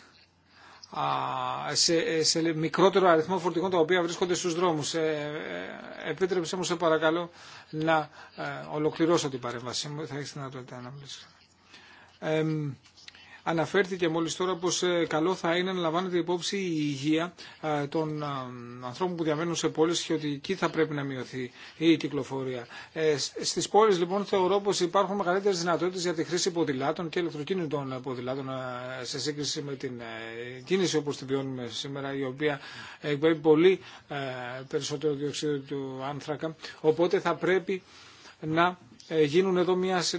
σε, ε, σε μικρότερο αριθμό φορτηγών τα οποία βρίσκονται στους δρόμους. Ε, Επίτρεψέ μου σε παρακαλώ να ολοκληρώσω την παρέμβαση μου. Θα έχεις δυνατότητα να μιλήσω αναφέρθηκε μόλις τώρα πως ε, καλό θα είναι να λαμβάνεται υπόψη η υγεία ε, των ε, ανθρώπων που διαμένουν σε πόλεις και ότι εκεί θα πρέπει να μειωθεί η κυκλοφορία. Στις πόλεις λοιπόν θεωρώ πως υπάρχουν μεγαλύτερες δυνατότητες για τη χρήση ποδηλάτων και ηλεκτροκίνητων ποδηλάτων σε σύγκριση με την κίνηση όπως τη βιώνουμε σήμερα η οποία εκπέμπει πολύ περισσότερο διοξείδιο του άνθρακα. Οπότε θα πρέπει να γίνουν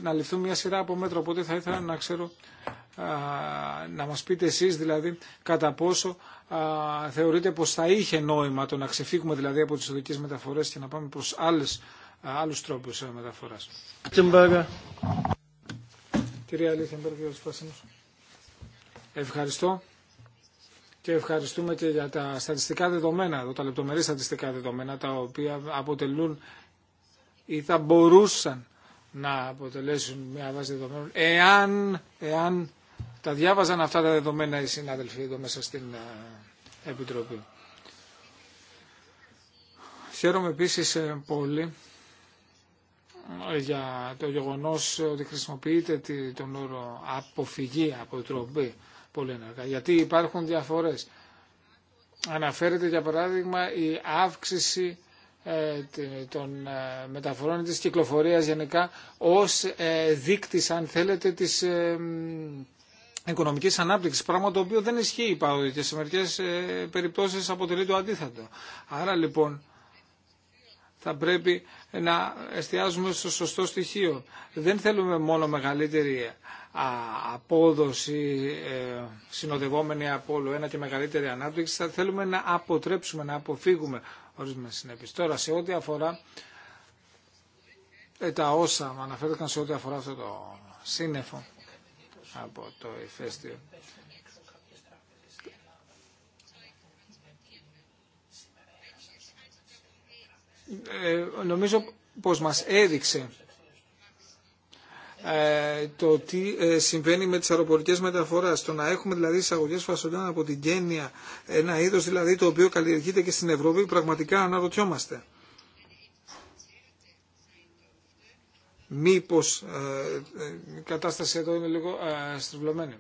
να ληφθούν μια σειρά από μέτρα. Οπότε θα ήθελα να ξέρω να μας πείτε εσείς δηλαδή κατά πόσο θεωρείτε πως θα είχε νόημα το να ξεφύγουμε δηλαδή από τις οδικές μεταφορές και να πάμε προς άλλες, άλλους τρόπους ε, μεταφοράς. ευχαριστώ και ευχαριστούμε και για τα στατιστικά δεδομένα, τα λεπτομερή στατιστικά δεδομένα, τα οποία αποτελούν ή θα μπορούσαν να αποτελέσουν μια βάση δεδομένων, εάν, εάν τα διάβαζαν αυτά τα δεδομένα οι συνάδελφοι εδώ μέσα στην ε, Επιτροπή. Χαίρομαι επίσης ε, πολύ ε, για το γεγονός ότι χρησιμοποιείτε τον όρο αποφυγή, αποτροπή πολύ ενεργά. Γιατί υπάρχουν διαφορές. Αναφέρεται για παράδειγμα η αύξηση των μεταφορών της κυκλοφορίας γενικά ως δείκτης αν θέλετε της οικονομική ανάπτυξη. Πράγμα το οποίο δεν ισχύει και σε μερικέ ε, περιπτώσει αποτελεί το αντίθετο. Άρα λοιπόν θα πρέπει να εστιάζουμε στο σωστό στοιχείο. Δεν θέλουμε μόνο μεγαλύτερη ε, απόδοση ε, συνοδευόμενη από όλο ένα και μεγαλύτερη ανάπτυξη. Θα θέλουμε να αποτρέψουμε, να αποφύγουμε ορισμένες συνέπειες. Τώρα σε ό,τι αφορά τα όσα αναφέρθηκαν σε ό,τι αφορά αυτό το σύννεφο από το ηφαίστειο. Ε, νομίζω πως μας έδειξε ε, το τι ε, συμβαίνει με τις αεροπορικές μεταφορές. Το να έχουμε δηλαδή εισαγωγέ φασολιών από την Κένια, ένα είδος δηλαδή το οποίο καλλιεργείται και στην Ευρώπη, πραγματικά αναρωτιόμαστε. μήπως ε, ε, η κατάσταση εδώ είναι λίγο ε, στριβλωμένη.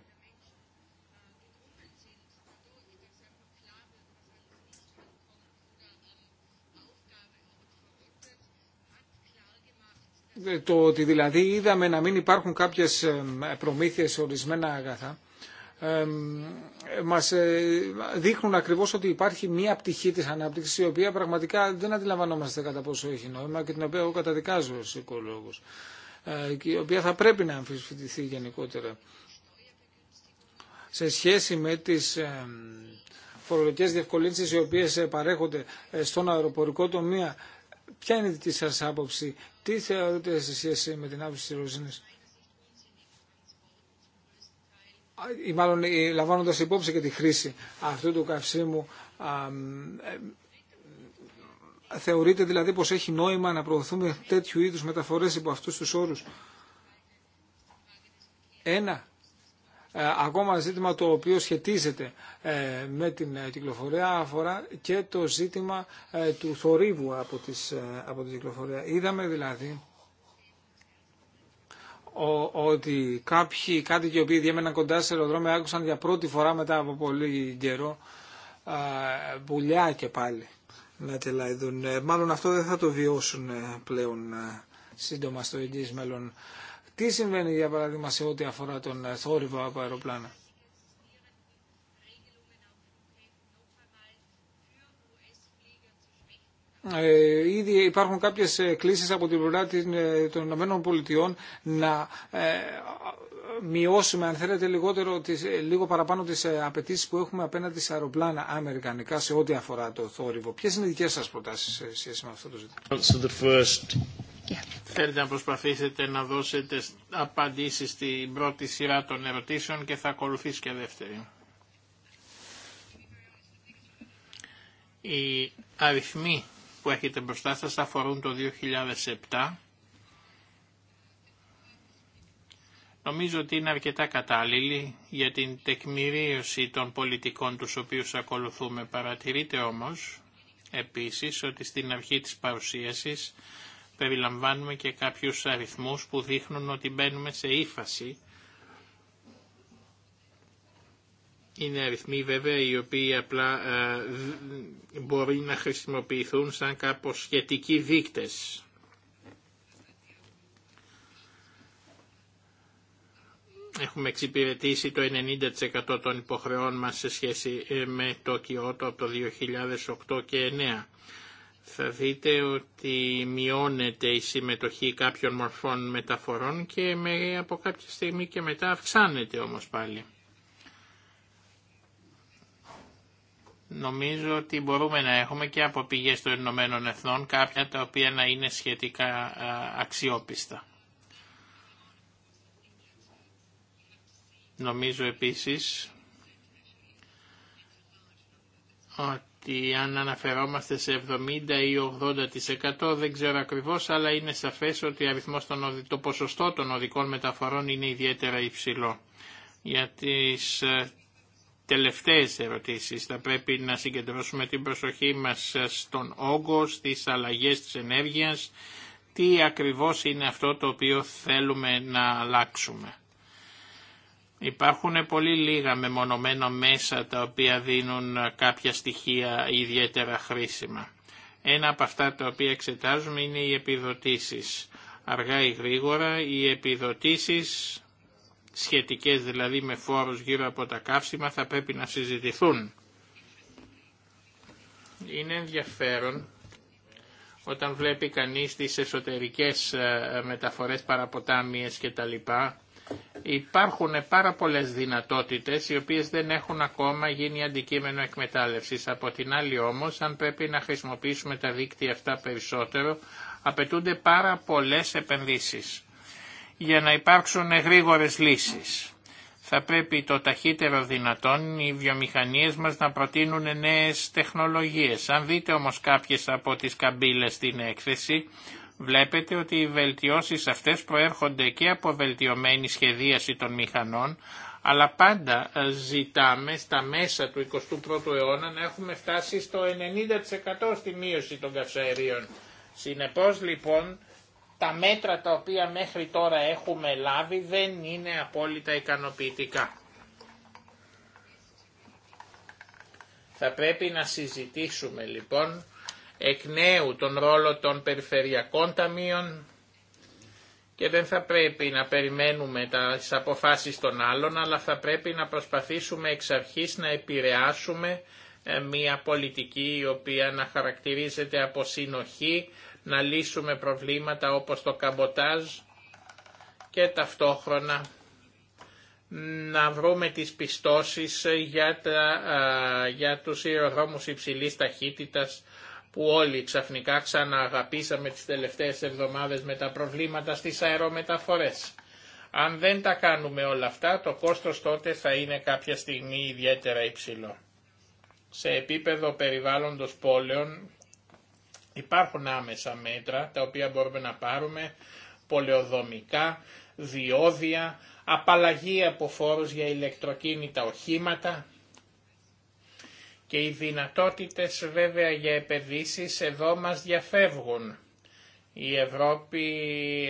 Το ότι δηλαδή είδαμε να μην υπάρχουν κάποιες προμήθειες ορισμένα αγαθά μας ε, δείχνουν ακριβώς ότι υπάρχει μία πτυχή της ανάπτυξης η οποία πραγματικά δεν αντιλαμβανόμαστε κατά πόσο έχει νόημα και την οποία εγώ καταδικάζω ως οικολόγος ε, και η οποία θα πρέπει να αμφισβητηθεί γενικότερα σε σχέση με τις ε, φορολογικές διευκολύνσεις οι οποίες παρέχονται στον αεροπορικό τομέα. Ποια είναι η δική σας άποψη, τι θεωρείτε σε σχέση με την άποψη της Ροζίνης. ή μάλλον ε, λαμβάνοντας υπόψη και τη χρήση αυτού του καυσίμου ε, θεωρείτε δηλαδή πως έχει νόημα να προωθούμε τέτοιου είδους μεταφορές υπό αυτούς τους όρους. Ένα ε, ακόμα ζήτημα το οποίο σχετίζεται με την κυκλοφορία αφορά και το ζήτημα του θορύβου από, τις, από την κυκλοφορία. Είδαμε δηλαδή ότι κάποιοι κάτοικοι οι οποίοι διέμεναν κοντά σε αεροδρόμια άκουσαν για πρώτη φορά μετά από πολύ καιρό πουλιά και πάλι να τελαϊδούν. Ε, μάλλον αυτό δεν θα το βιώσουν ε, πλέον ε, σύντομα στο εγγύς μέλλον. Τι συμβαίνει για παράδειγμα σε ό,τι αφορά τον θόρυβο από αεροπλάνα. Ε, ήδη υπάρχουν κάποιες ε, κλήσεις από την πλευρά ε, των Ηνωμένων Πολιτειών να μειώσουμε αν θέλετε λιγότερο, λίγο παραπάνω τις απαιτήσει που έχουμε απέναντι σε αεροπλάνα αμερικανικά σε ό,τι αφορά το θόρυβο. Ποιες είναι οι δικές σας προτάσεις σε σχέση με αυτό το ζήτημα. Θέλετε να προσπαθήσετε να δώσετε απαντήσεις στην πρώτη σειρά των ερωτήσεων και θα ακολουθήσει και δεύτερη. Οι αριθμοί που έχετε μπροστά σας αφορούν το 2007. Νομίζω ότι είναι αρκετά κατάλληλη για την τεκμηρίωση των πολιτικών τους οποίους ακολουθούμε. παρατηρείτε όμως επίσης ότι στην αρχή της παρουσίασης περιλαμβάνουμε και κάποιους αριθμούς που δείχνουν ότι μπαίνουμε σε ύφαση Είναι αριθμοί βέβαια οι οποίοι απλά ε, μπορεί να χρησιμοποιηθούν σαν κάπως σχετικοί δείκτες. Έχουμε εξυπηρετήσει το 90% των υποχρεών μας σε σχέση ε, με το Κιώτο από το 2008 και 2009 θα δείτε ότι μειώνεται η συμμετοχή κάποιων μορφών μεταφορών και από κάποια στιγμή και μετά αυξάνεται όμως πάλι. Νομίζω ότι μπορούμε να έχουμε και από πηγές των Ηνωμένων Εθνών κάποια τα οποία να είναι σχετικά αξιόπιστα. Νομίζω επίσης ότι αν αναφερόμαστε σε 70 ή 80% δεν ξέρω ακριβώς, αλλά είναι σαφές ότι των, το ποσοστό των οδικών μεταφορών είναι ιδιαίτερα υψηλό. Για τις ε, τελευταίες ερωτήσεις. Θα πρέπει να συγκεντρώσουμε την προσοχή μας στον όγκο, στις αλλαγές της ενέργειας, τι ακριβώς είναι αυτό το οποίο θέλουμε να αλλάξουμε. Υπάρχουν πολύ λίγα μεμονωμένα μέσα τα οποία δίνουν κάποια στοιχεία ιδιαίτερα χρήσιμα. Ένα από αυτά τα οποία εξετάζουμε είναι οι επιδοτήσεις. Αργά ή γρήγορα οι επιδοτήσεις σχετικές δηλαδή με φόρους γύρω από τα καύσιμα θα πρέπει να συζητηθούν. Είναι ενδιαφέρον όταν βλέπει κανείς τις εσωτερικές ε, μεταφορές παραποτάμιες και τα λοιπά, υπάρχουν πάρα πολλές δυνατότητες οι οποίες δεν έχουν ακόμα γίνει αντικείμενο εκμετάλλευσης. Από την άλλη όμως, αν πρέπει να χρησιμοποιήσουμε τα δίκτυα αυτά περισσότερο, απαιτούνται πάρα πολλές επενδύσεις για να υπάρξουν γρήγορες λύσεις. Θα πρέπει το ταχύτερο δυνατόν οι βιομηχανίες μας να προτείνουν νέες τεχνολογίες. Αν δείτε όμως κάποιες από τις καμπύλες στην έκθεση, βλέπετε ότι οι βελτιώσεις αυτές προέρχονται και από βελτιωμένη σχεδίαση των μηχανών, αλλά πάντα ε, ζητάμε στα μέσα του 21ου αιώνα να έχουμε φτάσει στο 90% στη μείωση των καυσαερίων. Συνεπώς λοιπόν τα μέτρα τα οποία μέχρι τώρα έχουμε λάβει δεν είναι απόλυτα ικανοποιητικά. Θα πρέπει να συζητήσουμε λοιπόν εκ νέου τον ρόλο των περιφερειακών ταμείων και δεν θα πρέπει να περιμένουμε τα αποφάσεις των άλλων, αλλά θα πρέπει να προσπαθήσουμε εξ αρχής να επηρεάσουμε ε, μια πολιτική η οποία να χαρακτηρίζεται από συνοχή, να λύσουμε προβλήματα όπως το καμποτάζ και ταυτόχρονα να βρούμε τις πιστώσεις για, τα, για τους ιεροδρόμους υψηλής ταχύτητας που όλοι ξαφνικά ξανααγαπήσαμε τις τελευταίες εβδομάδες με τα προβλήματα στις αερομεταφορές. Αν δεν τα κάνουμε όλα αυτά, το κόστος τότε θα είναι κάποια στιγμή ιδιαίτερα υψηλό. Σε επίπεδο περιβάλλοντος πόλεων Υπάρχουν άμεσα μέτρα τα οποία μπορούμε να πάρουμε, πολεοδομικά, διόδια, απαλλαγή από φόρους για ηλεκτροκίνητα οχήματα και οι δυνατότητες βέβαια για επενδύσεις εδώ μας διαφεύγουν. Η Ευρώπη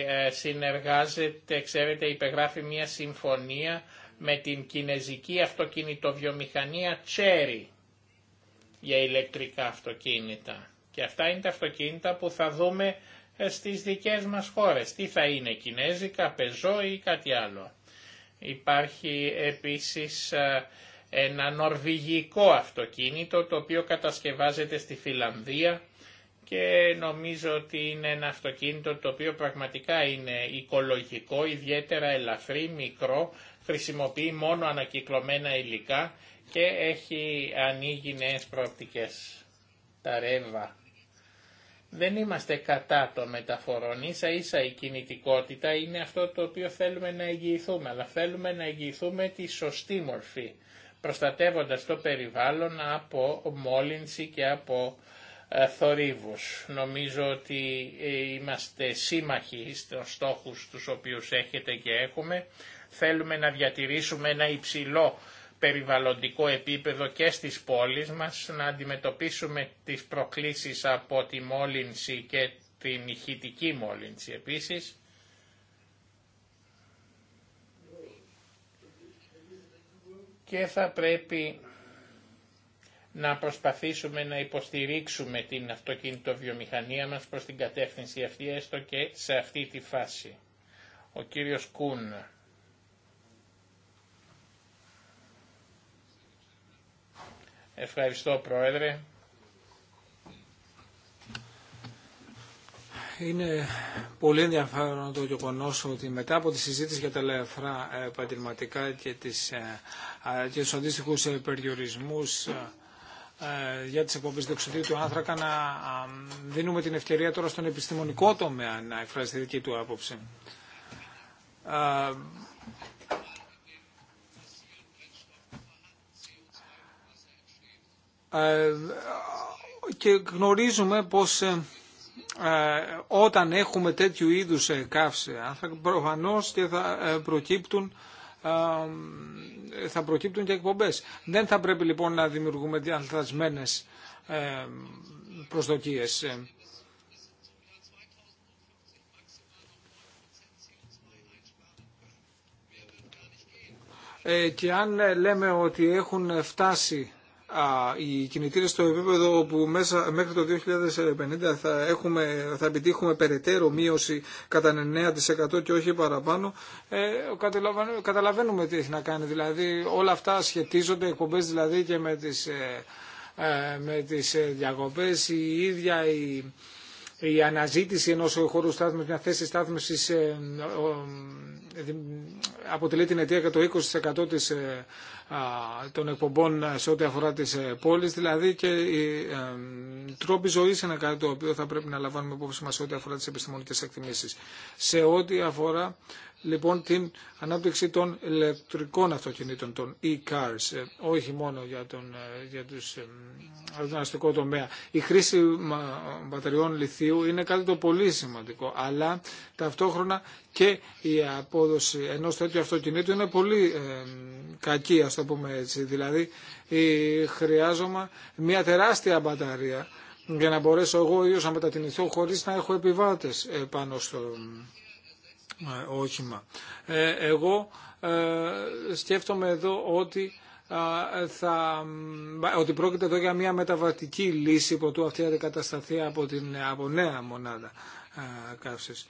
ε, συνεργάζεται, ξέρετε, υπεγράφει μια συμφωνία με την κινέζικη αυτοκινητοβιομηχανία Cherry για ηλεκτρικά αυτοκίνητα. Και αυτά είναι τα αυτοκίνητα που θα δούμε ε, στις δικές μας χώρες. Τι θα είναι, Κινέζικα, Πεζό ή κάτι άλλο. Υπάρχει επίσης ε, ένα νορβηγικό αυτοκίνητο το οποίο κατασκευάζεται στη Φιλανδία και νομίζω ότι είναι ένα αυτοκίνητο το οποίο πραγματικά είναι οικολογικό, ιδιαίτερα ελαφρύ, μικρό, χρησιμοποιεί μόνο ανακυκλωμένα υλικά και έχει ανοίγει νέες προοπτικές. Τα ρεύα. Δεν είμαστε κατά των μεταφορών, ίσα ίσα η κινητικότητα είναι αυτό το οποίο θέλουμε να εγγυηθούμε, αλλά θέλουμε να εγγυηθούμε τη σωστή μορφή, προστατεύοντας το περιβάλλον από μόλυνση και από ε, θορύβους. Νομίζω ότι ε, είμαστε σύμμαχοι στους στόχους τους οποίους έχετε και έχουμε. Θέλουμε να διατηρήσουμε ένα υψηλό περιβαλλοντικό επίπεδο και στις πόλεις μας, να αντιμετωπίσουμε τις προκλήσεις από τη μόλυνση και την ηχητική μόλυνση επίσης. Και θα πρέπει να προσπαθήσουμε να υποστηρίξουμε την αυτοκινητοβιομηχανία μας προς την κατεύθυνση αυτή, έστω και σε αυτή τη φάση. Ο κύριος Κούν. Ευχαριστώ Πρόεδρε. Είναι πολύ ενδιαφέρον το γεγονό ότι μετά από τη συζήτηση για τα ελεύθερα ε, επαγγελματικά και, τις, ε, και τους αντίστοιχους ε, περιορισμούς για τις εκπομπές διοξιδίου του άνθρακα να δίνουμε την ευκαιρία τώρα στον επιστημονικό τομέα να εκφράσει τη δική του άποψη. Ε, και γνωρίζουμε πως ε, ε, όταν έχουμε τέτοιου είδους καύση προφανώς και θα προκύπτουν θα προκύπτουν και εκπομπές. Δεν θα πρέπει λοιπόν να δημιουργούμε ε, προσδοκίες. Και αν λέμε ότι έχουν φτάσει οι κινητήρες στο επίπεδο που μέσα, μέχρι το 2050 θα, έχουμε, θα επιτύχουμε περαιτέρω μείωση κατά 9% και όχι παραπάνω, ε, καταλαβαίνουμε τι έχει να κάνει. Δηλαδή όλα αυτά σχετίζονται, εκπομπές δηλαδή και με τις, ε, ε με τις ε, διακοπές, η ίδια η η αναζήτηση ενός χώρου στάθμευσης, μια θέση στάθμευσης ε, ε, αποτελεί την αιτία για το 20% ε, των εκπομπών σε ό,τι αφορά τις πόλεις, δηλαδή και οι τρόποι ζωής είναι κάτι το οποίο θα πρέπει να λαμβάνουμε υπόψη μας σε ό,τι αφορά τις επιστημονικές εκτιμήσεις. Σε ό,τι αφορά λοιπόν την ανάπτυξη των ηλεκτρικών αυτοκινήτων, των e-cars, ε, όχι μόνο για τον, ε, για τους, ε, αστικό τομέα. Η χρήση μπαταριών λιθίου είναι κάτι το πολύ σημαντικό, αλλά ταυτόχρονα και η απόδοση ενός τέτοιου αυτοκινήτου είναι πολύ κακή, ας το πούμε έτσι. Δηλαδή, χρειάζομαι μια τεράστια μπαταρία για να μπορέσω εγώ ίδιος να μετακινηθώ χωρίς να έχω επιβάτες πάνω στο, όχημα. Ε, εγώ ε, σκέφτομαι εδώ ότι θα, ότι πρόκειται εδώ για μια μεταβατική λύση που αυτή θα αντικατασταθεί από, την, από νέα μονάδα καύσης.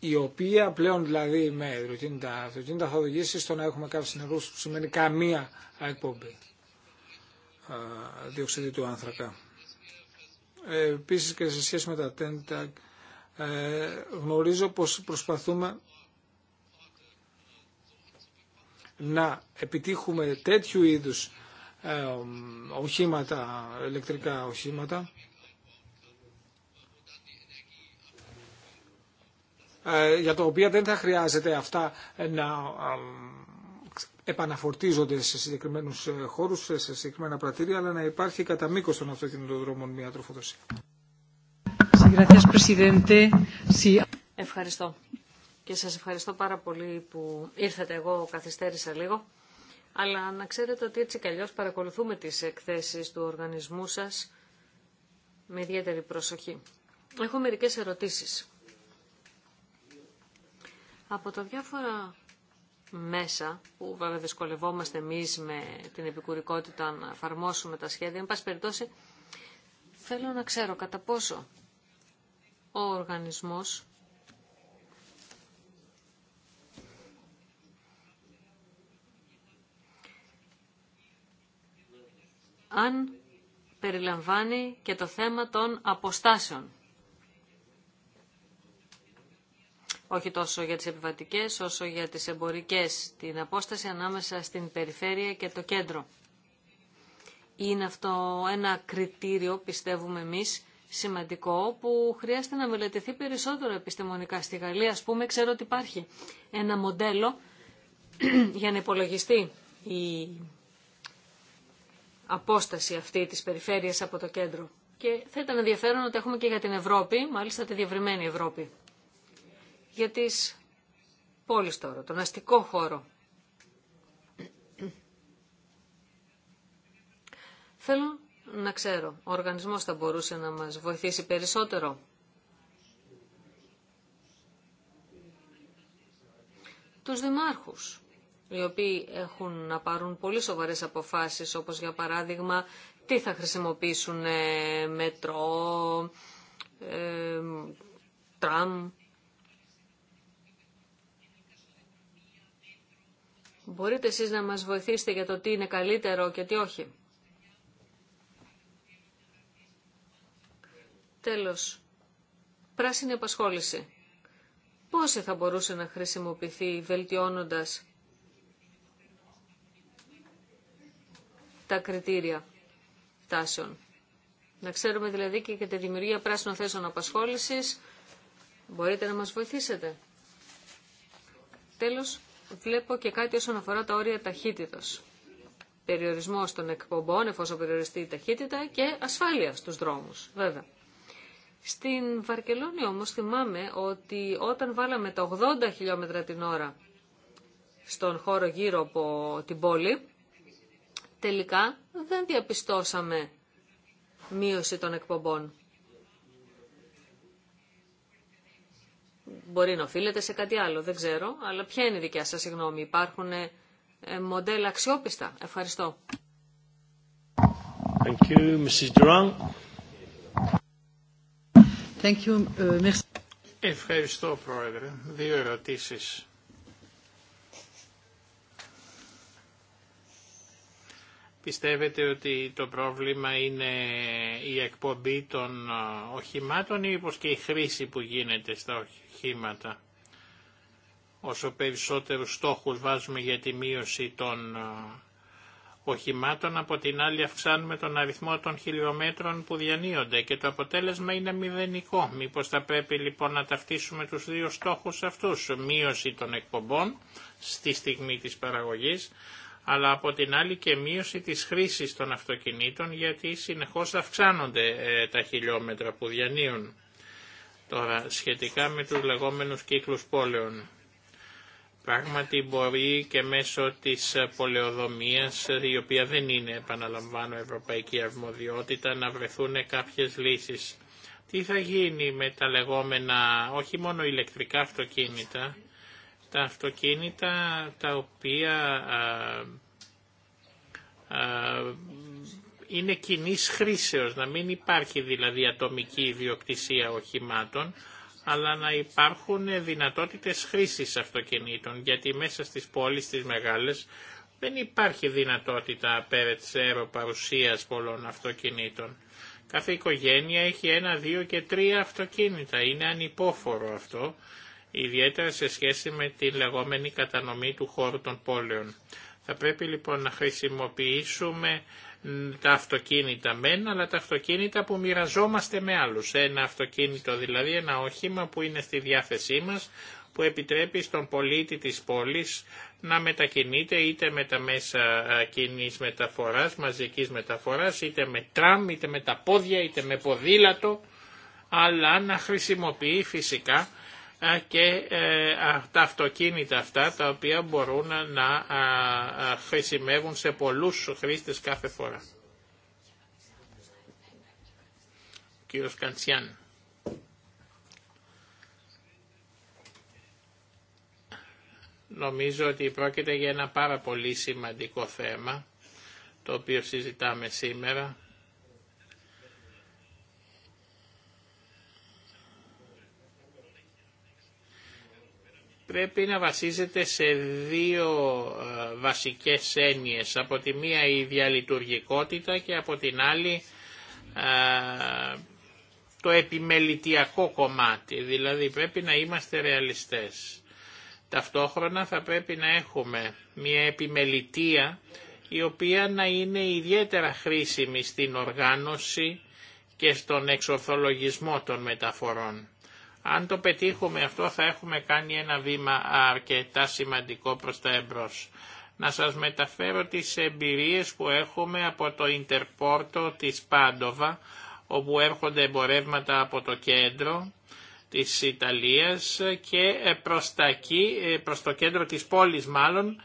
η οποία πλέον δηλαδή με υδροκίνητα αυτοκίνητα θα οδηγήσει στο να έχουμε καύση νερού που σημαίνει καμία εκπομπή διοξιδίου του άνθρακα. Ε, επίσης και σε σχέση με τα ε, γνωρίζω πως προσπαθούμε να επιτύχουμε τέτοιου είδους ε, οχήματα, ηλεκτρικά οχήματα, ε, για τα οποία δεν θα χρειάζεται αυτά να επαναφορτίζονται σε συγκεκριμένου ε, χώρου, σε συγκεκριμένα πρατήρια, αλλά να υπάρχει κατά μήκο των αυτοκινητοδρόμων μια τροφοδοσία. Ευχαριστώ. Και σα ευχαριστώ πάρα πολύ που ήρθατε. Εγώ καθυστέρησα λίγο. Αλλά να ξέρετε ότι έτσι αλλιώς παρακολουθούμε τις εκθέσεις του οργανισμού σας με ιδιαίτερη προσοχή. Έχω μερικές ερωτήσεις. Από τα διάφορα μέσα, που βέβαια δυσκολευόμαστε εμεί με την επικουρικότητα να εφαρμόσουμε τα σχέδια, εν πάση θέλω να ξέρω κατά πόσο ο οργανισμός αν περιλαμβάνει και το θέμα των αποστάσεων. όχι τόσο για τις επιβατικές όσο για τις εμπορικές, την απόσταση ανάμεσα στην περιφέρεια και το κέντρο. Είναι αυτό ένα κριτήριο, πιστεύουμε εμείς, σημαντικό που χρειάζεται να μελετηθεί περισσότερο επιστημονικά στη Γαλλία. Ας πούμε, ξέρω ότι υπάρχει ένα μοντέλο για να υπολογιστεί η απόσταση αυτή της περιφέρειας από το κέντρο. Και θα ήταν ενδιαφέρον ότι έχουμε και για την Ευρώπη, μάλιστα τη διευρυμένη Ευρώπη, για τις πόλεις τώρα, τον αστικό χώρο. Θέλω να ξέρω, ο οργανισμός θα μπορούσε να μας βοηθήσει περισσότερο. Τους δημάρχους, οι οποίοι έχουν να πάρουν πολύ σοβαρές αποφάσεις, όπως για παράδειγμα τι θα χρησιμοποιήσουν ε, μετρό, ε, τραμ, Μπορείτε εσείς να μας βοηθήσετε για το τι είναι καλύτερο και τι όχι. Τέλος, πράσινη απασχόληση. Πώς θα μπορούσε να χρησιμοποιηθεί βελτιώνοντας τα κριτήρια τάσεων. Να ξέρουμε δηλαδή και για τη δημιουργία πράσινων θέσεων απασχόλησης. Μπορείτε να μας βοηθήσετε. Τέλος, βλέπω και κάτι όσον αφορά τα όρια ταχύτητος. Περιορισμός των εκπομπών, εφόσον περιοριστεί η ταχύτητα, και ασφάλεια στους δρόμους, βέβαια. Στην Βαρκελόνη όμως θυμάμαι ότι όταν βάλαμε τα 80 χιλιόμετρα την ώρα στον χώρο γύρω από την πόλη, τελικά δεν διαπιστώσαμε μείωση των εκπομπών. Μπορεί να οφείλεται σε κάτι άλλο, δεν ξέρω. Αλλά ποια είναι η δικιά σας γνώμη. Υπάρχουν ε, ε, μοντέλα αξιόπιστα. Ευχαριστώ. Uh, Ευχαριστώ, Πρόεδρε. Δύο ερωτήσεις. Πιστεύετε ότι το πρόβλημα είναι η εκπομπή των ε, οχημάτων ή πως και η χρήση που γίνεται στα Όσο περισσότερους στόχους βάζουμε για τη μείωση των ε, οχημάτων, από την άλλη αυξάνουμε τον αριθμό των χιλιόμετρων που διανύονται και το αποτέλεσμα είναι μηδενικό. Μήπως θα πρέπει λοιπόν να ταυτίσουμε τους δύο στόχους αυτούς, μείωση των εκπομπών στη στιγμή της παραγωγής, αλλά από την άλλη και μείωση της χρήσης των αυτοκινήτων γιατί συνεχώς αυξάνονται ε, τα χιλιόμετρα που διανύουν. Τώρα, σχετικά με τους λεγόμενους κύκλους πόλεων. Πράγματι μπορεί και μέσω της πολεοδομίας, η οποία δεν είναι, επαναλαμβάνω, ευρωπαϊκή αρμοδιότητα, να βρεθούν κάποιες λύσεις. Τι θα γίνει με τα λεγόμενα, όχι μόνο ηλεκτρικά αυτοκίνητα, τα αυτοκίνητα τα οποία είναι κοινή χρήσεω να μην υπάρχει δηλαδή ατομική ιδιοκτησία οχημάτων, αλλά να υπάρχουν δυνατότητες χρήσης αυτοκινήτων, γιατί μέσα στις πόλεις, τις μεγάλες, δεν υπάρχει δυνατότητα απέρετσέρο παρουσίας πολλών αυτοκινήτων. Κάθε οικογένεια έχει ένα, δύο και τρία αυτοκίνητα. Είναι ανυπόφορο αυτό, ιδιαίτερα σε σχέση με την λεγόμενη κατανομή του χώρου των πόλεων. Θα πρέπει λοιπόν να χρησιμοποιήσουμε τα αυτοκίνητα μεν, αλλά τα αυτοκίνητα που μοιραζόμαστε με άλλους. Ένα αυτοκίνητο δηλαδή, ένα όχημα που είναι στη διάθεσή μας, που επιτρέπει στον πολίτη της πόλης να μετακινείται είτε με τα μέσα ε, κοινή μεταφοράς, μαζικής μεταφοράς, είτε με τραμ, είτε με τα πόδια, είτε με ποδήλατο, αλλά να χρησιμοποιεί φυσικά και ε, τα αυτοκίνητα αυτά τα οποία μπορούν να χρησιμεύουν σε πολλούς χρήστες κάθε φορά. κύριος Καντσιάν. Νομίζω ότι πρόκειται για ένα πάρα πολύ σημαντικό θέμα το οποίο συζητάμε σήμερα πρέπει να βασίζεται σε δύο ε, βασικές έννοιες. Από τη μία η διαλειτουργικότητα και από την άλλη ε, το επιμελητιακό κομμάτι. Δηλαδή πρέπει να είμαστε ρεαλιστές. Ταυτόχρονα θα πρέπει να έχουμε μια επιμελητία η οποία να είναι ιδιαίτερα χρήσιμη στην οργάνωση και στον εξορθολογισμό των μεταφορών. Αν το πετύχουμε αυτό θα έχουμε κάνει ένα βήμα αρκετά σημαντικό προς τα εμπρός. Να σας μεταφέρω τις εμπειρίες που έχουμε από το Ιντερπόρτο της Πάντοβα, όπου έρχονται εμπορεύματα από το κέντρο της Ιταλίας και προς, προς το κέντρο της πόλης μάλλον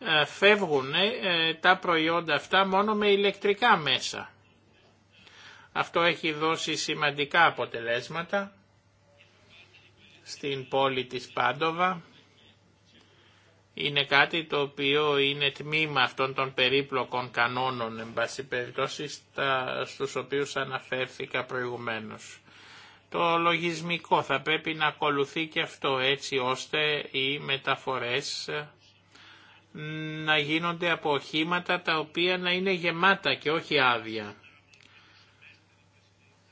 ε, φεύγουν ε, τα προϊόντα αυτά μόνο με ηλεκτρικά μέσα. Αυτό έχει δώσει σημαντικά αποτελέσματα στην πόλη της Πάντοβα είναι κάτι το οποίο είναι τμήμα αυτών των περίπλοκων κανόνων, εν πάση περιπτώσει, στους οποίους αναφέρθηκα προηγουμένως. Το λογισμικό θα πρέπει να ακολουθεί και αυτό έτσι ώστε οι μεταφορές να γίνονται από οχήματα τα οποία να είναι γεμάτα και όχι άδεια.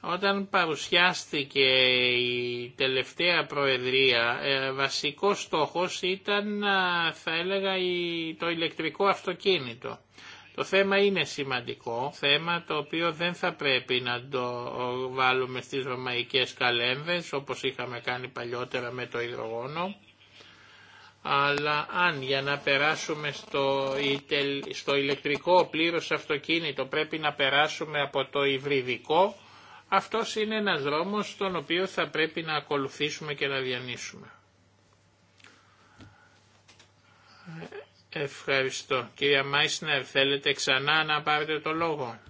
Όταν παρουσιάστηκε η τελευταία προεδρία, ε, βασικός στόχος ήταν, θα έλεγα, το ηλεκτρικό αυτοκίνητο. Το θέμα είναι σημαντικό, θέμα το οποίο δεν θα πρέπει να το βάλουμε στις ρωμαϊκές καλένδες, όπως είχαμε κάνει παλιότερα με το υδρογόνο, αλλά αν για να περάσουμε στο, στο ηλεκτρικό πλήρως αυτοκίνητο πρέπει να περάσουμε από το υβριδικό, αυτός είναι ένας δρόμος τον οποίο θα πρέπει να ακολουθήσουμε και να διανύσουμε. Ευχαριστώ. Κυρία Μάισνερ, θέλετε ξανά να πάρετε το λόγο.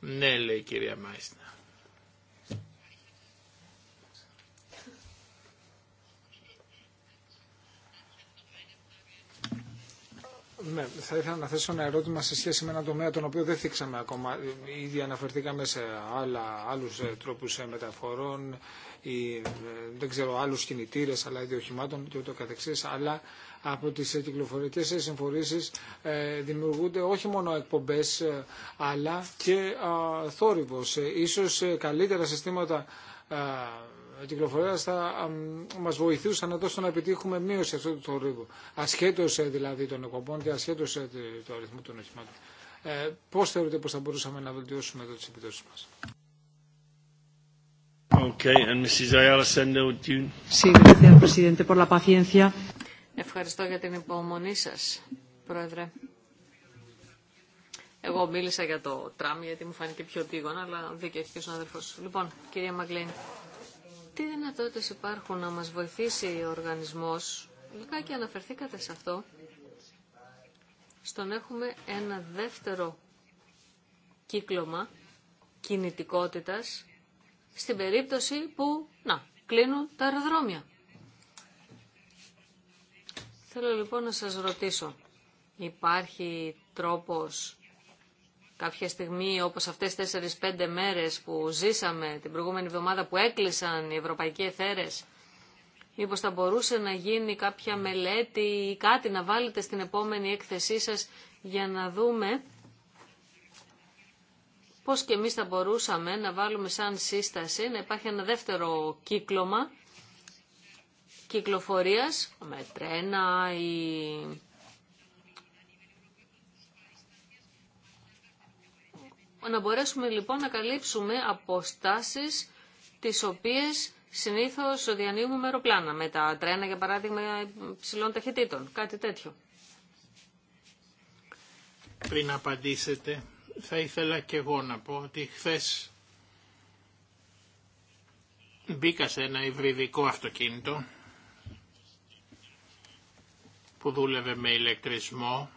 Ναι, λέει κυρία Μάισνερ. Ναι, θα ήθελα να θέσω ένα ερώτημα σε σχέση με ένα τομέα τον οποίο δεν θίξαμε ακόμα. Ήδη αναφερθήκαμε σε άλλα, άλλους ε, τρόπους ε, μεταφορών ή ε, δεν ξέρω άλλους κινητήρες αλλά ιδιοχημάτων οχημάτων και ούτω καθεξής αλλά από τις κυκλοφορικές συμφορήσεις δημιουργούνται όχι μόνο εκπομπές αλλά και θόρυβος. Ίσως καλύτερα συστήματα κυκλοφορία θα μα βοηθούσαν τόσο να επιτύχουμε μείωση αυτού του θορύβου, Ασχέτω ε, δηλαδή των εκπομπών και ασχέτω ε, του αριθμού των οχημάτων. Ε, πώς θεωρείτε πω θα μπορούσαμε να βελτιώσουμε εδώ τι επιδόσεις μα. Ευχαριστώ για την υπομονή σα, Πρόεδρε. Εγώ μίλησα για το τραμ γιατί μου φάνηκε πιο τίγωνα, αλλά δίκαιο έχει και ο συνάδελφο. Λοιπόν, κυρία Μαγκλίν. Τι δυνατότητες υπάρχουν να μας βοηθήσει ο οργανισμός, και αναφερθήκατε σε αυτό, στον έχουμε ένα δεύτερο κύκλωμα κινητικότητας στην περίπτωση που, να, κλείνουν τα αεροδρόμια. Θέλω λοιπόν να σας ρωτήσω, υπάρχει τρόπος κάποια στιγμή όπως αυτές τις 4-5 μέρες που ζήσαμε την προηγούμενη εβδομάδα που έκλεισαν οι ευρωπαϊκοί εθέρες, μήπω θα μπορούσε να γίνει κάποια μελέτη ή κάτι να βάλετε στην επόμενη έκθεσή σας για να δούμε πώς και εμείς θα μπορούσαμε να βάλουμε σαν σύσταση να υπάρχει ένα δεύτερο κύκλωμα κυκλοφορίας με τρένα ή να μπορέσουμε λοιπόν να καλύψουμε αποστάσεις τις οποίες συνήθως διανύουμε με αεροπλάνα, με τα τρένα για παράδειγμα υψηλών ταχυτήτων, κάτι τέτοιο. Πριν απαντήσετε, θα ήθελα και εγώ να πω ότι χθες μπήκα σε ένα υβριδικό αυτοκίνητο που δούλευε με ηλεκτρισμό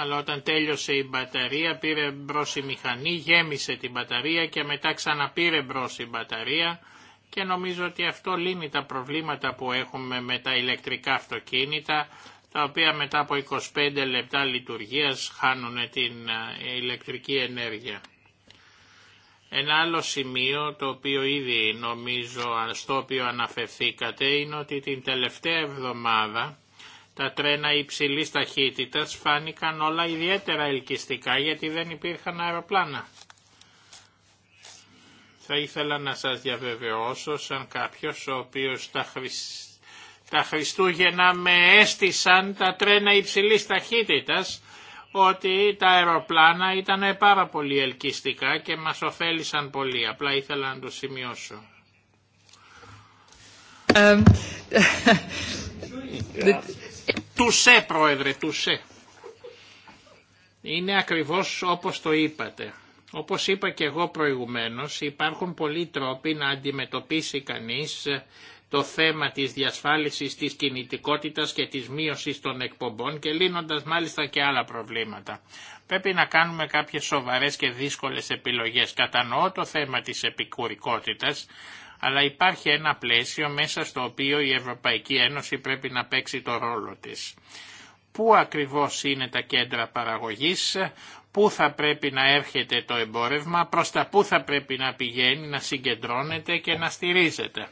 αλλά όταν τέλειωσε η μπαταρία πήρε μπρος η μηχανή, γέμισε την μπαταρία και μετά ξαναπήρε μπρος η μπαταρία και νομίζω ότι αυτό λύνει τα προβλήματα που έχουμε με τα ηλεκτρικά αυτοκίνητα τα οποία μετά από 25 λεπτά λειτουργίας χάνουν την ε, ηλεκτρική ενέργεια. Ένα άλλο σημείο το οποίο ήδη νομίζω στο οποίο αναφερθήκατε είναι ότι την τελευταία εβδομάδα τα τρένα υψηλής ταχύτητας φάνηκαν όλα ιδιαίτερα ελκυστικά γιατί δεν υπήρχαν αεροπλάνα. Θα ήθελα να σας διαβεβαιώσω σαν κάποιος ο οποίος τα, τα Χριστούγεννα με έστησαν τα τρένα υψηλής ταχύτητας ότι τα αεροπλάνα ήταν πάρα πολύ ελκυστικά και μας ωφέλησαν πολύ. Απλά ήθελα να το σημειώσω. Ε, του σε πρόεδρε, του σε. Είναι ακριβώς όπως το είπατε. Όπως είπα και εγώ προηγουμένως, υπάρχουν πολλοί τρόποι να αντιμετωπίσει κανείς το θέμα της διασφάλισης της κινητικότητας και της μείωσης των εκπομπών και λύνοντας μάλιστα και άλλα προβλήματα. Πρέπει να κάνουμε κάποιες σοβαρές και δύσκολες επιλογές. Κατανοώ το θέμα της επικουρικότητας, αλλά υπάρχει ένα πλαίσιο μέσα στο οποίο η Ευρωπαϊκή Ένωση πρέπει να παίξει το ρόλο της. Πού ακριβώς είναι τα κέντρα παραγωγής, πού θα πρέπει να έρχεται το εμπόρευμα, προς τα πού θα πρέπει να πηγαίνει, να συγκεντρώνεται και να στηρίζεται.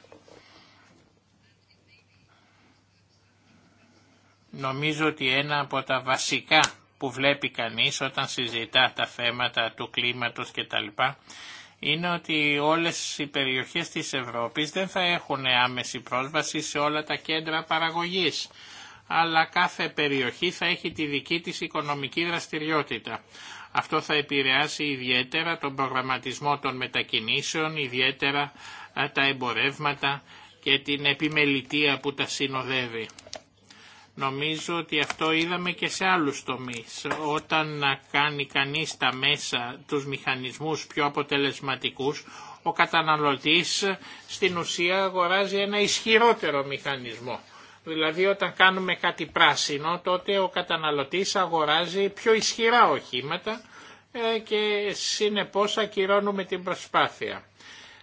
Νομίζω ότι ένα από τα βασικά που βλέπει κανείς όταν συζητά τα θέματα του κλίματος κτλ είναι ότι όλες οι περιοχές της Ευρώπης δεν θα έχουν άμεση πρόσβαση σε όλα τα κέντρα παραγωγής, αλλά κάθε περιοχή θα έχει τη δική της οικονομική δραστηριότητα. Αυτό θα επηρεάσει ιδιαίτερα τον προγραμματισμό των μετακινήσεων, ιδιαίτερα ε, τα εμπορεύματα και την επιμελητία που τα συνοδεύει. Νομίζω ότι αυτό είδαμε και σε άλλους τομείς. Όταν κάνει κανείς τα μέσα, τους μηχανισμούς πιο αποτελεσματικούς, ο καταναλωτής στην ουσία αγοράζει ένα ισχυρότερο μηχανισμό. Δηλαδή όταν κάνουμε κάτι πράσινο, τότε ο καταναλωτής αγοράζει πιο ισχυρά οχήματα ε, και συνεπώς ακυρώνουμε την προσπάθεια.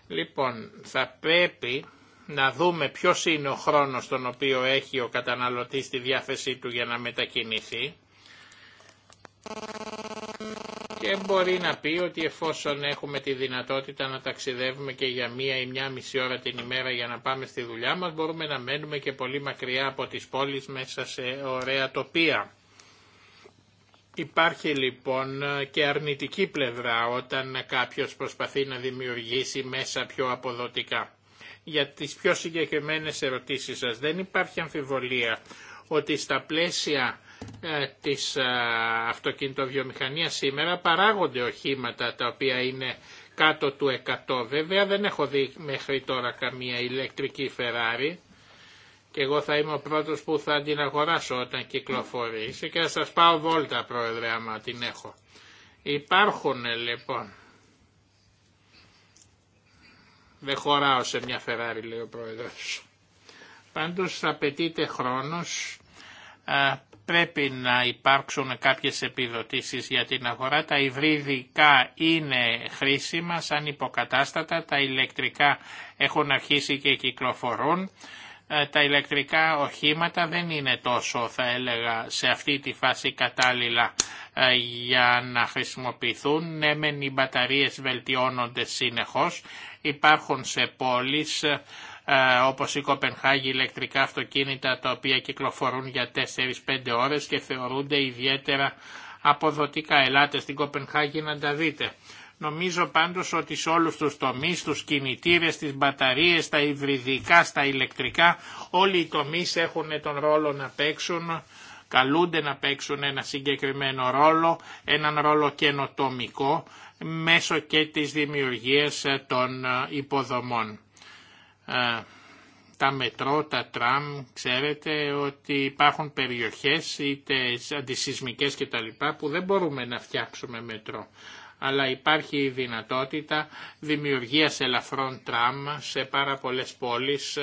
Λοιπόν, θα πρέπει να δούμε ποιος είναι ο χρόνος τον οποίο έχει ο καταναλωτής στη διάθεσή του για να μετακινηθεί και μπορεί να πει ότι εφόσον έχουμε τη δυνατότητα να ταξιδεύουμε και για μία ή μία μισή ώρα την ημέρα για να πάμε στη δουλειά μας, μπορούμε να μένουμε και πολύ μακριά από τις πόλεις μέσα σε ωραία τοπία. Υπάρχει λοιπόν και αρνητική πλευρά όταν κάποιος προσπαθεί να δημιουργήσει μέσα πιο αποδοτικά για τις πιο συγκεκριμένες ερωτήσεις σας. Δεν υπάρχει αμφιβολία ότι στα πλαίσια ε, της ε, αυτοκινητοβιομηχανίας σήμερα παράγονται οχήματα τα οποία είναι κάτω του 100. Βέβαια δεν έχω δει μέχρι τώρα καμία ηλεκτρική Φεράρι και εγώ θα είμαι ο πρώτος που θα την αγοράσω όταν κυκλοφορήσει και θα σας πάω βόλτα πρόεδρε άμα την έχω. Υπάρχουν λοιπόν δεν χωράω σε μια Φεράρι λέει ο προεδρό. Πάντως απαιτείται χρόνος, πρέπει να υπάρξουν κάποιε επιδοτήσει για την αγορά. Τα υβριδικά είναι χρήσιμα σαν υποκατάστατα, τα ηλεκτρικά έχουν αρχίσει και κυκλοφορούν. Τα ηλεκτρικά οχήματα δεν είναι τόσο, θα έλεγα, σε αυτή τη φάση κατάλληλα για να χρησιμοποιηθούν. Ναι, μεν οι μπαταρίες βελτιώνονται συνεχώς, Υπάρχουν σε πόλεις ε, όπως η Κοπενχάγη ηλεκτρικά αυτοκίνητα τα οποία κυκλοφορούν για 4-5 ώρες και θεωρούνται ιδιαίτερα αποδοτικά. Ελάτε στην Κοπενχάγη να τα δείτε. Νομίζω πάντως ότι σε όλους τους τομείς, τους κινητήρες, τις μπαταρίες, τα υβριδικά, στα ηλεκτρικά, όλοι οι τομείς έχουν τον ρόλο να παίξουν, καλούνται να παίξουν ένα συγκεκριμένο ρόλο, έναν ρόλο καινοτομικό, μέσω και της δημιουργίας ε, των ε, υποδομών. Ε, τα μετρό, τα τραμ, ξέρετε ότι υπάρχουν περιοχές είτε αντισυσμικές κτλ που δεν μπορούμε να φτιάξουμε μετρό. Αλλά υπάρχει η δυνατότητα δημιουργίας ελαφρών τραμ σε πάρα πολλές πόλεις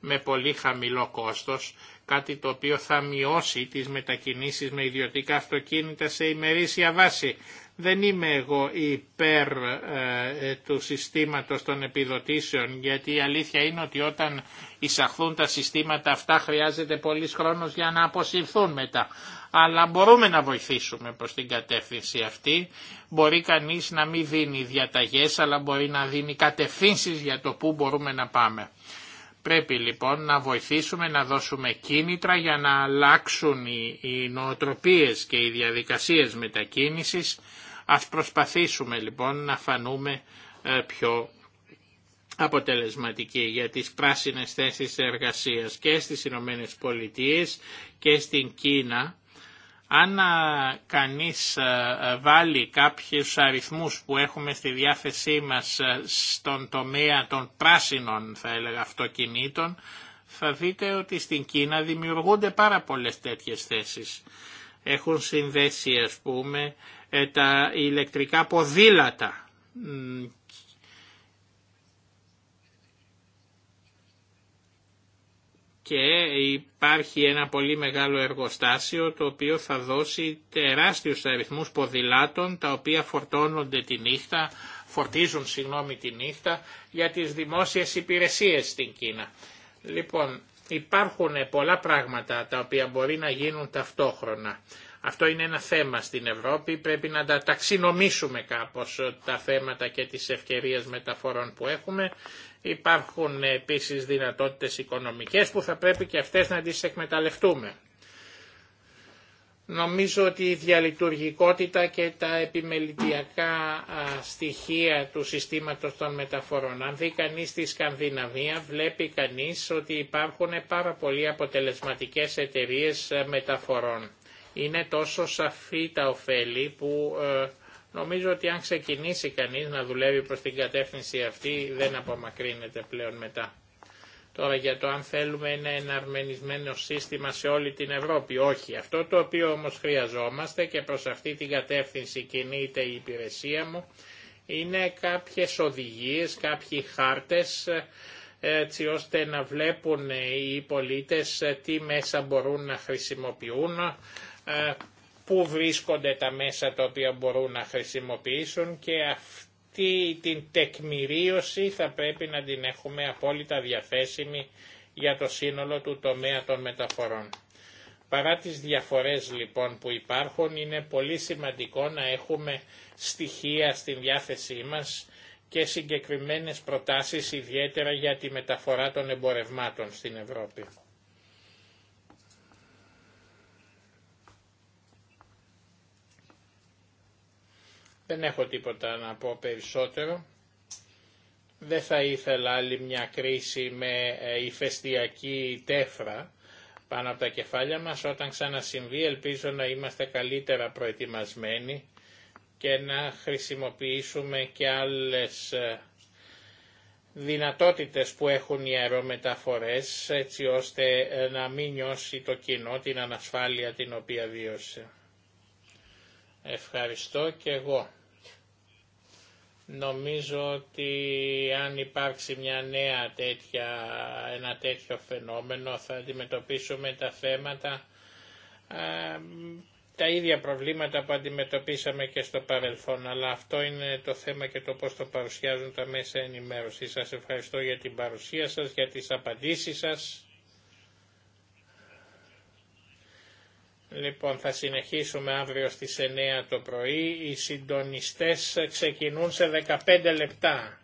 με πολύ χαμηλό κόστος, κάτι το οποίο θα μειώσει τις μετακινήσεις με ιδιωτικά αυτοκίνητα σε ημερήσια βάση δεν είμαι εγώ υπέρ ε, του συστήματος των επιδοτήσεων γιατί η αλήθεια είναι ότι όταν εισαχθούν τα συστήματα αυτά χρειάζεται πολύς χρόνος για να αποσυρθούν μετά. Αλλά μπορούμε να βοηθήσουμε προς την κατεύθυνση αυτή. Μπορεί κανείς να μην δίνει διαταγές αλλά μπορεί να δίνει κατευθύνσεις για το πού μπορούμε να πάμε. Πρέπει λοιπόν να βοηθήσουμε να δώσουμε κίνητρα για να αλλάξουν οι, οι νοοτροπίες και οι διαδικασίες μετακίνησης Ας προσπαθήσουμε λοιπόν να φανούμε ε, πιο αποτελεσματικοί για τις πράσινες θέσεις εργασίας και στις Ηνωμένε Πολιτείε και στην Κίνα. Αν ε, κανείς ε, βάλει κάποιους αριθμούς που έχουμε στη διάθεσή μας στον τομέα των πράσινων θα έλεγα αυτοκινήτων, θα δείτε ότι στην Κίνα δημιουργούνται πάρα πολλές τέτοιες θέσεις. Έχουν συνδέσει ας πούμε ε, τα ηλεκτρικά ποδήλατα και υπάρχει ένα πολύ μεγάλο εργοστάσιο το οποίο θα δώσει τεράστιους αριθμούς ποδηλάτων τα οποία φορτώνονται τη νύχτα, φορτίζουν συγγνώμη τη νύχτα για τις δημόσιες υπηρεσίες στην Κίνα. Λοιπόν, υπάρχουν πολλά πράγματα τα οποία μπορεί να γίνουν ταυτόχρονα. Αυτό είναι ένα θέμα στην Ευρώπη, πρέπει να τα ταξινομήσουμε κάπως τα θέματα και τις ευκαιρίες μεταφορών που έχουμε. Υπάρχουν επίσης δυνατότητες οικονομικές που θα πρέπει και αυτές να τις εκμεταλλευτούμε. Νομίζω ότι η διαλειτουργικότητα και τα επιμελητιακά στοιχεία του συστήματος των μεταφορών. Αν δει κανείς τη Σκανδιναβία βλέπει κανείς ότι υπάρχουν πάρα πολλοί αποτελεσματικές εταιρείες μεταφορών είναι τόσο σαφή τα ωφέλη που ε, νομίζω ότι αν ξεκινήσει κανείς να δουλεύει προς την κατεύθυνση αυτή δεν απομακρύνεται πλέον μετά. Τώρα για το αν θέλουμε ένα εναρμενισμένο σύστημα σε όλη την Ευρώπη. Όχι. Αυτό το οποίο όμως χρειαζόμαστε και προς αυτή την κατεύθυνση κινείται η υπηρεσία μου είναι κάποιες οδηγίες, κάποιοι χάρτες ε, έτσι ώστε να βλέπουν οι πολίτες ε, τι μέσα μπορούν να χρησιμοποιούν, ε, πού βρίσκονται τα μέσα τα οποία μπορούν να χρησιμοποιήσουν και αυτή την τεκμηρίωση θα πρέπει να την έχουμε απόλυτα διαθέσιμη για το σύνολο του τομέα των μεταφορών. Παρά τις διαφορές λοιπόν που υπάρχουν είναι πολύ σημαντικό να έχουμε στοιχεία στην διάθεσή μας και συγκεκριμένες προτάσεις ιδιαίτερα για τη μεταφορά των εμπορευμάτων στην Ευρώπη. Δεν έχω τίποτα να πω περισσότερο. Δεν θα ήθελα άλλη μια κρίση με ε, ηφαιστειακή τέφρα πάνω από τα κεφάλια μας. Όταν ξανασυμβεί ελπίζω να είμαστε καλύτερα προετοιμασμένοι και να χρησιμοποιήσουμε και άλλες ε, δυνατότητες που έχουν οι αερομεταφορές έτσι ώστε ε, να μην νιώσει το κοινό την ανασφάλεια την οποία βίωσε. Ευχαριστώ και εγώ. Νομίζω ότι αν υπάρξει μια νέα τέτοια, ένα τέτοιο φαινόμενο θα αντιμετωπίσουμε τα θέματα, ε, τα ίδια προβλήματα που αντιμετωπίσαμε και στο παρελθόν, αλλά αυτό είναι το θέμα και το πώς το παρουσιάζουν τα μέσα ενημέρωση. Σας ευχαριστώ για την παρουσία σας, για τις απαντήσεις σας Λοιπόν, θα συνεχίσουμε αύριο στις 9 το πρωί. Οι συντονιστές ξεκινούν σε 15 λεπτά.